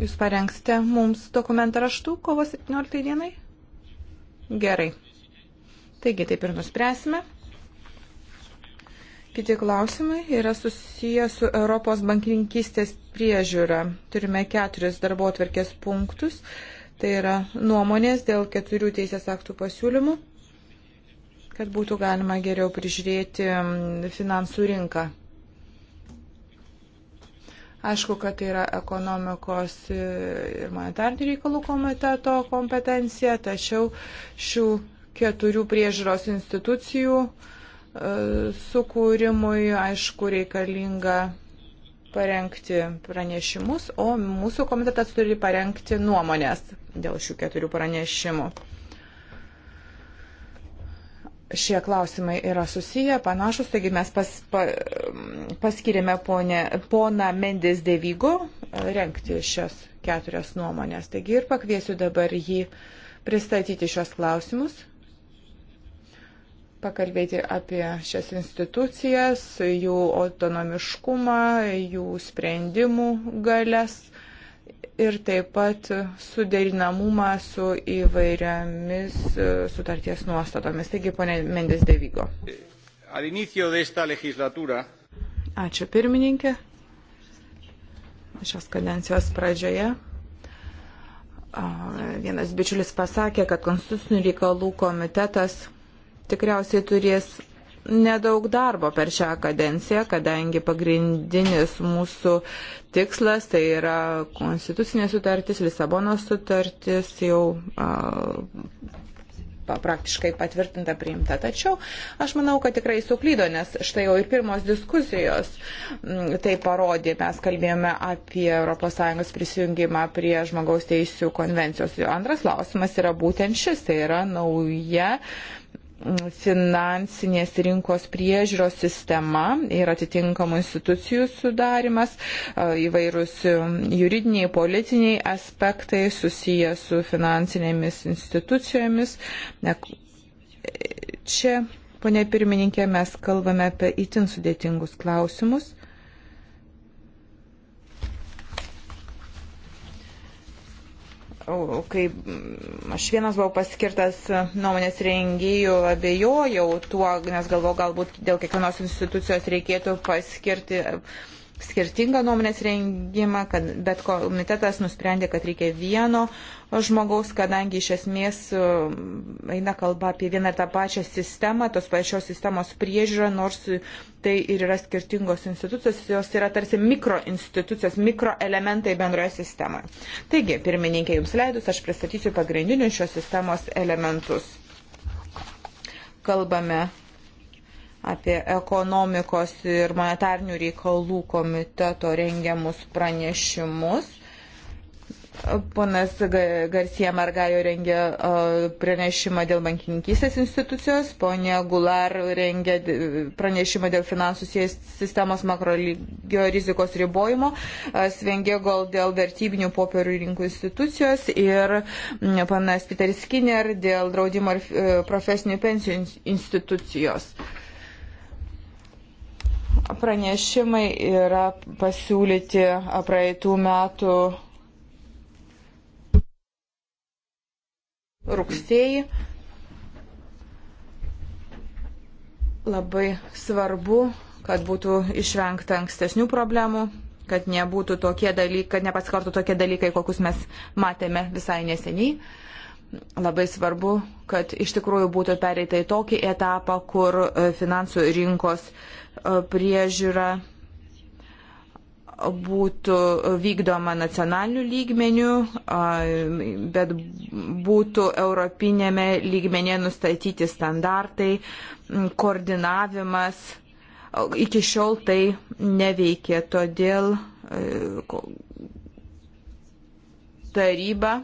Jūs parengsite mums dokumentą raštų kovo 17 dienai? Gerai. Taigi taip ir nuspręsime. Kiti klausimai yra susiję su Europos bankininkystės priežiūra. Turime keturis darbo atverkės punktus. Tai yra nuomonės dėl keturių teisės aktų pasiūlymų kad būtų galima geriau prižiūrėti finansų rinką. Aišku, kad tai yra ekonomikos e, ir monetarnių reikalų komiteto kompetencija, tačiau šių keturių priežiūros institucijų e, sukūrimui, aišku, reikalinga parengti pranešimus, o mūsų komitetas turi parengti nuomonės dėl šių keturių pranešimų šie klausimai yra susiję, panašus, taigi mes pas, pa, paskirėme ponę, poną Mendes Devygo e, renkti šias keturias nuomonės. Taigi ir pakviesiu dabar jį pristatyti šios klausimus, pakalbėti apie šias institucijas, jų autonomiškumą, jų sprendimų galės ir taip pat suderinamumą su įvairiamis e, sutarties nuostatomis. Taigi, ponė Mendes Devygo. Ačiū pirmininkė. Šios kadencijos pradžioje vienas bičiulis pasakė, kad konstitucinių reikalų komitetas tikriausiai turės nedaug darbo per šią kadenciją, kadangi pagrindinis mūsų tikslas tai yra konstitucinė sutartis, Lisabonos sutartis jau uh, praktiškai patvirtinta, priimta. Tačiau aš manau, kad tikrai suklydo, nes štai jau ir pirmos diskusijos tai parodė. Mes kalbėjome apie ES prisijungimą prie žmogaus teisų konvencijos. Antras klausimas yra būtent šis, tai yra nauja finansinės rinkos priežiūros sistema ir atitinkamų institucijų sudarimas, įvairūs e, juridiniai, politiniai aspektai susiję su finansinėmis institucijomis. E, čia, ponė pirmininkė, mes kalbame apie itin sudėtingus klausimus. kai mm, aš vienas buvau paskirtas nuomonės rengėjų, abejojau tuo, nes galvoju, galbūt dėl kiekvienos institucijos reikėtų paskirti skirtingą nuomonės rengimą, kad, bet komitetas nusprendė, kad reikia vieno žmogaus, kadangi iš esmės um, eina kalba apie vieną ir tą pačią sistemą, tos pačios sistemos priežiūrą, nors tai ir yra skirtingos institucijos, jos yra tarsi mikroinstitucijos, mikroelementai bendroje sistemoje. Taigi, pirmininkė, jums leidus, aš pristatysiu pagrindinius šios sistemos elementus. Kalbame apie ekonomikos ir monetarnių reikalų komiteto rengiamus pranešimus. Ponas Garcija Margajo rengia pranešimą dėl bankininkysės institucijos, ponė Gular rengia pranešimą dėl finansų sistemos makrolygio rizikos ribojimo, Svengė Gol dėl vertybinių popierių rinkų institucijos ir panas Peter Skinner dėl draudimo ir e, profesinių pensijų institucijos pranešimai yra pasiūlyti praeitų metų rugsėjį. Labai svarbu, kad būtų išvengta ankstesnių problemų, kad nebūtų tokie dalykai, kad nepasikartų tokie dalykai, kokius mes matėme visai neseniai labai svarbu, kad iš tikrųjų būtų pereita į tokį etapą, kur e, finansų rinkos uh, E, priežiūra būtų vykdoma nacionaliniu lygmeniu, bet būtų europinėme lygmenė nustatyti standartai, koordinavimas. Iki šiol tai neveikė, todėl e, taryba,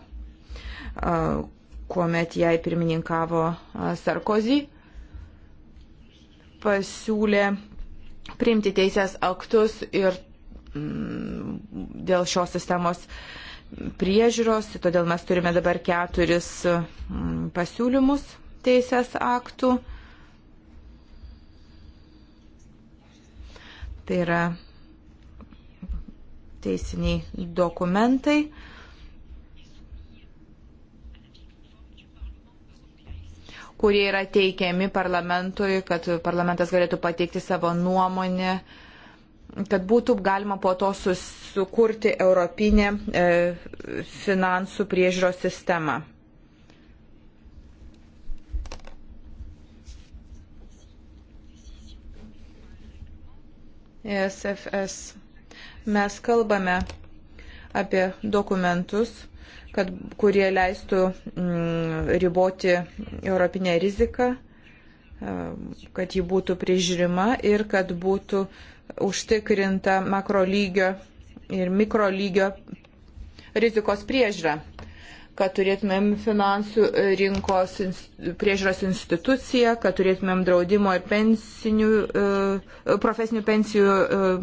kuomet jai pirmininkavo Sarkozy, pasiūlė priimti teisės aktus ir mm, dėl šios sistemos priežiūros, todėl mes turime dabar keturis mm, pasiūlymus teisės aktų. Tai yra teisiniai dokumentai. kurie yra teikiami parlamentui, kad parlamentas galėtų pateikti savo nuomonę, kad būtų galima po to sukurti europinę e, finansų priežiūros sistemą. ESFS. Mes kalbame apie dokumentus, kad, kurie leistų mm, riboti europinę riziką, e, kad ji būtų prižiūrima ir kad būtų užtikrinta makro lygio ir mikro lygio rizikos priežiūra kad turėtumėm finansų e, rinkos priežiūros instituciją, kad turėtumėm draudimo ir pensinių, e, e, profesinių pensijų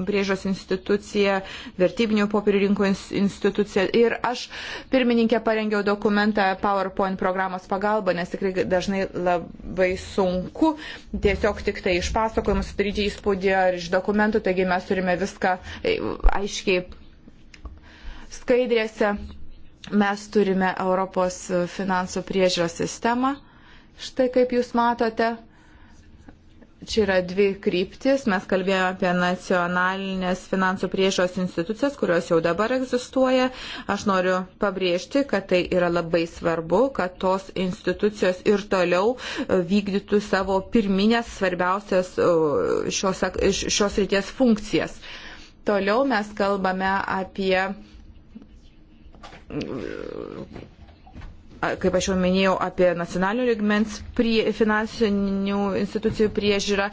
priežiūros instituciją, vertybinių popierių rinkų instituciją. Ir aš pirmininkė parengiau dokumentą PowerPoint programos pagalba, nes tikrai dažnai labai sunku tiesiog tik tai iš pasakojimų sudaryti įspūdį ar iš dokumentų, taigi mes turime viską aiškiai skaidrėse Mes turime Europos finansų priežiūros sistemą. Štai kaip jūs matote čia yra dvi kryptis. Mes kalbėjome apie nacionalinės finansų priežos institucijas, kurios jau dabar egzistuoja. Aš noriu pabrėžti, kad tai yra labai svarbu, kad tos institucijos ir toliau e, vykdytų savo pirminės svarbiausias e, šios, šios ryties funkcijas. Toliau mes kalbame apie kaip aš jau minėjau, apie nacionalinio ligmens prie, finansinių institucijų priežiūrą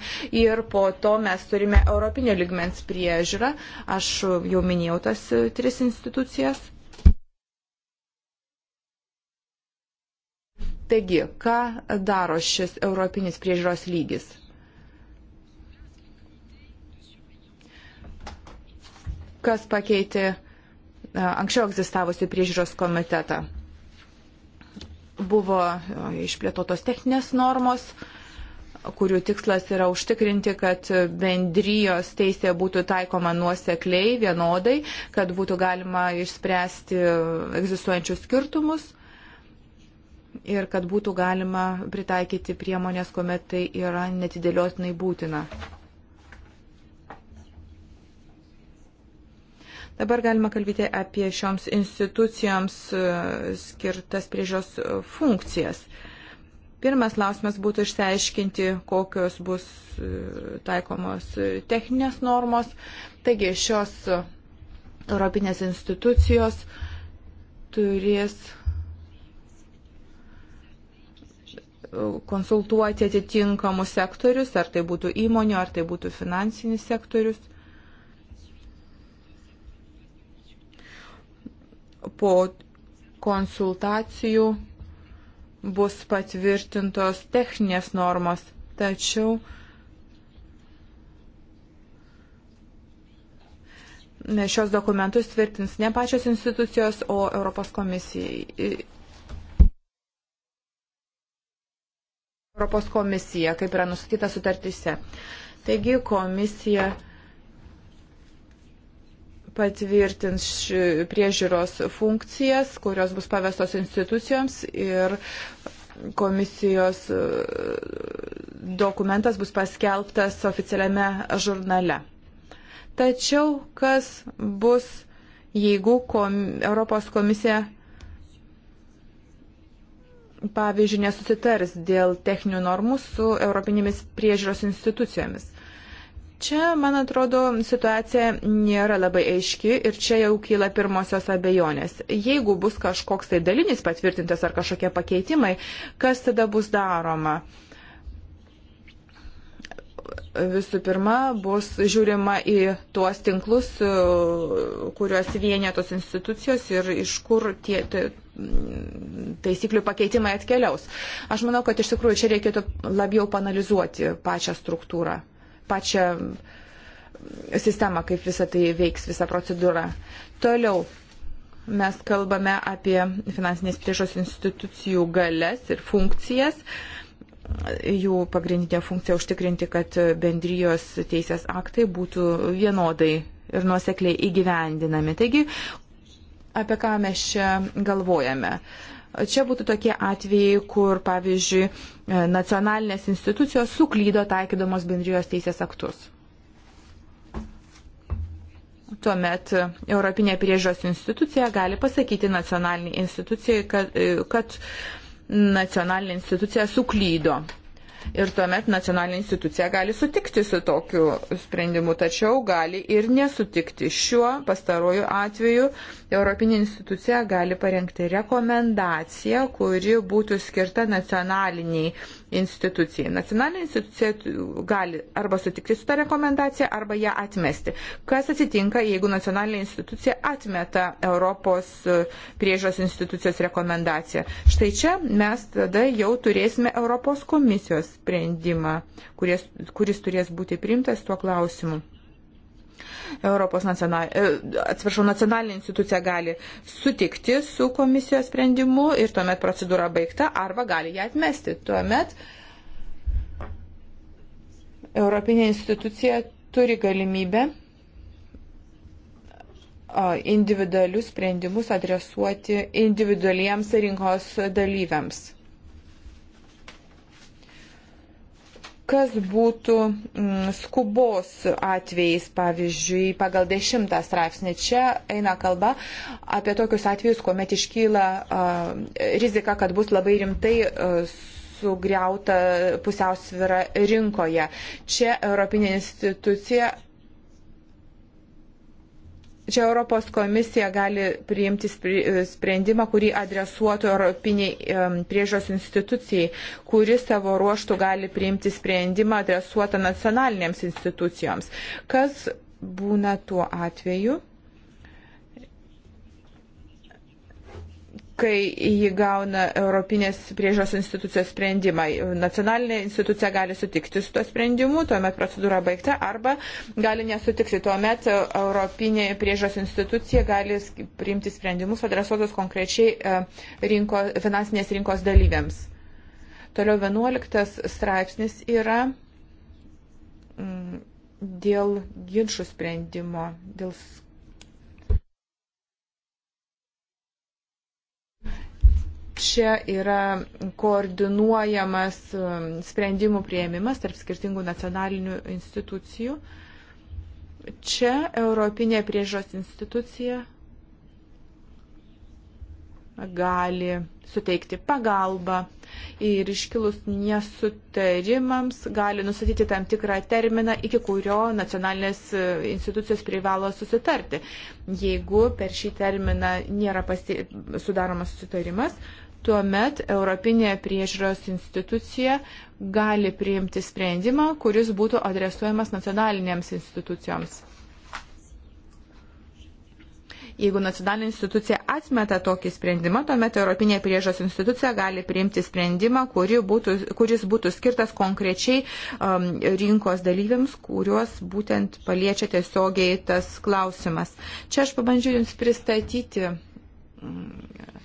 ir po to mes turime europinio ligmens priežiūrą. Aš jau minėjau tas e, tris institucijas. Taigi, ką daro šis europinis priežiūros lygis? Kas pakeitė uh, anksčiau egzistavusi priežiūros komitetą. Buvo išplėtotos techninės normos, kurių tikslas yra užtikrinti, kad bendrijos teisė būtų taikoma nuosekliai, vienodai, kad būtų galima išspręsti egzistuojančius skirtumus ir kad būtų galima pritaikyti priemonės, kuomet tai yra netidėliotinai būtina. Dabar galima kalbėti apie šioms institucijoms e, skirtas priežios funkcijas. Pirmas klausimas būtų išsiaiškinti, kokios bus e, taikomos techninės normos. Taigi šios europinės institucijos turės konsultuoti atitinkamus sektorius, ar tai būtų įmonių, ar tai būtų finansinis sektorius. po konsultacijų bus patvirtintos techninės normos, tačiau šios dokumentus tvirtins ne pačios institucijos, o Europos komisijai. Europos komisija, kaip yra nusakyta sutartyse. Taigi komisija patvirtins priežiūros funkcijas, kurios bus pavestos institucijoms ir komisijos e, dokumentas bus paskelbtas oficialiame žurnale. Tačiau kas bus, jeigu kom, Europos komisija, pavyzdžiui, nesusitars dėl techninių normų su Europinėmis priežiūros institucijomis? Čia, man atrodo, situacija nėra labai aiški ir čia jau kyla pirmosios abejonės. Jeigu bus kažkoks tai dalinis patvirtintas ar kažkokie pakeitimai, kas tada bus daroma? visų pirma bus žiūrima į tuos tinklus, kuriuos vienė tos institucijos ir iš kur tie, tie taisyklių pakeitimai atkeliaus. Aš manau, kad iš tikrųjų čia reikėtų labiau panalizuoti pačią struktūrą pačią sistemą, kaip visa tai veiks, visa procedūra. Toliau mes kalbame apie finansinės priešos institucijų galės ir funkcijas. Jų pagrindinė funkcija užtikrinti, kad bendrijos teisės aktai būtų vienodai ir nuosekliai įgyvendinami. Taigi, apie ką mes čia galvojame? Uh, Čia būtų tokie atvejai, kur, pavyzdžiui, e, nacionalinės institucijos suklydo taikydamos bendrijos teisės aktus. Tuomet Europinė priežos institucija gali pasakyti nacionaliniai institucijai, kad, e, kad nacionalinė institucija suklydo. Ir tuomet nacionalinė institucija gali sutikti su tokiu sprendimu, tačiau gali ir nesutikti. Šiuo pastaruoju atveju Europinė institucija gali parengti rekomendaciją, kuri būtų skirta nacionaliniai institucijai. Nacionalinė institucija gali arba sutikti su tą rekomendaciją, arba ją atmesti. Kas atsitinka, jeigu nacionalinė institucija atmeta Europos e, priežos institucijos rekomendaciją? Štai čia mes tada jau turėsime Europos komisijos sprendimą, kuris, kuris turės būti priimtas tuo klausimu. Europos nacionalinė, e, atsiprašau, nacionalinė institucija gali sutikti su komisijos sprendimu ir tuomet procedūra baigta arba gali ją atmesti. Tuomet Europinė institucija turi galimybę individualius sprendimus adresuoti individualiems rinkos dalyviams. kas būtų mm, skubos atvejais, pavyzdžiui, pagal dešimtą straipsnį. Čia eina kalba apie tokius atvejus, kuomet iškyla rizika, kad bus labai rimtai sugriauta pusiausvyra rinkoje. Čia Europinė institucija Čia Europos komisija gali priimti sprendimą, kurį adresuotų Europiniai priežos institucijai, kuri savo ruoštų gali priimti sprendimą adresuotą nacionalinėms institucijoms. Kas būna tuo atveju? kai jį gauna Europinės priežios institucijos sprendimą. Nacionalinė institucija gali sutikti su tuo sprendimu, tuomet procedūra baigta, arba gali nesutikti. Tuomet Europinė priežios institucija gali priimti sprendimus adresuotus konkrečiai e, rinko, finansinės rinkos dalyviams. Toliau 11 straipsnis yra mm, dėl ginčių sprendimo, dėl čia yra koordinuojamas um, sprendimų prieimimas tarp skirtingų nacionalinių institucijų. Čia Europinė priežos institucija gali suteikti pagalbą ir iškilus nesutarimams gali nustatyti tam tikrą terminą, iki kurio nacionalinės uh, institucijos privalo susitarti. Jeigu per šį terminą nėra pasi... sudaromas susitarimas, tuomet Europinė priežiūros institucija gali priimti sprendimą, kuris būtų adresuojamas nacionalinėms institucijoms jeigu nacionalinė institucija atmeta tokį sprendimą, tuomet Europinė priežos institucija gali priimti sprendimą, kuri būtų, kuris būtų skirtas konkrečiai um, rinkos dalyviams, kuriuos būtent paliečia tiesiogiai tas klausimas. Čia aš pabandžiau Jums pristatyti mm,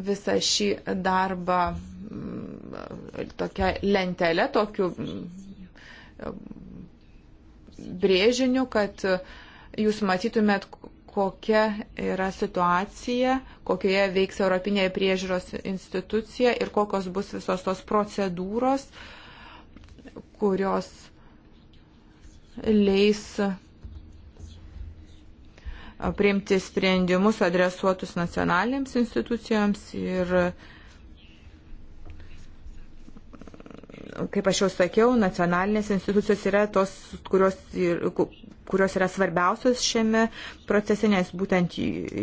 visą šį darbą mm, tokia lentelė, tokiu mm, brėžiniu, kad jūs matytumėt, kokia yra situacija, kokioje veiks Europinė priežiūros institucija ir kokios bus visos tos procedūros, kurios leis priimti sprendimus adresuotus nacionalinėms institucijoms ir kaip aš jau sakiau, nacionalinės institucijos yra tos, kurios, kurios yra svarbiausios šiame procese, nes būtent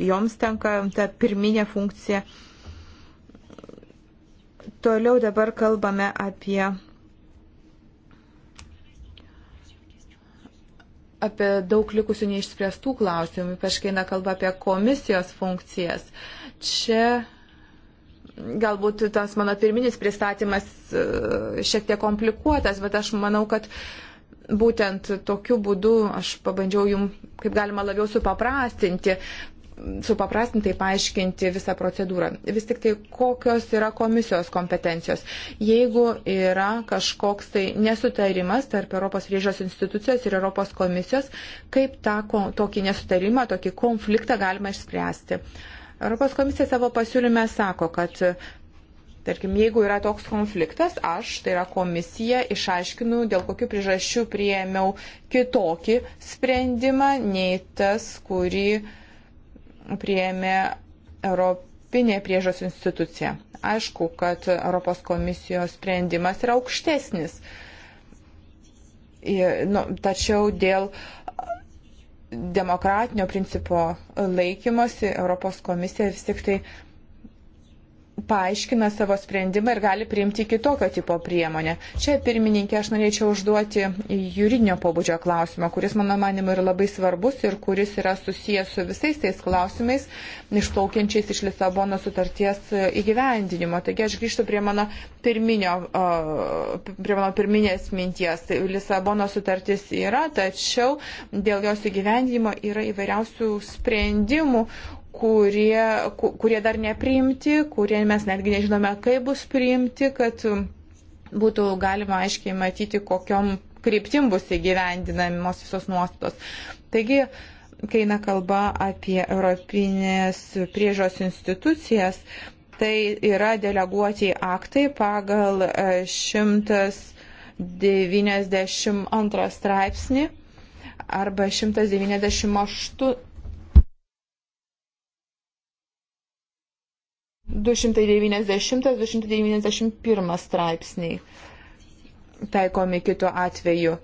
joms tenka ta pirminė funkcija. Toliau dabar kalbame apie apie daug likusių neišspręstų klausimų, ypač kai eina kalba apie komisijos funkcijas. Čia galbūt tas mano pirminis pristatymas e, šiek tiek komplikuotas, bet aš manau, kad būtent tokiu būdu aš pabandžiau jum kaip galima labiau supaprastinti supaprastintai paaiškinti visą procedūrą. Vis tik tai kokios yra komisijos kompetencijos. Jeigu yra kažkoks tai nesutarimas tarp Europos priežios institucijos ir Europos komisijos, kaip tą, tokį nesutarimą, tokį konfliktą galima išspręsti. Europos komisija savo pasiūlyme sako, kad Tarkim, jeigu yra toks konfliktas, aš, tai yra komisija, išaiškinu, dėl kokių priežasčių prieėmiau kitokį sprendimą nei tas, kurį uh, prieėmė Europinė priežos institucija. Aišku, kad Europos komisijos sprendimas yra aukštesnis. Nu, tačiau dėl demokratinio principo laikymosi Europos komisija vis tik tai paaiškina savo sprendimą ir gali priimti kitokio tipo priemonę. Čia, pirmininkė, aš norėčiau užduoti juridinio pobūdžio klausimą, kuris, mano manimu, yra labai svarbus ir kuris yra susijęs su visais tais klausimais išplaukiančiais iš Lisabono sutarties įgyvendinimo. Taigi aš grįžtu prie mano, pirminio, prie mano pirminės minties. Lisabono sutartis yra, tačiau dėl jos įgyvendinimo yra įvairiausių sprendimų, kurie, kurie dar nepriimti, kurie mes netgi nežinome, kaip bus priimti, kad būtų galima aiškiai matyti, kokiom kryptim bus įgyvendinamos visos nuostatos. Taigi, kai eina kalba apie Europinės priežos institucijas, tai yra deleguoti aktai pagal 192 e, straipsnį arba 198 290-291 straipsniai taikomi kitu atveju.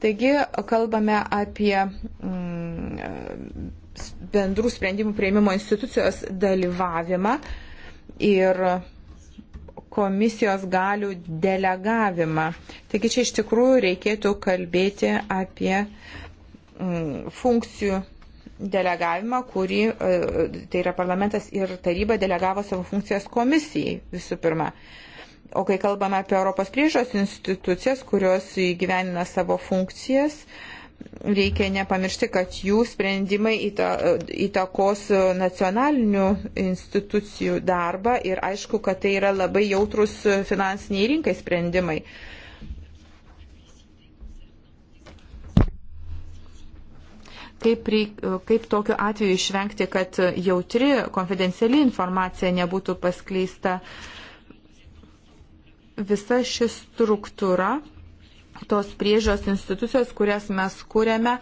Taigi kalbame apie mm, bendrų sprendimų prieimimo institucijos dalyvavimą ir komisijos galių delegavimą. Taigi čia iš tikrųjų reikėtų kalbėti apie mm, funkcijų delegavimą, kurį, e, tai yra parlamentas ir taryba delegavo savo funkcijas komisijai visų pirma. O kai kalbame apie Europos priežos institucijas, kurios įgyvenina savo funkcijas, reikia nepamiršti, kad jų sprendimai įtakos nacionalinių institucijų darbą ir aišku, kad tai yra labai jautrus finansiniai rinkai sprendimai. Uh, kaip, reik, kaip tokiu atveju išvengti, kad jautri, konfidenciali informacija nebūtų paskleista. Visa ši struktūra, tos priežios institucijos, kurias mes kūrėme,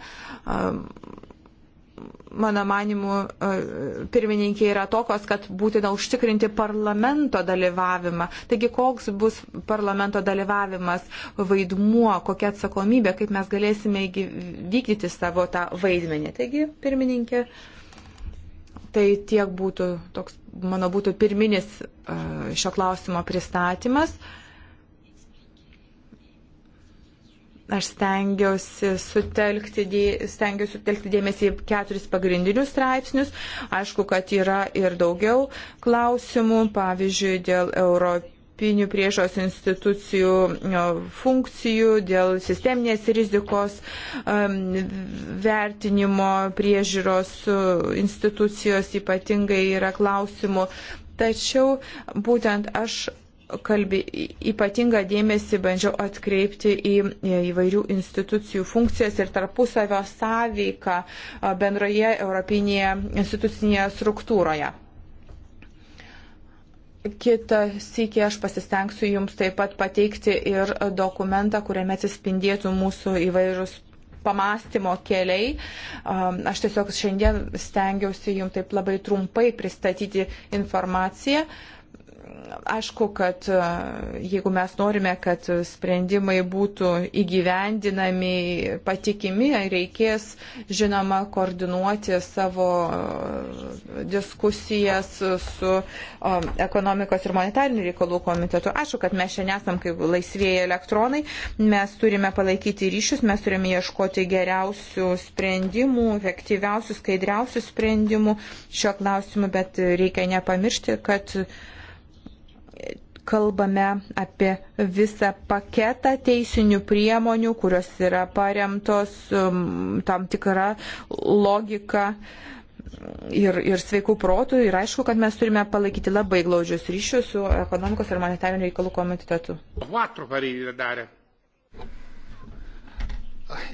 mano manimu, e, pirmininkė yra tokios, kad būtina užtikrinti parlamento dalyvavimą. Taigi, koks bus parlamento dalyvavimas, vaidmuo, kokia atsakomybė, kaip mes galėsime vykdyti savo tą vaidmenį. Taigi, pirmininkė, tai tiek būtų toks, mano būtų pirminis e, šio klausimo pristatymas. aš stengiausi sutelkti, dė, stengiausi sutelkti dėmesį į keturis pagrindinius straipsnius. Aišku, kad yra ir daugiau klausimų, pavyzdžiui, dėl Europos europinių priežos institucijų funkcijų, dėl sisteminės rizikos vertinimo priežiūros e, institucijos ypatingai yra klausimų. Tačiau būtent aš kalbė, ypatingą dėmesį bandžiau atkreipti į įvairių institucijų funkcijas ir tarpusavio sąveiką bendroje europinėje institucinėje struktūroje. Kita sykė aš pasistengsiu Jums taip pat pateikti ir dokumentą, kuriame atsispindėtų mūsų įvairūs pamastymo keliai. Aš tiesiog šiandien stengiausi jums taip labai trumpai pristatyti informaciją aišku, kad e, jeigu mes norime, kad sprendimai būtų įgyvendinami, patikimi, reikės, žinoma, koordinuoti savo e, diskusijas su e, ekonomikos ir monetarinių reikalų komitetu. Aišku, kad mes čia nesam kaip laisvėjai elektronai, mes turime palaikyti ryšius, mes turime ieškoti geriausių sprendimų, efektyviausių, skaidriausių sprendimų šio klausimu, bet reikia nepamiršti, kad kalbame apie visą paketą teisinių priemonių, kurios yra paremtos um, tam tikra logika ir, ir sveikų protų. Ir aišku, kad mes turime palaikyti labai glaudžius ryšius su ekonomikos ir monetarinių reikalų komitetu.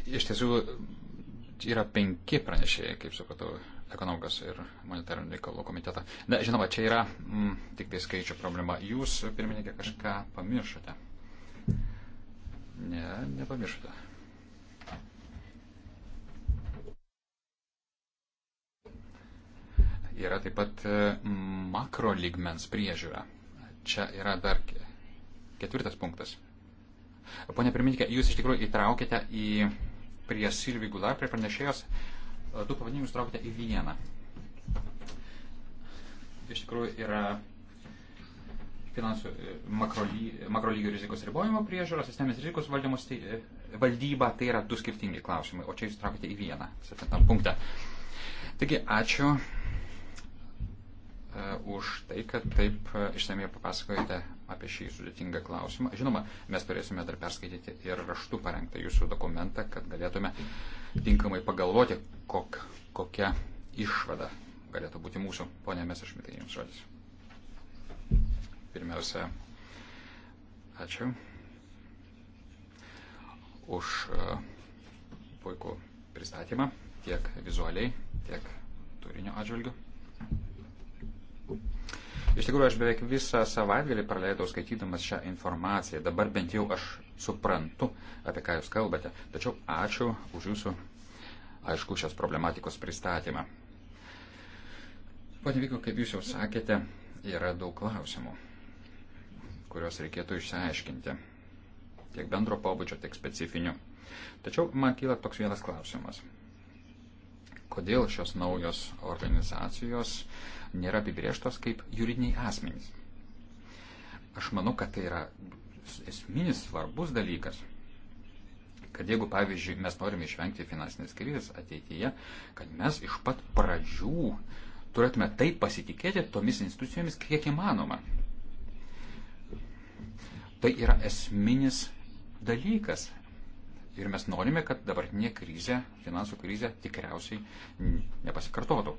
Iš tiesų, yra penki pranešėjai, kaip supratau, ekonomikos ir monetarinių reikalų komitetą. Na, žinoma, čia yra mm, tik tai skaičių problema. Jūs, pirmininkė, kažką pamiršote. Ne, nepamiršote. Yra taip pat mm, makro lygmens priežiūra. Čia yra dar ketvirtas punktas. Pone pirmininkė, jūs iš tikrųjų įtraukite į prie Silvi Gular, prie pranešėjos, uh, du pavadinimus traukite į vieną. Iš tikrųjų yra finansų makroly, makrolygio rizikos ribojimo priežiūra, sisteminės rizikos valdymos tai, valdyba, tai yra du skirtingi klausimai, o čia jūs traukite į vieną, septintam punktą. Taigi, ačiū uh, už tai, kad taip uh, išsamei papasakojate apie šį sudėtingą klausimą. Žinoma, mes turėsime dar perskaityti ir raštu parengtą jūsų dokumentą, kad galėtume tinkamai pagalvoti, kok, kokia išvada galėtų būti mūsų. Pone Mesašmitai, jums žodis. Pirmiausia, ačiū už e, puikų pristatymą tiek vizualiai, tiek turinio atžvilgiu. Iš tikrųjų, aš beveik visą savaitgalį praleidau skaitydamas šią informaciją. Dabar bent jau aš suprantu, apie ką jūs kalbate. Tačiau ačiū už jūsų, aišku, šios problematikos pristatymą. Pane Vyko, kaip jūs jau sakėte, yra daug klausimų, kuriuos reikėtų išsiaiškinti. Tiek bendro pobūdžio, tiek specifinių. Tačiau man kyla toks vienas klausimas. Kodėl šios naujos organizacijos uh, nėra apibrieštos kaip juridiniai asmenys. Aš manau, kad tai yra esminis svarbus dalykas, kad jeigu, pavyzdžiui, mes norime išvengti finansinės krizės ateityje, kad mes iš pat pradžių turėtume taip pasitikėti tomis institucijomis, kiek įmanoma. Tai yra esminis dalykas. Ir mes norime, kad dabartinė krizė, finansų krizė tikriausiai nepasikartotų.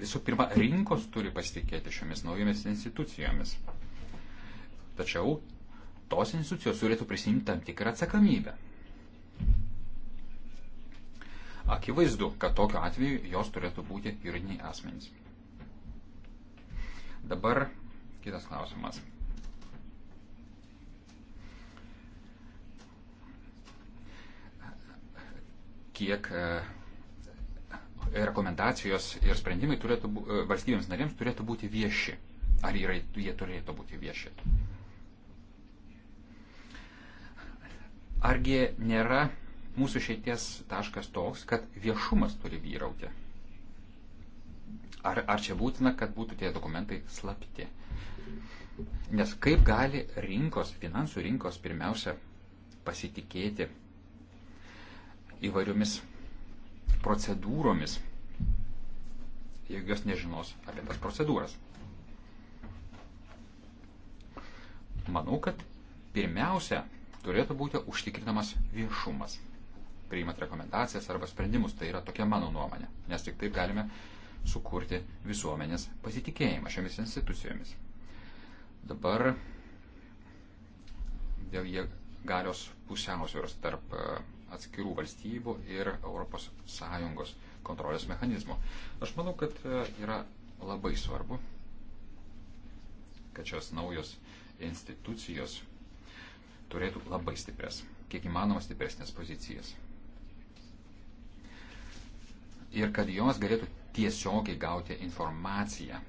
Visų pirma, rinkos turi pasitikėti šiomis naujomis institucijomis. Tačiau tos institucijos turėtų prisimti tam tikrą atsakomybę. Akivaizdu, kad tokiu atveju jos turėtų būti juridiniai asmenys. Dabar kitas klausimas. Kiek e, rekomendacijos ir sprendimai turėtų, e, valstybėms narėms turėtų būti vieši. Ar yra, jie turėtų būti vieši? Argi nėra mūsų šeities taškas toks, kad viešumas turi vyrauti? Ar, ar čia būtina, kad būtų tie dokumentai slapti? Nes kaip gali rinkos, finansų rinkos pirmiausia pasitikėti įvairiomis procedūromis, jeigu jos nežinos apie tas procedūras. Manau, kad pirmiausia turėtų būti užtikrinamas viešumas, priimant rekomendacijas arba sprendimus. Tai yra tokia mano nuomonė, nes tik taip galime sukurti visuomenės pasitikėjimą šiomis institucijomis. Dabar dėl jie galios pusiausvėros tarp atskirų valstybių ir ES kontrolės mechanizmo. Aš manau, kad e, yra labai svarbu, kad šios naujos institucijos turėtų labai stiprias, kiek įmanoma stipresnės pozicijas. Ir kad jos galėtų tiesiogiai gauti informaciją,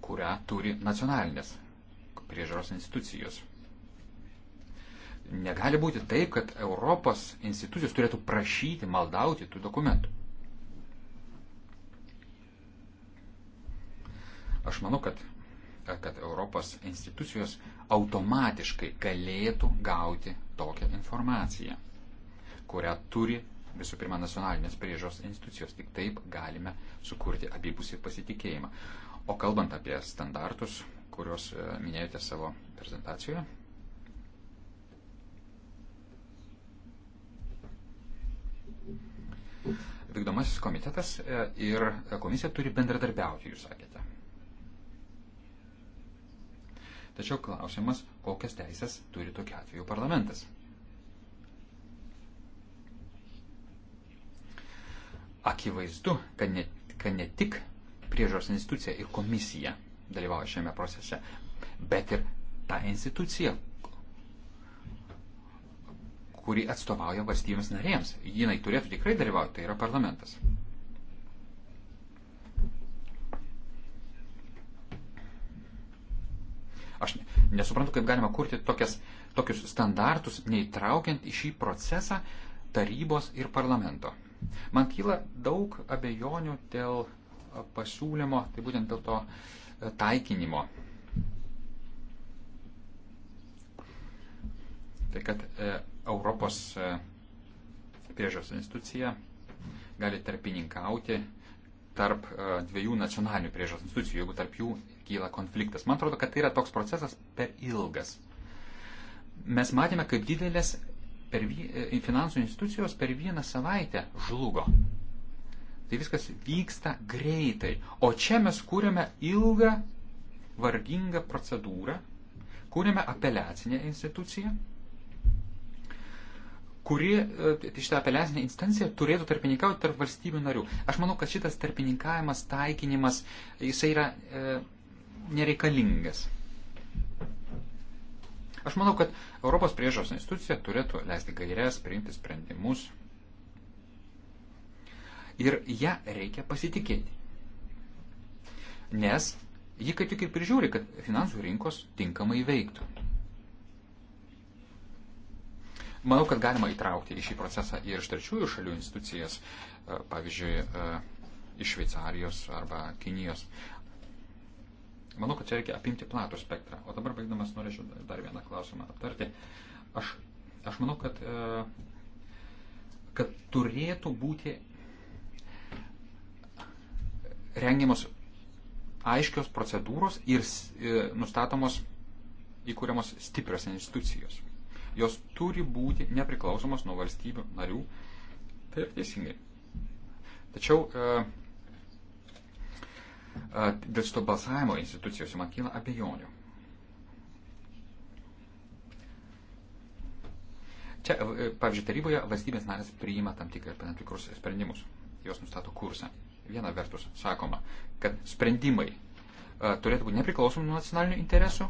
kurią turi nacionalinės priežaros institucijos. Negali būti taip, kad Europos institucijos turėtų prašyti, maldauti tų dokumentų. Aš manau, kad, kad Europos institucijos automatiškai galėtų gauti tokią informaciją, kurią turi visų pirma nacionalinės priežos institucijos. Tik taip galime sukurti abipusį pasitikėjimą. O kalbant apie standartus, kuriuos e, minėjote savo prezentacijoje, vykdomasis komitetas e, ir komisija turi bendradarbiauti, jūs sakėte. Tačiau klausimas, kokias teisės turi tokia atveju parlamentas. Akivaizdu, kad ne, kad ne tik priežos institucija ir komisija dalyvauja šiame procese, bet ir ta institucija, kuri atstovauja valstybėms narėms. Jinai turėtų tikrai dalyvauti, tai yra parlamentas. Aš nesuprantu, kaip galima kurti tokias, tokius standartus, neįtraukiant į šį procesą tarybos ir parlamento. Man kyla daug abejonių dėl pasiūlymo, tai būtent dėl to e, taikinimo. Tai kad e, Europos e, priežiūros institucija gali tarpininkauti tarp e, dviejų nacionalinių priežiūros institucijų, jeigu tarp jų kyla konfliktas. Man atrodo, kad tai yra toks procesas per ilgas. Mes matėme, kaip didelės per, e, finansų institucijos per vieną savaitę žlugo. Tai viskas vyksta greitai. O čia mes kūrėme ilgą, vargingą procedūrą, kūrėme apeliacinę instituciją kuri e, tai šitą apeliacinę instanciją turėtų tarpininkauti tarp valstybių narių. Aš manau, kad šitas tarpininkavimas, taikinimas, jisai yra e, nereikalingas. Aš manau, kad Europos priežos institucija turėtų leisti gairias, priimti sprendimus. Ir ją reikia pasitikėti. Nes ji kaip tik ir prižiūri, kad finansų rinkos tinkamai veiktų. Manau, kad galima įtraukti į šį procesą ir iš trečiųjų šalių institucijas, e, pavyzdžiui, e, iš Šveicarijos arba Kinijos. Manau, kad čia reikia apimti platų spektrą. O dabar baigdamas norėčiau dar vieną klausimą aptarti. Aš, aš manau, kad, e, kad turėtų būti rengiamos aiškios procedūros ir nustatomos įkūriamos stiprios institucijos jos turi būti nepriklausomos nuo valstybių narių. Taip, teisingai. Tačiau e, e, dėl šito balsavimo institucijose man kyla abejonių. Čia, e, pavyzdžiui, taryboje valstybės narės priima tam, tikrą, tam tikrus sprendimus. Jos nustato kursą. Viena vertus sakoma, kad sprendimai turėtų būti nepriklausomi nuo nacionalinių interesų,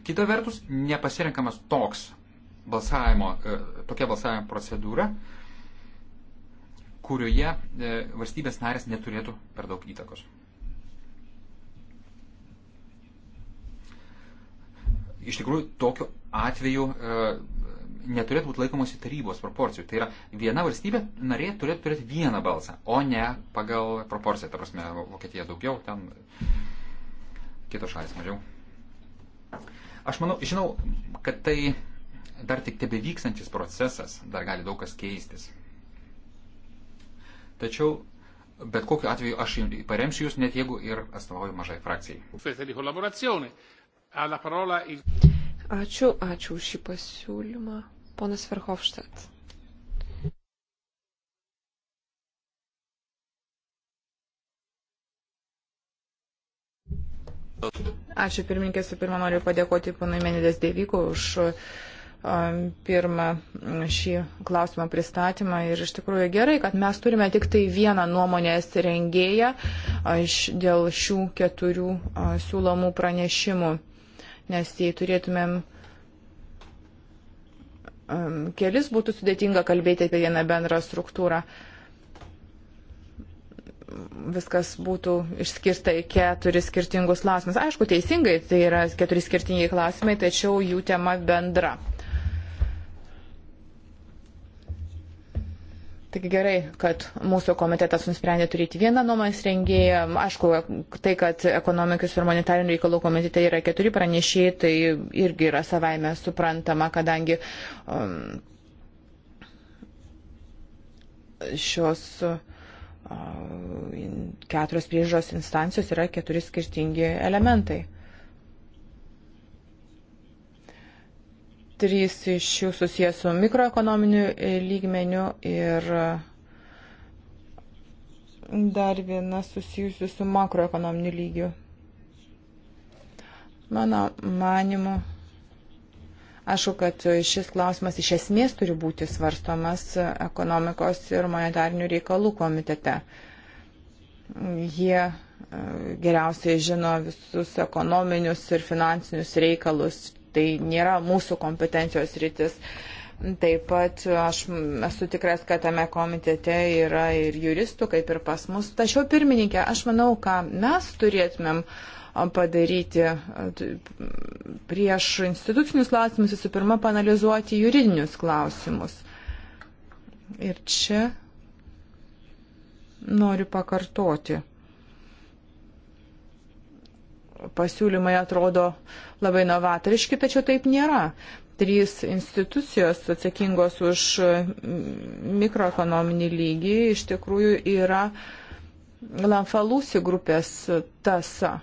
Kita vertus, nepasirenkamas toks balsavimo, e, tokia balsavimo procedūra, kurioje e, valstybės narės neturėtų per daug įtakos. Iš tikrųjų, tokiu atveju e, neturėtų būti laikomasi tarybos proporcijų. Tai yra viena valstybė narė turėtų turėti vieną balsą, o ne pagal proporciją. Ta prasme, Vokietija daugiau, ten kitos šalis mažiau. Aš manau, žinau, kad tai dar tik tebe vykstantis procesas, dar gali daug kas keistis. Tačiau bet kokiu atveju aš paremsiu jūs, net jeigu ir atstovauju mažai frakcijai. Ačiū, ačiū už šį pasiūlymą. Ponas Verhofstadt. Ačiū pirmininkė, su pirma noriu padėkoti panai Menedės Dėvyko už um, pirmą šį klausimą pristatymą ir iš tikrųjų gerai, kad mes turime tik tai vieną nuomonės rengėją dėl šių keturių siūlomų pranešimų, nes jei turėtumėm um, kelis būtų sudėtinga kalbėti apie vieną bendrą struktūrą. Uh, viskas būtų išskirta į keturis skirtingus klausimus. Aišku, teisingai, tai yra keturi skirtingi klausimai, tačiau jų tema bendra. Taigi gerai, kad mūsų komitetas nusprendė turėti vieną nuomonės rengėją. Aišku, tai, kad ekonomikos ir monetarinių reikalų komitete yra keturi pranešėjai, tai irgi yra savaime suprantama, kadangi um, šios. Uh, keturios priežiūros instancijos yra keturi skirtingi elementai. Trys iš jų susijęs su mikroekonominiu e, lygmeniu ir e, dar viena susijusi su makroekonominiu lygiu. Mano manimu, Ašku, kad šis klausimas iš esmės turi būti svarstomas ekonomikos ir monetarinių reikalų komitete. Jie e, geriausiai žino visus ekonominius ir finansinius reikalus. Tai nėra mūsų kompetencijos rytis. Taip pat aš esu tikras, kad tame komitete yra ir juristų, kaip ir pas mus. Tačiau, pirmininkė, aš manau, ką mes turėtumėm uh, padaryti prieš institucinius klausimus, visų pirma, panalizuoti juridinius klausimus. Ir čia noriu pakartoti. Pasiūlymai atrodo labai novatoriški, tačiau taip nėra trys institucijos atsakingos už mikroekonominį lygį iš tikrųjų yra Lamfalusi grupės tasa.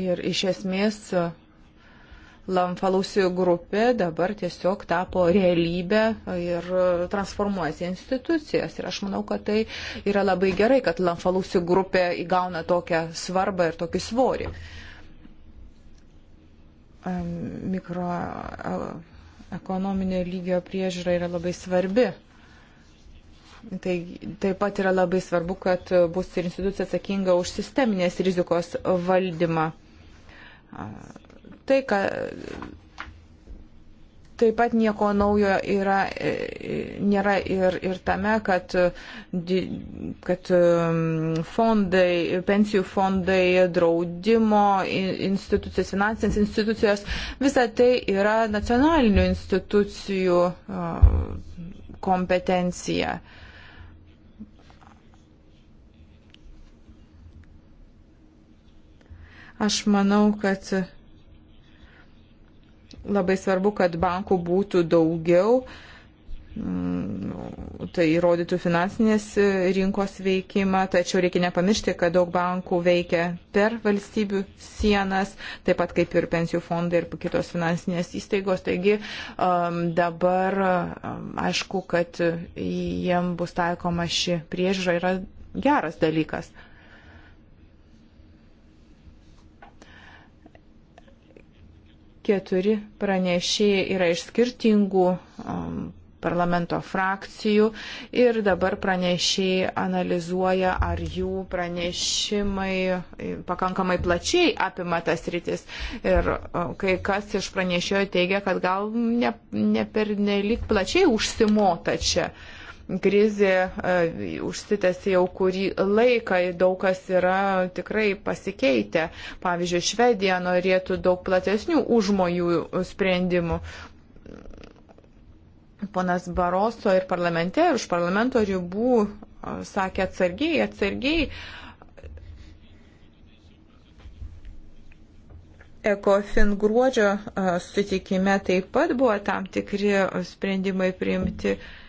Ir iš esmės Lamfalusi grupė dabar tiesiog tapo realybę ir transformuojasi institucijas. Ir aš manau, kad tai yra labai gerai, kad Lamfalusi grupė įgauna tokią svarbą ir tokį svorį. Mikroekonominio lygio priežiūra yra labai svarbi Tai taip pat yra labai svarbu, kad bus ir institucija atsakinga už sisteminės rizikos valdymą. Tai, ką taip pat nieko naujo yra, e, nėra ir, ir tame, kad, kad um, fondai, pensijų fondai, draudimo institucijos, finansinės institucijos, visa tai yra nacionalinių institucijų kompetencija. Uh, Aš manau, kad labai svarbu, kad bankų būtų daugiau, mm, tai įrodytų finansinės rinkos veikimą, tačiau reikia nepamiršti, kad daug bankų veikia per valstybių sienas, taip pat kaip ir pensijų fondai ir kitos finansinės įstaigos. Taigi um, dabar um, aišku, kad jiem bus taikoma ši priežiūra yra geras dalykas. Keturi pranešėjai yra iš skirtingų um, parlamento frakcijų ir dabar pranešiai analizuoja, ar jų pranešimai e, pakankamai plačiai apima tas rytis. Ir e, kai kas iš pranešėjo teigia, kad gal ne, ne per nelik plačiai užsimota čia. Uh, krizė e, užsitęsė jau kurį laiką, daug kas yra tikrai pasikeitę. Pavyzdžiui, Švedija norėtų daug platesnių užmojų sprendimų. Ponas Baroso ir parlamente, ir už parlamento ribų e, sakė atsargiai, atsargiai. Ekofin gruodžio e, sutikime taip pat buvo tam tikri sprendimai priimti. Mm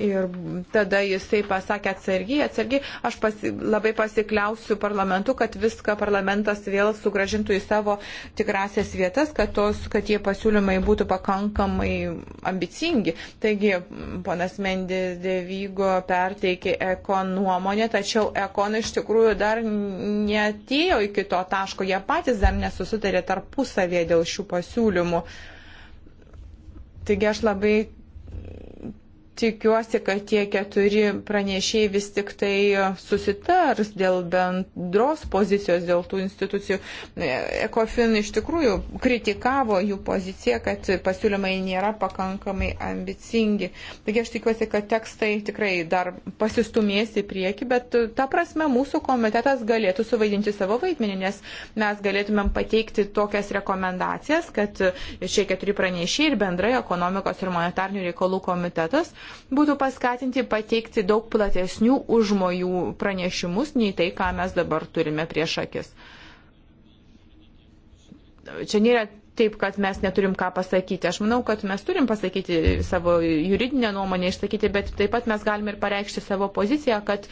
Ir tada jisai pasakė atsargiai, atsargiai, aš pasi, labai pasikliausiu parlamentu, kad viską parlamentas vėl sugražintų į savo tikrasias vietas, kad, tos, kad tie pasiūlymai būtų pakankamai ambicingi. Taigi, ponas Mendės Devygo perteikė ekon nuomonę, tačiau ekon iš tikrųjų dar netėjo iki to taško, jie patys dar nesusitarė tarpusavėje dėl šių pasiūlymų. Taigi aš labai tikiuosi, kad tie keturi pranešiai vis tik tai e, susitars dėl bendros pozicijos, dėl tų institucijų. E, Ekofin iš tikrųjų kritikavo jų poziciją, kad pasiūlymai nėra pakankamai ambicingi. Taigi aš tikiuosi, kad tekstai tikrai dar pasistumės į priekį, bet e, ta prasme mūsų komitetas galėtų suvaidinti savo vaidmenį, nes mes galėtumėm pateikti tokias rekomendacijas, kad šie keturi pranešiai ir bendrai ekonomikos ir monetarnių reikalų komitetas būtų paskatinti pateikti daug platesnių užmojų pranešimus nei tai, ką mes dabar turime prieš akis. Čia nėra taip, kad mes neturim ką pasakyti. Aš manau, kad mes turim pasakyti savo juridinę nuomonę išsakyti, bet taip pat mes galime ir pareikšti savo poziciją, kad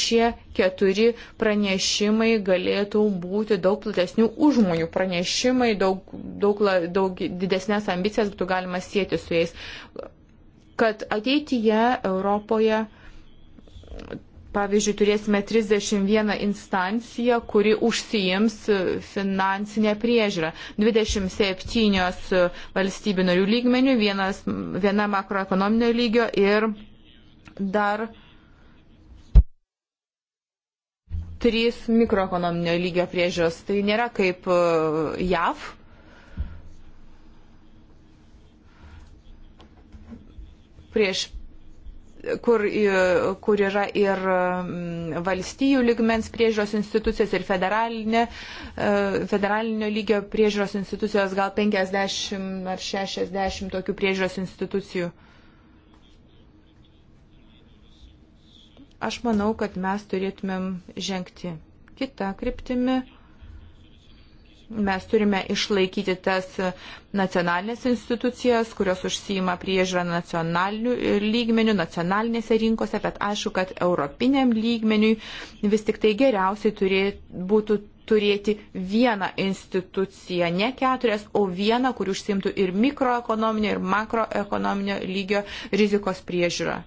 šie keturi pranešimai galėtų būti daug platesnių užmonių pranešimai, daug, daug, daug didesnės ambicijas būtų galima sėti su jais kad ateityje Europoje pavyzdžiui, turėsime 31 instanciją, kuri užsijims finansinę priežiūrą. 27 valstybių narių lygmenių, vienas, viena makroekonominio lygio ir dar trys mikroekonominio lygio priežiūros. Tai nėra kaip e, JAV prieš kur, kur yra ir mm, valstijų ligmens priežiūros institucijos ir federalinė, e, federalinio lygio priežiūros institucijos, gal 50 ar 60 tokių priežiūros institucijų. Aš manau, kad mes turėtumėm žengti kitą kryptimį Mes turime išlaikyti tas nacionalinės institucijas, kurios užsijima priežiūrą nacionaliniu lygmeniu, nacionalinėse rinkose, bet aišku, kad europiniam lygmeniui vis tik tai geriausiai turė, būtų turėti vieną instituciją, ne keturias, o vieną, kur užsimtų ir mikroekonominio, ir makroekonominio lygio rizikos priežiūrą.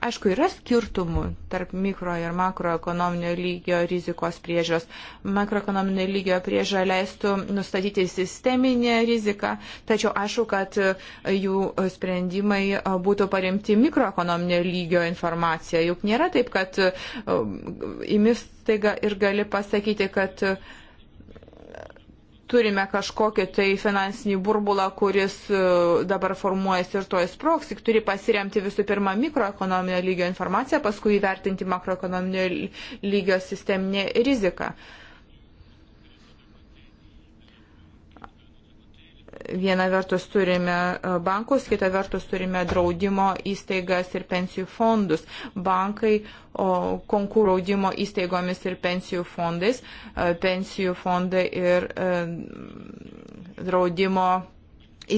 Aišku, yra skirtumų tarp mikro ir makroekonominio lygio rizikos priežios. Makroekonominio lygio priežą leistų nustatyti sisteminę riziką, tačiau aišku, kad jų sprendimai būtų paremti mikroekonominio lygio informacija. Juk nėra taip, kad um, įmis taiga ir gali pasakyti, kad uh, turime kažkokį tai finansinį burbulą, kuris e, dabar formuojasi ir to įsproks, tik turi pasiremti visų pirma mikroekonominio lygio informaciją, paskui įvertinti makroekonominio lygio sisteminę riziką. Uh, Viena vertus turime e, bankus, kita vertus turime draudimo įstaigas ir pensijų fondus. Bankai konkuraudimo įstaigomis ir pensijų fondais, e, pensijų fondai ir e, draudimo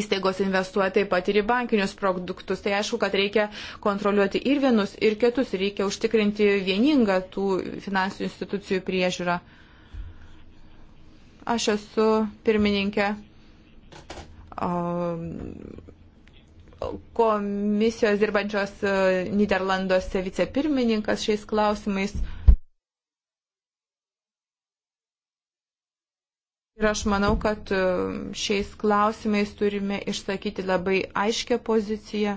įstaigos investuoja taip pat ir į bankinius produktus. Tai aišku, kad reikia kontroliuoti ir vienus, ir kitus, reikia užtikrinti vieningą tų finansinių institucijų priežiūrą. Aš esu pirmininkė komisijos dirbančios e, Niderlanduose vicepirmininkas šiais klausimais. Ir aš manau, kad e, šiais klausimais turime išsakyti labai aiškę poziciją.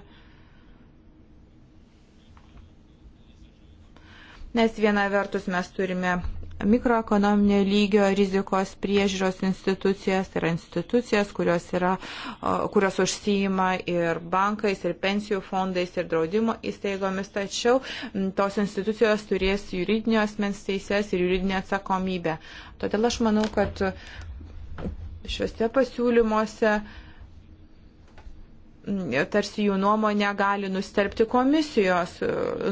Nes viena vertus mes turime mikroekonominio lygio rizikos priežiūros institucijas, tai yra institucijas, kurios, yra, kurios užsijima ir bankais, ir pensijų fondais, ir draudimo įstaigomis, tačiau tos institucijos turės juridinio asmens teises ir juridinę atsakomybę. Todėl aš manau, kad šiuose pasiūlymuose uh, tarsi jų nuomonė gali nustelbti komisijos e,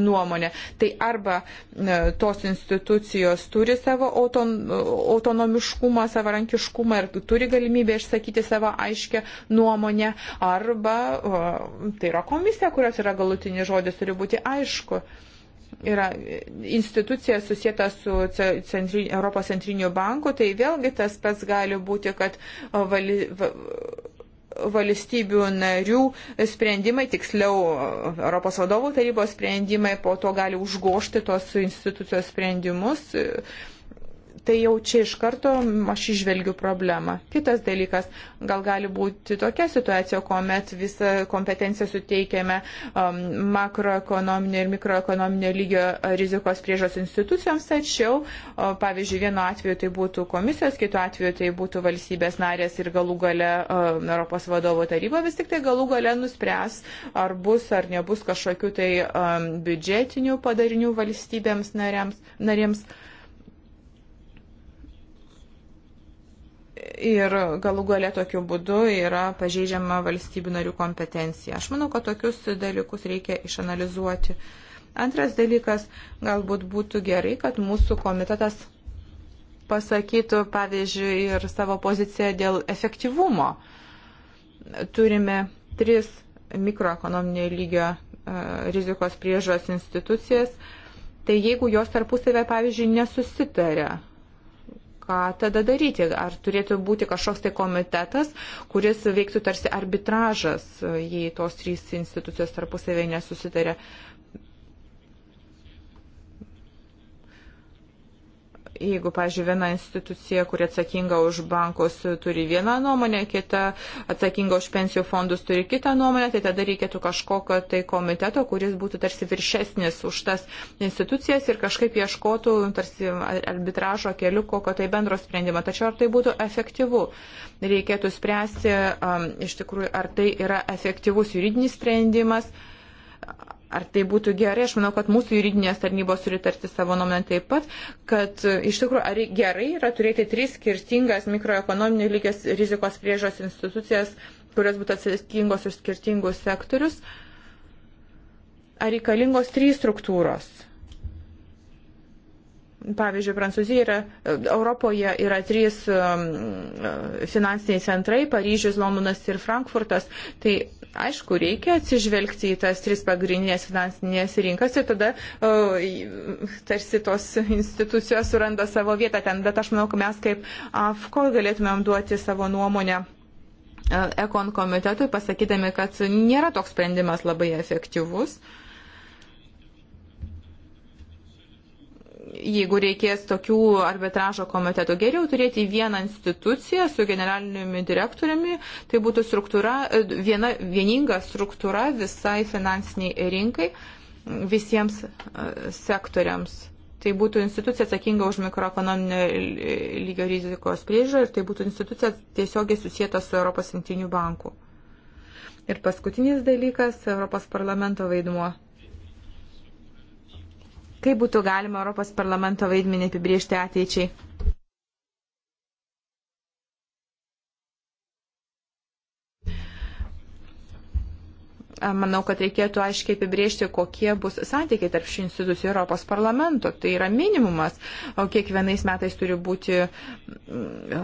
nuomonė. Tai arba e, tos institucijos turi savo auton, e, autonomiškumą, savarankiškumą ir turi galimybę išsakyti savo aiškę nuomonę, arba tai yra komisija, kurios yra galutinis žodis, turi būti aišku yra institucija susijęta su centri, Europos centriniu banku, tai vėlgi tas pats gali būti, kad vali, va, valstybių narių sprendimai, tiksliau Europos vadovų tarybos sprendimai po to gali užgošti tos institucijos sprendimus. E, tai jau čia iš karto aš išvelgiu problemą. Kitas dalykas, gal gali būti tokia situacija, kuomet visą kompetenciją suteikiame um, makroekonominio ir mikroekonominio lygio rizikos priežos institucijoms, tačiau, o, pavyzdžiui, vienu atveju tai būtų komisijos, kitu atveju tai būtų valstybės narės ir galų gale um, Europos vadovo taryba vis tik tai galų gale nuspręs, ar bus ar nebus kažkokių tai um, biudžetinių padarinių valstybėms narėms. narėms. ir galų gale tokiu būdu yra pažeidžiama valstybių narių kompetencija. Aš manau, kad tokius dalykus reikia išanalizuoti. Antras dalykas, galbūt būtų gerai, kad mūsų komitetas pasakytų, pavyzdžiui, ir savo poziciją dėl efektyvumo. Turime tris mikroekonominio lygio e, rizikos priežos institucijas. Tai jeigu jos tarpusavę, pavyzdžiui, nesusitaria, ką tada daryti? Ar turėtų būti kažkoks tai komitetas, kuris veiktų tarsi arbitražas, jei tos trys institucijos tarpusavėje nesusitarė? Uh, jeigu, pažiūrėjau, viena institucija, kuri atsakinga už bankus, turi vieną nuomonę, kita atsakinga už pensijų fondus turi kitą nuomonę, tai tada reikėtų kažkokio tai komiteto, kuris būtų tarsi viršesnis už tas institucijas ir kažkaip ieškotų tarsi arbitražo keliu kokio tai bendro sprendimo. Tačiau ar tai būtų efektyvu? Reikėtų spręsti um, iš tikrųjų, ar tai yra efektyvus juridinis sprendimas Ar tai būtų gerai? Aš manau, kad mūsų juridinės tarnybos turi tarti savo nuomonę taip pat, kad e, iš tikrųjų ar gerai yra turėti tris skirtingas mikroekonominio lygės rizikos priežos institucijas, kurios būtų atsakingos už skirtingus sektorius. Ar reikalingos trys struktūros? pavyzdžiui, Prancūzija yra, e, Europoje yra trys e, finansiniai centrai - Paryžius, Londonas ir Frankfurtas. Tai Aišku, reikia atsižvelgti į tas tris pagrindinės finansinės rinkas ir tada o, tarsi tos institucijos suranda savo vietą ten, bet aš manau, kad mes kaip AFKO galėtumėm duoti savo nuomonę. E, ekon komitetui pasakydami, kad nėra toks sprendimas labai efektyvus. Uh, jeigu reikės tokių arbitražo komitetų, geriau turėti vieną instituciją su generaliniumi direktoriumi, tai būtų struktūra, viena, vieninga struktūra visai finansiniai rinkai visiems e, sektoriams. Tai būtų institucija atsakinga už mikroekonominio lygio rizikos priežiūrą ir tai būtų institucija tiesiogiai susijęta su Europos centriniu banku. Ir paskutinis dalykas - Europos parlamento vaidmuo. Kaip būtų galima Europos parlamento vaidmenį apibriežti ateičiai? Manau, kad reikėtų aiškiai apibriežti, kokie bus santykiai tarp šių institucijų Europos parlamento. Tai yra minimumas, o kiekvienais metais turi būti mm,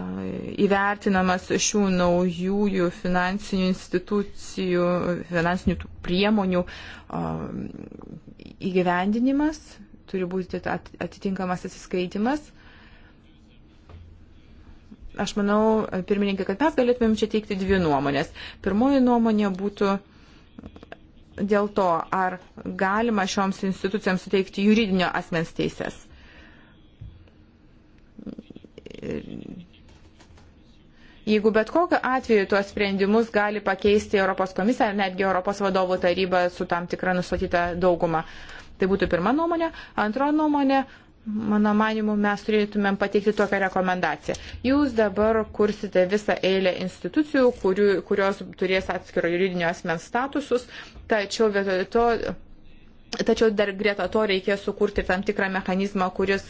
įvertinamas šių naujųjų finansinių institucijų, finansinių priemonių įgyvendinimas, turi būti atitinkamas atsiskaitimas. Aš manau, pirmininkai, kad mes galėtumėm čia teikti dvi nuomonės. Pirmoji nuomonė būtų dėl to, ar galima šioms institucijoms suteikti juridinio asmens teisės. Jeigu bet kokiu atveju tuos sprendimus gali pakeisti Europos komisija ar netgi Europos vadovų taryba su tam tikra nustatyta dauguma. Uh, Tai būtų pirma nuomonė. Antra nuomonė, mano manimu, mes turėtumėm pateikti tokią rekomendaciją. Jūs dabar kursite visą eilę institucijų, kurių, kurios turės atskiro juridinio asmens statusus, tačiau vietoj to Tačiau dar greta to reikės sukurti tam tikrą mechanizmą, kuris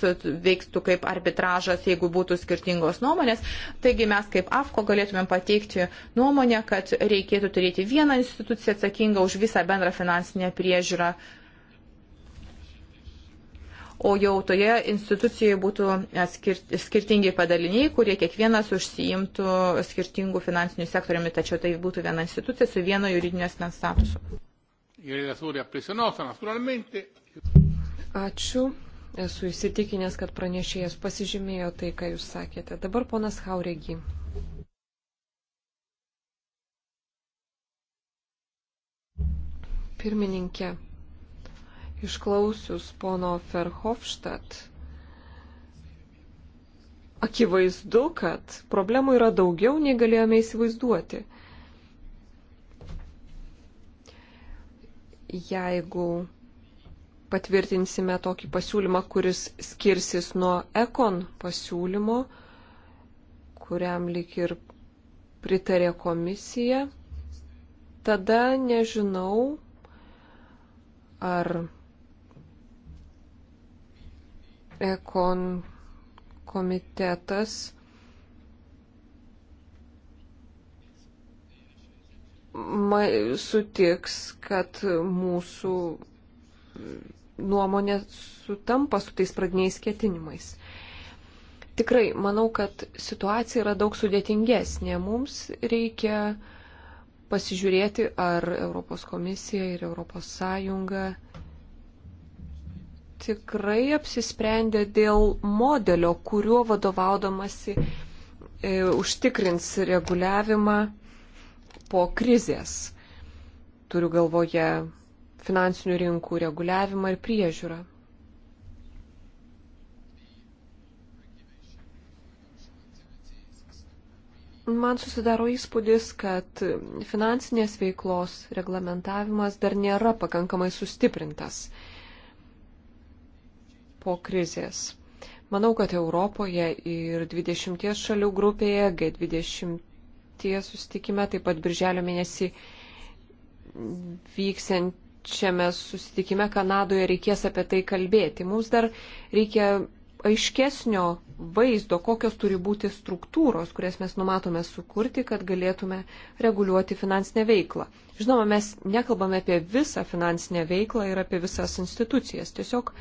veiktų kaip arbitražas, jeigu būtų skirtingos nuomonės. Taigi mes kaip AFKO galėtumėm pateikti nuomonę, kad reikėtų turėti vieną instituciją atsakingą už visą bendrą finansinę priežiūrą uh, o jau toje institucijoje būtų skirtingi padaliniai, kurie kiekvienas užsiimtų skirtingų finansinių sektoriumi, tačiau tai būtų viena institucija su vieno juridinio asmens statusu. Ačiū. Esu įsitikinęs, kad pranešėjas pasižymėjo tai, ką jūs sakėte. Dabar ponas Hauregi. Pirmininkė, Išklausius pono Ferhofštat, akivaizdu, kad problemų yra daugiau, nei galėjome įsivaizduoti. Jeigu patvirtinsime tokį pasiūlymą, kuris skirsis nuo ekon pasiūlymo, kuriam lik ir pritarė komisija, tada nežinau, ar Ekon komitetas sutiks, kad mūsų nuomonė sutampa su tais pradiniais ketinimais. Tikrai, manau, kad situacija yra daug sudėtingesnė. Mums reikia pasižiūrėti, ar Europos komisija ir Europos sąjunga tikrai apsisprendė dėl modelio, kuriuo vadovaudamasi e, užtikrins reguliavimą po krizės. Turiu galvoje finansinių rinkų reguliavimą ir priežiūrą. Man susidaro įspūdis, kad finansinės veiklos reglamentavimas dar nėra pakankamai sustiprintas po krizės. Manau, kad Europoje ir 20 šalių grupėje, G20 susitikime, taip pat birželio mėnesį vyksiančiame susitikime Kanadoje reikės apie tai kalbėti. Mums dar reikia aiškesnio vaizdo, kokios turi būti struktūros, kurias mes numatome sukurti, kad galėtume reguliuoti finansinę veiklą. Žinoma, mes nekalbame apie visą finansinę veiklą ir apie visas institucijas. Tiesiog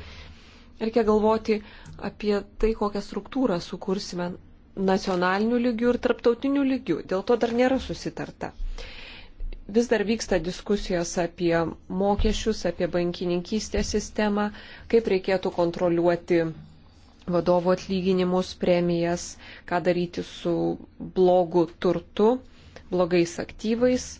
Reikia galvoti apie tai, kokią struktūrą sukursime nacionaliniu lygiu ir tarptautiniu lygiu. Dėl to dar nėra susitarta. Vis dar vyksta diskusijos apie mokesčius, apie bankininkystės sistemą, kaip reikėtų kontroliuoti vadovų atlyginimus, premijas, ką daryti su blogu turtu, blogais aktyvais.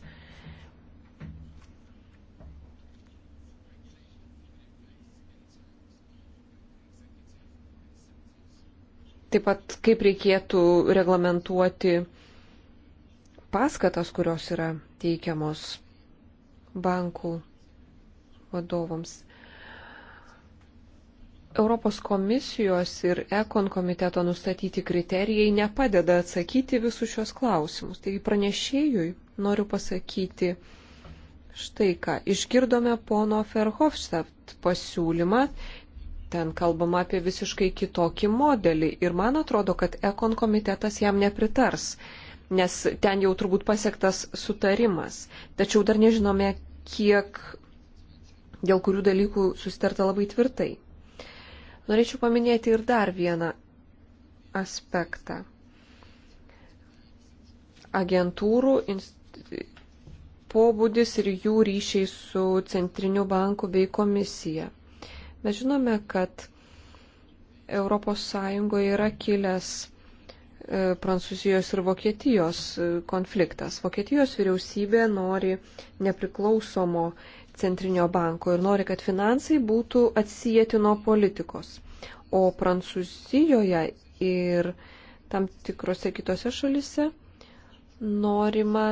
Taip pat kaip reikėtų reglamentuoti paskatas, kurios yra teikiamos bankų vadovams. Europos komisijos ir ekon komiteto nustatyti kriterijai nepadeda atsakyti visus šios klausimus. Taigi pranešėjui noriu pasakyti štai ką. Išgirdome pono Ferhofstadt pasiūlymą Ten kalbama apie visiškai kitokį modelį ir man atrodo, kad Ekon komitetas jam nepritars, nes ten jau turbūt pasiektas sutarimas. Tačiau dar nežinome, kiek dėl kurių dalykų susitarta labai tvirtai. Norėčiau paminėti ir dar vieną aspektą. Agentūrų pobūdis ir jų ryšiai su Centriniu banku bei komisija. Mes žinome, kad ES yra kilęs e, Prancūzijos ir Vokietijos e, konfliktas. Vokietijos vyriausybė nori nepriklausomo centrinio banko ir nori, kad finansai būtų atsijėti nuo politikos. O Prancūzijoje ir tam tikrose kitose šalise norima,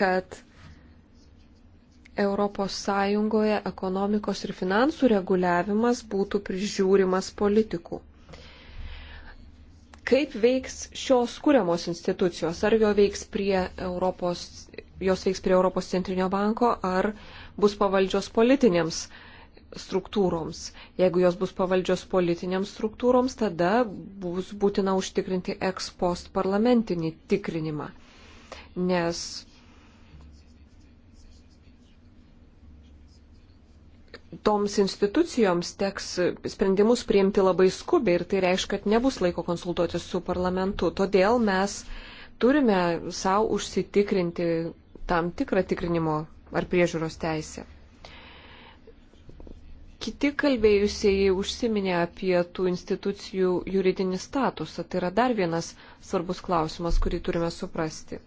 kad ES ekonomikos ir finansų reguliavimas būtų prižiūrimas politikų. Kaip veiks šios kūriamos institucijos? Ar jo veiks prie Europos, jos veiks prie Europos centrinio banko, ar bus pavaldžios politinėms struktūroms? Jeigu jos bus pavaldžios politinėms struktūroms, tada bus būtina užtikrinti ekspost parlamentinį tikrinimą. Nes toms institucijoms teks sprendimus priimti labai skubiai ir tai reiškia, kad nebus laiko konsultuoti su parlamentu. Todėl mes turime savo užsitikrinti tam tikrą tikrinimo ar priežiūros teisę. Kiti kalbėjusieji užsiminė apie tų institucijų juridinį statusą. Tai yra dar vienas svarbus klausimas, kurį turime suprasti.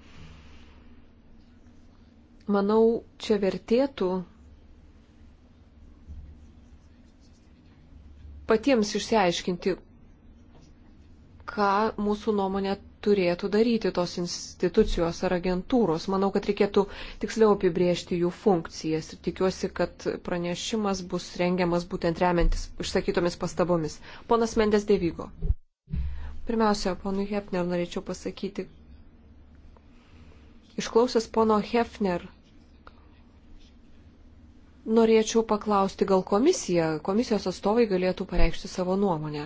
Manau, čia vertėtų patiems išsiaiškinti, ką mūsų nuomonė turėtų daryti tos institucijos ar agentūros. Manau, kad reikėtų tiksliau apibriežti jų funkcijas ir tikiuosi, kad pranešimas bus rengiamas būtent remiantis išsakytomis pastabomis. Ponas Mendes Devygo. Pirmiausia, ponui Hepner norėčiau pasakyti, išklausęs pono Hefner Norėčiau paklausti, gal komisija, komisijos atstovai galėtų pareikšti savo nuomonę.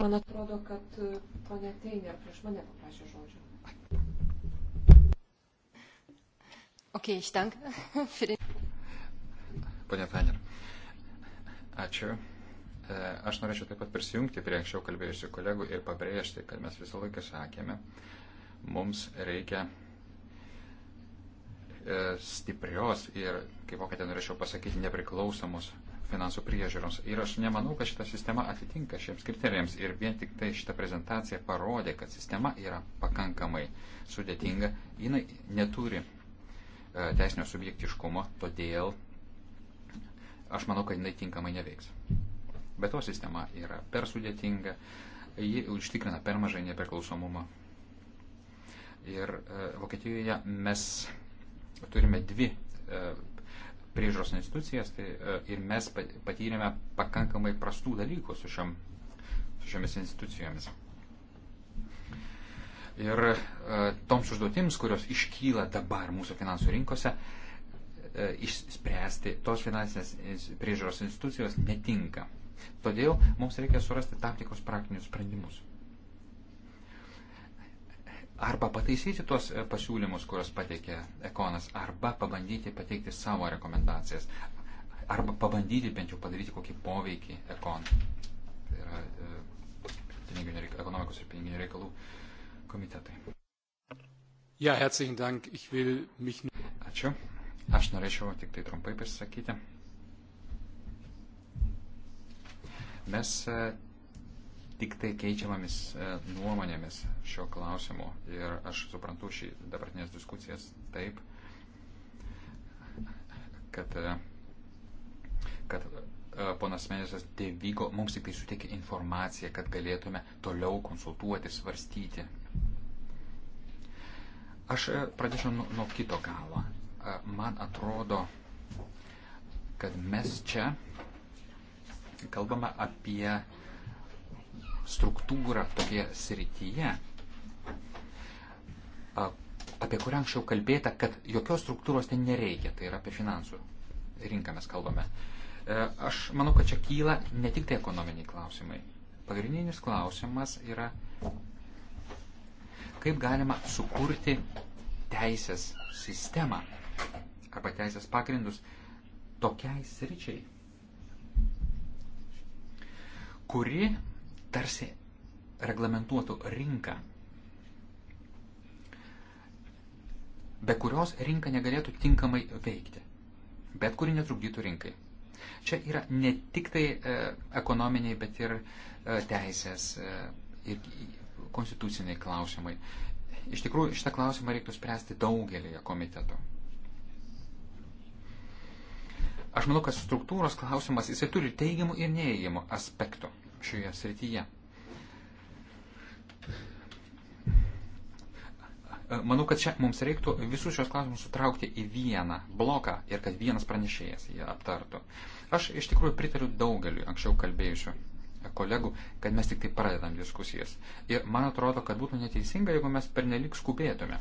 Man atrodo, kad e, ponė Teiner prieš mane paprašė žodžio. Okay, ich danke. Pone Teiner, ačiū. E, aš norėčiau taip pat prisijungti prie anksčiau kalbėjusių kolegų ir pabrėžti, kad mes visą laiką sakėme, mums reikia E, stiprios ir, kaip vokiečiai norėčiau pasakyti, nepriklausomos finansų priežiūros. Ir aš nemanau, kad šita sistema atitinka šiems kriterijams. Ir vien tik tai šita prezentacija parodė, kad sistema yra pakankamai sudėtinga. Jis neturi e, teisinio subjektiškumo, todėl aš manau, kad jinai tinkamai neveiks. Bet to sistema yra per sudėtinga, ji užtikrina per mažai nepriklausomumą. Ir e, Vokietijoje mes turime dvi e, priežos institucijas tai, e, ir mes patyrėme pakankamai prastų dalykų su, šiom, su šiomis institucijomis. Ir e, toms užduotims, kurios iškyla dabar mūsų finansų rinkose, išspręsti tos finansinės priežiūros institucijos netinka. Todėl mums reikia surasti tam tikrus praktinius sprendimus arba pataisyti tuos e, pasiūlymus, kuriuos pateikė Ekonas, arba pabandyti pateikti savo rekomendacijas, arba pabandyti bent jau padaryti kokį poveikį Ekonui. Tai yra e, ekonomikos ir piniginių reikalų komitetai. Ja, herzlichen Dank. Ich will mich. Nu- Ačiū. Aš norėčiau tik tai trumpai pasisakyti. Mes e, tik tai keičiamomis e, nuomonėmis šio klausimu. Ir aš suprantu šį dabartinės diskusijas taip, kad, e, kad e, ponas Menisas Devygo mums tik tai suteikė informaciją, kad galėtume toliau konsultuoti, svarstyti. Aš pradėčiau nuo, nuo kito galo. Man atrodo, kad mes čia kalbame apie struktūrą tokie srityje, apie kurią anksčiau kalbėta, kad jokios struktūros ten nereikia, tai yra apie finansų rinką mes kalbame. E, aš manau, kad čia kyla ne tik tai ekonominiai klausimai. Pagrindinis klausimas yra, kaip galima sukurti teisės sistemą arba teisės pagrindus tokiai sričiai, kuri tarsi reglamentuotų rinką, be kurios rinka negalėtų tinkamai veikti, bet kuri netrukdytų rinkai. Čia yra ne tik tai e, ekonominiai, bet ir e, teisės e, ir konstituciniai klausimai. Iš tikrųjų, šitą klausimą reiktų spręsti daugelėje komitetų. Aš manau, kad struktūros klausimas jisai turi teigiamų ir neįgiamų aspektų šioje srityje. Manau, kad čia mums reiktų visus šios klausimus sutraukti į vieną bloką ir kad vienas pranešėjas jį aptartų. Aš iš tikrųjų pritariu daugeliu anksčiau kalbėjusių kolegų, kad mes tik tai pradedam diskusijas. Ir man atrodo, kad būtų neteisinga, jeigu mes pernelik skubėtume.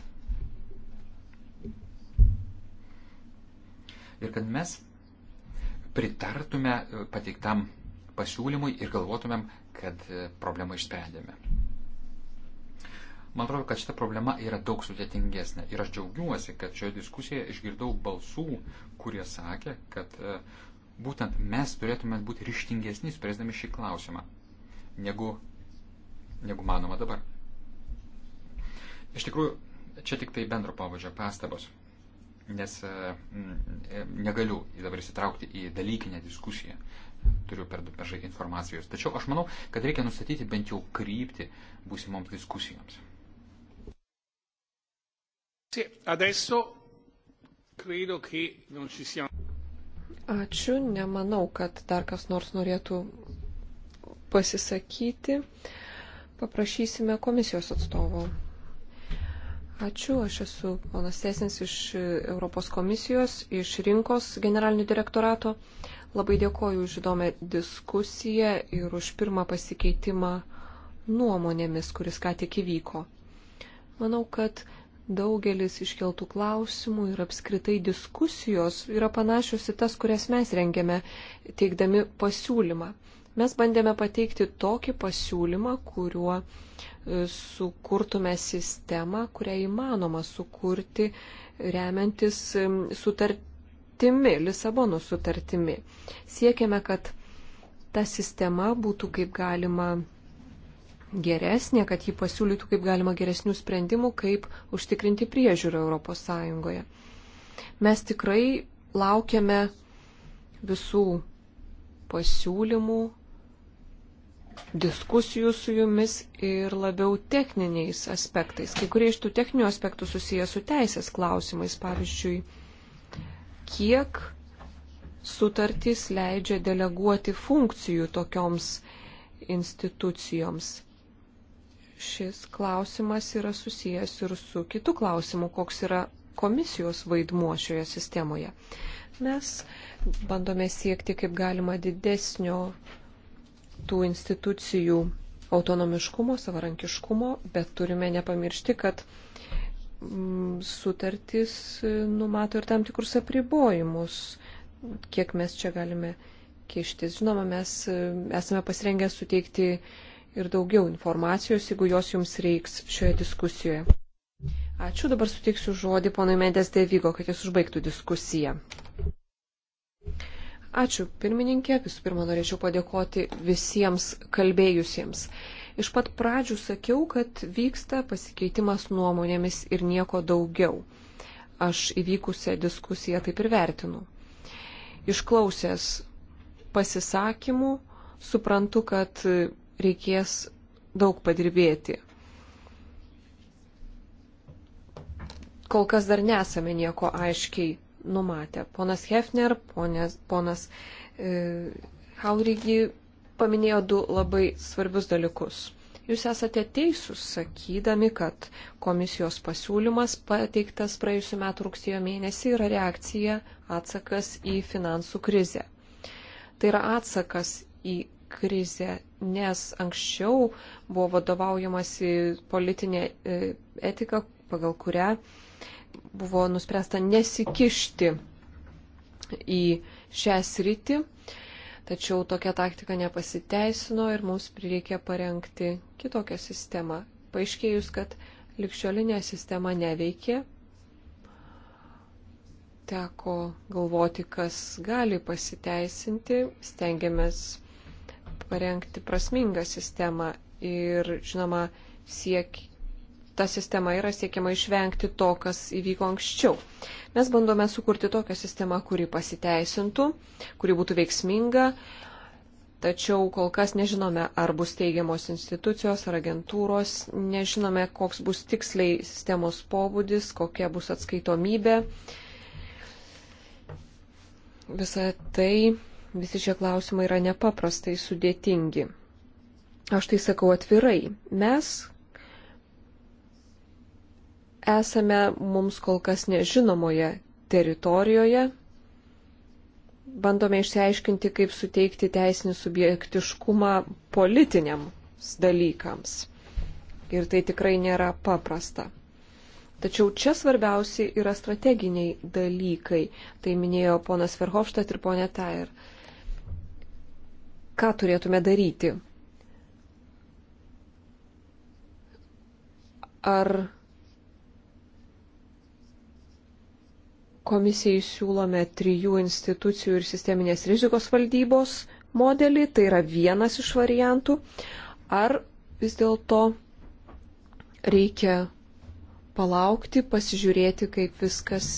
Ir kad mes pritartume pateiktam pasiūlymui ir galvotumėm, kad e, problemą išsprendėme. Man atrodo, kad šita problema yra daug sudėtingesnė ir aš džiaugiuosi, kad šioje diskusijoje išgirdau balsų, kurie sakė, kad e, būtent mes turėtume būti ryštingesni spręsdami šį klausimą, negu, negu manoma dabar. Iš tikrųjų, čia tik tai bendro pavadžio pastabos nes e, negaliu dabar įsitraukti į dalykinę diskusiją turiu per mažai informacijos. Tačiau aš manau, kad reikia nustatyti bent jau krypti būsimoms diskusijoms. Ačiū, nemanau, kad dar kas nors norėtų pasisakyti. Paprašysime komisijos atstovo. Ačiū, aš esu ponas Tesins iš Europos komisijos, iš rinkos generalinio direktorato. Uh, Labai dėkoju už įdomią diskusiją ir už pirmą pasikeitimą nuomonėmis, kuris ką tik įvyko. Manau, kad daugelis iškeltų klausimų ir apskritai diskusijos yra panašios į tas, kurias mes rengėme teikdami pasiūlymą. Mes bandėme pateikti tokį pasiūlymą, kuriuo e, sukurtume sistemą, kurią įmanoma sukurti remiantis sutartį sutartimi, Lisabono sutartimi. Siekiame, kad ta sistema būtų kaip galima geresnė, kad ji pasiūlytų kaip galima geresnių sprendimų, kaip užtikrinti priežiūrą ES. Mes tikrai laukiame visų pasiūlymų, diskusijų su jumis ir labiau techniniais aspektais. Kai kurie iš tų techninių aspektų susiję su teisės klausimais, pavyzdžiui, kiek sutartys leidžia deleguoti funkcijų tokioms institucijoms. Šis klausimas yra susijęs ir su kitu klausimu, koks yra komisijos vaidmuo šioje sistemoje. Mes bandome siekti kaip galima didesnio tų institucijų autonomiškumo, savarankiškumo, bet turime nepamiršti, kad Mm, sutartys e, numato ir tam tikrus apribojimus, kiek mes čia galime kištis. Žinoma, mes e, esame pasirengę suteikti ir daugiau informacijos, jeigu jos jums reiks šioje diskusijoje. Ačiū, dabar suteiksiu žodį ponui Mendės Devygo, kad jis užbaigtų diskusiją. Ačiū, pirmininkė. Visų pirma, norėčiau padėkoti visiems kalbėjusiems iš pat pradžių sakiau, kad vyksta pasikeitimas nuomonėmis ir nieko daugiau. Aš įvykusią diskusiją taip ir vertinu. Išklausęs pasisakymų, suprantu, kad reikės daug padirbėti. Kol kas dar nesame nieko aiškiai numatę. Ponas Hefner, ponės, ponas e, Haurigi paminėjo du labai svarbius dalykus. Jūs esate teisūs, sakydami, kad komisijos pasiūlymas pateiktas praėjusiu metu rugsėjo mėnesį yra reakcija, atsakas į finansų krizę. Tai yra atsakas į krizę, nes anksčiau buvo vadovaujamasi politinė e, etika, pagal kurią buvo nuspręsta nesikišti į šią sritį Tačiau tokia taktika nepasiteisino ir mums prireikė parengti kitokią sistemą. Paaiškėjus, kad likščiolinė sistema neveikė, teko galvoti, kas gali pasiteisinti, stengiamės parengti prasmingą sistemą ir, žinoma, siek, ta sistema yra siekiama išvengti to, kas įvyko anksčiau. Mes bandome sukurti tokią sistemą, kuri pasiteisintų, kuri būtų veiksminga, tačiau kol kas nežinome, ar bus teigiamos institucijos ar agentūros, nežinome, koks bus tiksliai sistemos pobūdis, kokia bus atskaitomybė. Visa tai, visi šie klausimai yra nepaprastai sudėtingi. Aš tai sakau atvirai. Mes esame mums kol kas nežinomoje teritorijoje. Bandome išsiaiškinti, kaip suteikti teisinį subjektiškumą politiniams dalykams. Ir tai tikrai nėra paprasta. Tačiau čia svarbiausi yra strateginiai dalykai. Tai minėjo ponas Verhofštat ir ponė Tair. Ką turėtume daryti? Ar Komisijai siūlome trijų institucijų ir sisteminės rizikos valdybos modelį, tai yra vienas iš variantų. Ar vis dėlto reikia palaukti, pasižiūrėti, kaip viskas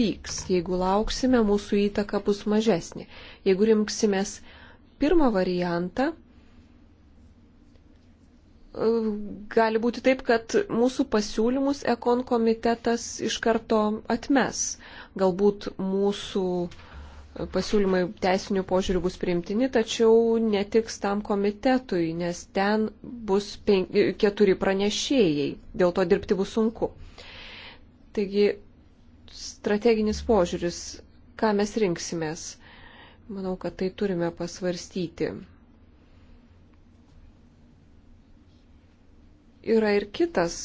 vyks. Jeigu lauksime, mūsų įtaka bus mažesnė. Jeigu rimksimės pirmą variantą, gali būti taip, kad mūsų pasiūlymus ekon komitetas iš karto atmes. Galbūt mūsų pasiūlymai teisinių požiūrių bus priimtini, tačiau netiks tam komitetui, nes ten bus penk, keturi pranešėjai, dėl to dirbti bus sunku. Taigi, strateginis požiūris, ką mes rinksimės, manau, kad tai turime pasvarstyti. yra ir kitas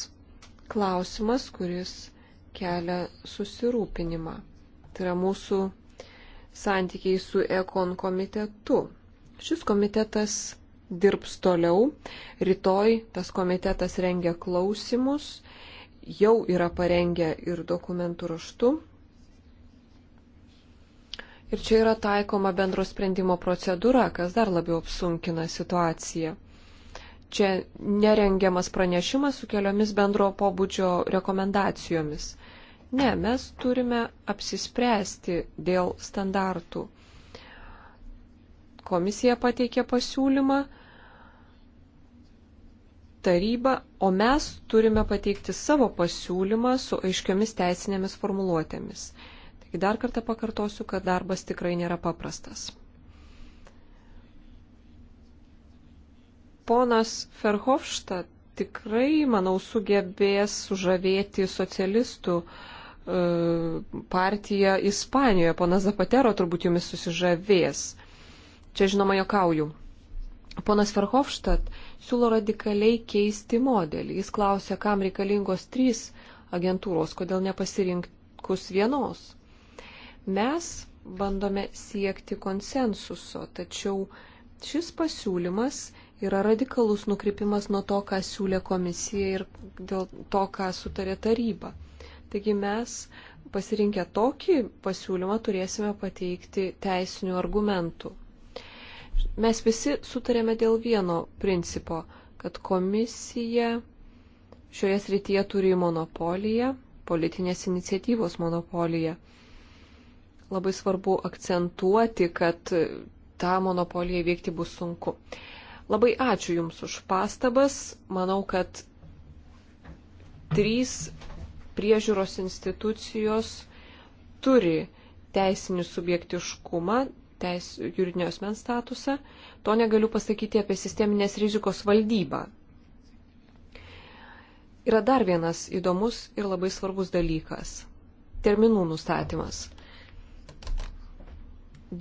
klausimas, kuris kelia susirūpinimą. Tai yra mūsų santykiai su Ekon komitetu. Šis komitetas dirbs toliau. Rytoj tas komitetas rengia klausimus, jau yra parengę ir dokumentų raštų. Ir čia yra taikoma bendro sprendimo procedūra, kas dar labiau apsunkina situaciją čia nerengiamas pranešimas su keliomis bendro pobūdžio rekomendacijomis. Ne, mes turime apsispręsti dėl standartų. Komisija pateikė pasiūlymą, taryba, o mes turime pateikti savo pasiūlymą su aiškiomis teisinėmis formuluotėmis. Taigi dar kartą pakartosiu, kad darbas tikrai nėra paprastas. ponas Ferhofštat tikrai, manau, sugebės sužavėti socialistų e, partiją Ispanijoje. Ponas Zapatero turbūt jumis susižavės. Čia žinoma jokauju. Ponas Ferhofštat siūlo radikaliai keisti modelį. Jis klausia, kam reikalingos trys agentūros, kodėl nepasirinkus vienos. Mes bandome siekti konsensuso, tačiau šis pasiūlymas yra radikalus nukrypimas nuo to, ką siūlė komisija ir dėl to, ką sutarė taryba. Taigi mes pasirinkę tokį pasiūlymą turėsime pateikti teisinių argumentų. Mes visi sutarėme dėl vieno principo, kad komisija šioje srityje turi monopoliją, politinės iniciatyvos monopoliją. Labai svarbu akcentuoti, kad tą monopoliją įveikti bus sunku. Labai ačiū Jums už pastabas. Manau, kad trys priežiūros institucijos turi teisinį subjektiškumą, teis, juridinio asmens statusą. To negaliu pasakyti apie sisteminės rizikos valdybą. Yra dar vienas įdomus ir labai svarbus dalykas - terminų nustatymas.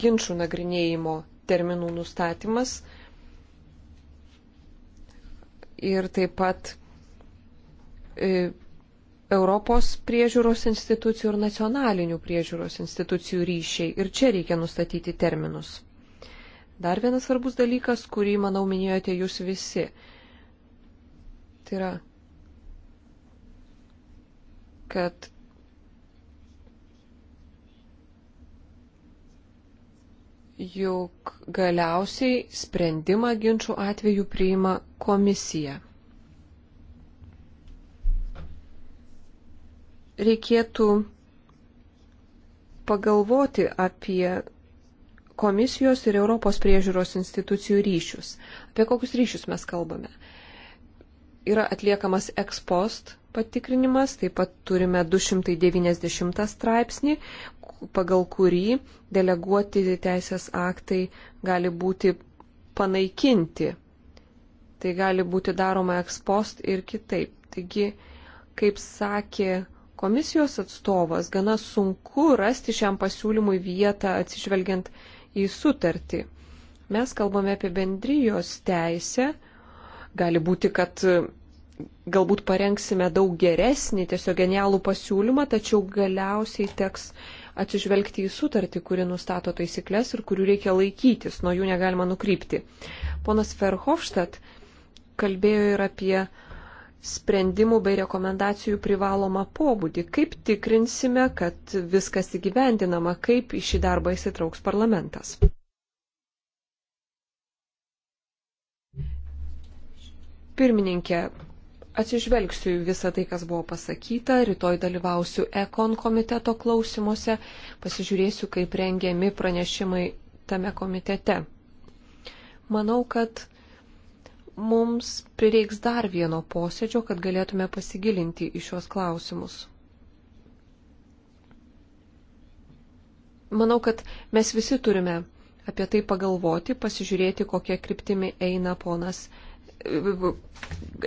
Ginčių nagrinėjimo terminų nustatymas ir taip pat e, Europos priežiūros institucijų ir nacionalinių priežiūros institucijų ryšiai. Ir čia reikia nustatyti terminus. Dar vienas svarbus dalykas, kurį, manau, minėjote jūs visi. Tai yra, kad juk galiausiai sprendimą ginčių atveju priima komisija. Reikėtų pagalvoti apie komisijos ir Europos priežiūros institucijų ryšius. Apie kokius ryšius mes kalbame? Yra atliekamas ekspost patikrinimas, taip pat turime 290 straipsnį, pagal kurį deleguoti teisės aktai gali būti panaikinti. Tai gali būti daroma ekspost ir kitaip. Taigi, kaip sakė komisijos atstovas, gana sunku rasti šiam pasiūlymui vietą atsižvelgiant į sutartį. Mes kalbame apie bendrijos teisę. Gali būti, kad galbūt parengsime daug geresnį, tiesiog genialų pasiūlymą, tačiau galiausiai teks atsižvelgti į sutartį, kuri nustato taisyklės ir kurių reikia laikytis, nuo jų negalima nukrypti. Ponas Verhofstadt kalbėjo ir apie sprendimų bei rekomendacijų privalomą pobūdį. Kaip tikrinsime, kad viskas įgyvendinama, kaip į šį darbą įsitrauks parlamentas? Pirmininkė, atsižvelgsiu į visą tai, kas buvo pasakyta, rytoj dalyvausiu ekon komiteto klausimuose, pasižiūrėsiu, kaip rengiami pranešimai tame komitete. Manau, kad mums prireiks dar vieno posėdžio, kad galėtume pasigilinti į šios klausimus. Manau, kad mes visi turime apie tai pagalvoti, pasižiūrėti, kokie kryptimi eina ponas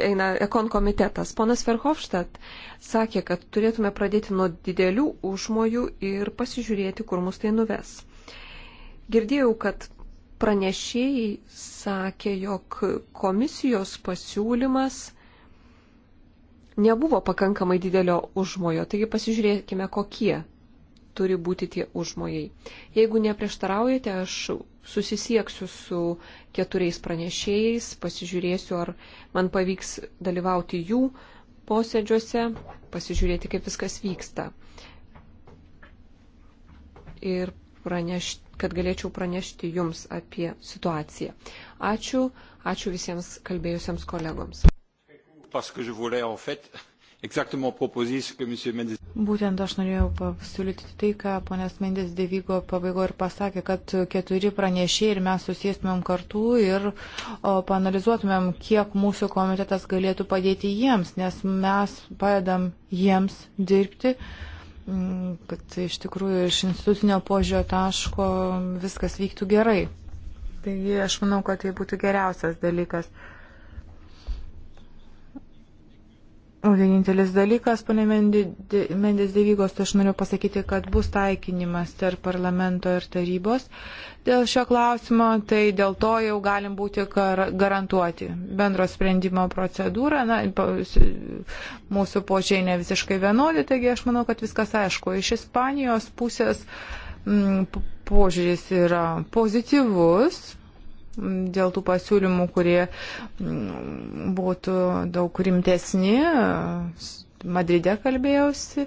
eina ekon komitetas. Ponas Verhofstadt sakė, kad turėtume pradėti nuo didelių užmojų ir pasižiūrėti, kur mus tai nuves. Girdėjau, kad pranešėjai sakė, jog komisijos pasiūlymas nebuvo pakankamai didelio užmojo, taigi pasižiūrėkime, kokie turi būti tie užmojai. Jeigu neprieštaraujate, aš susisieksiu su keturiais pranešėjais, pasižiūrėsiu, ar man pavyks dalyvauti jų posėdžiuose, pasižiūrėti, kaip viskas vyksta. Ir praneš, kad galėčiau pranešti jums apie situaciją. Ačiū, ačiū visiems kalbėjusiems kolegoms. Parce que je voulais en fait Būtent aš norėjau pasiūlyti tai, ką ponės Mendės Devygo pabaigo ir pasakė, kad keturi pranešėjai ir mes susėstumėm kartu ir o, panalizuotumėm, kiek mūsų komitetas galėtų padėti jiems, nes mes padedam jiems dirbti, kad iš tikrųjų iš institucinio požiūrio taško viskas vyktų gerai. Taigi aš manau, kad tai būtų geriausias dalykas. Vienintelis dalykas, ponė Mendės Devygos, aš noriu pasakyti, kad bus taikinimas tarp parlamento ir tarybos dėl šio klausimo, tai dėl to jau galim būti garantuoti. Bendro sprendimo procedūra, na, mūsų požiai ne visiškai vienodi, taigi aš manau, kad viskas aišku. Iš Ispanijos pusės m, mm, požiūris yra pozityvus, dėl tų pasiūlymų, kurie mm, būtų daug rimtesni. Madride kalbėjausi.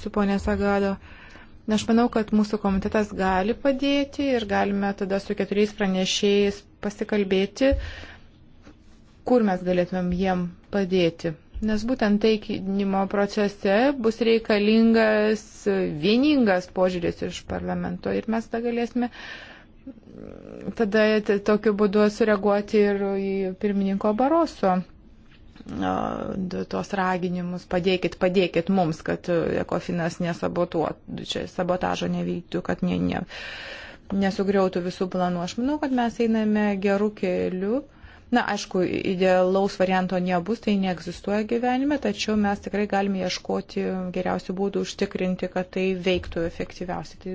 Su ponė Sagado. Aš manau, kad mūsų komitetas gali padėti ir galime tada su keturiais pranešėjais pasikalbėti, kur mes galėtumėm jiem padėti. Nes būtent taikinimo procese bus reikalingas vieningas požiūris iš parlamento ir mes tą galėsime mm, tada tokiu būdu sureaguoti ir į pirmininko Baroso tuos raginimus, padėkit, padėkit mums, kad e, ekofinas nesabotuotų, čia sabotažo nevyktų, kad ne, ne, nesugriautų visų planų. Aš manau, kad mes einame gerų kelių. Na, aišku, idealaus varianto nebus, tai neegzistuoja gyvenime, tačiau mes tikrai galime ieškoti geriausių būdų užtikrinti, kad tai veiktų efektyviausiai. Tai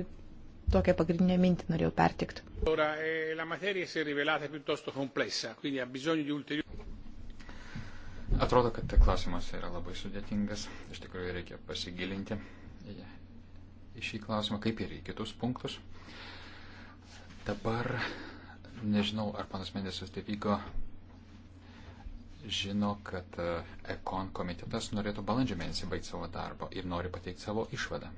tokią pagrindinę mintį norėjau pertikti. E, Atrodo, kad klausimas yra labai sudėtingas. Iš tikrųjų, reikia pasigilinti į šį klausimą, kaip ir į kitus punktus. Dabar nežinau, ar panas Mendesas Tevygo žino, kad Ekon komitetas norėtų balandžio mėnesį baigti savo darbą ir nori pateikti savo išvadą.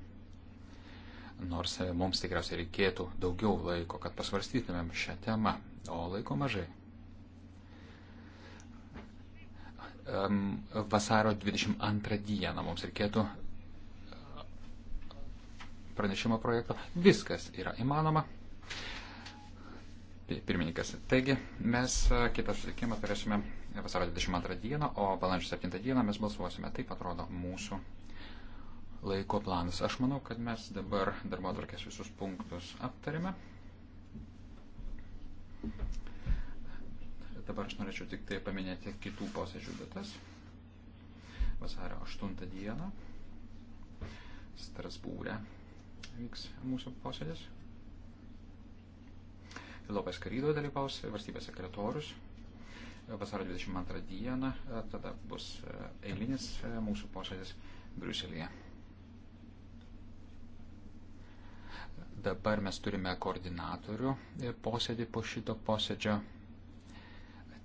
Nors e, mums tikriausiai reikėtų daugiau laiko, kad pasvarstytumėm šią temą, o laiko mažai. Vasario 22 dieną mums reikėtų e, pranešimo projekto. Viskas yra įmanoma pirmininkas. Taigi, mes e, kitą susitikimą turėsime vasario 22 dieną, o balandžio 7 dieną mes balsuosime. Taip atrodo mūsų laiko planas. Aš manau, kad mes dabar darbo atvarkės visus punktus aptarėme. Dabar aš norėčiau tik tai paminėti kitų posėdžių datas. Vasario 8 dieną Strasbūrė vyks mūsų posėdis. Lopes Karydo dalyvaus valstybės sekretorius vasario 22 dieną, e, tada bus e, eilinis e, mūsų posėdis Briuselėje. Dabar mes turime koordinatorių posėdį po šito posėdžio.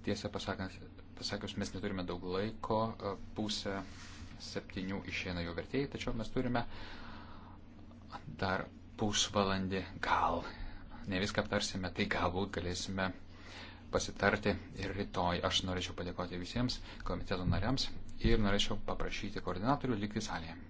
Tiesą pasakant, pasakius, mes neturime daug laiko, pusę septynių išeina jau vertėjai, tačiau mes turime dar pusvalandį, gal ne viską aptarsime, tai galbūt galėsime pasitarti ir rytoj. Aš norėčiau padėkoti visiems komiteto nariams ir norėčiau paprašyti koordinatorių likti salėje.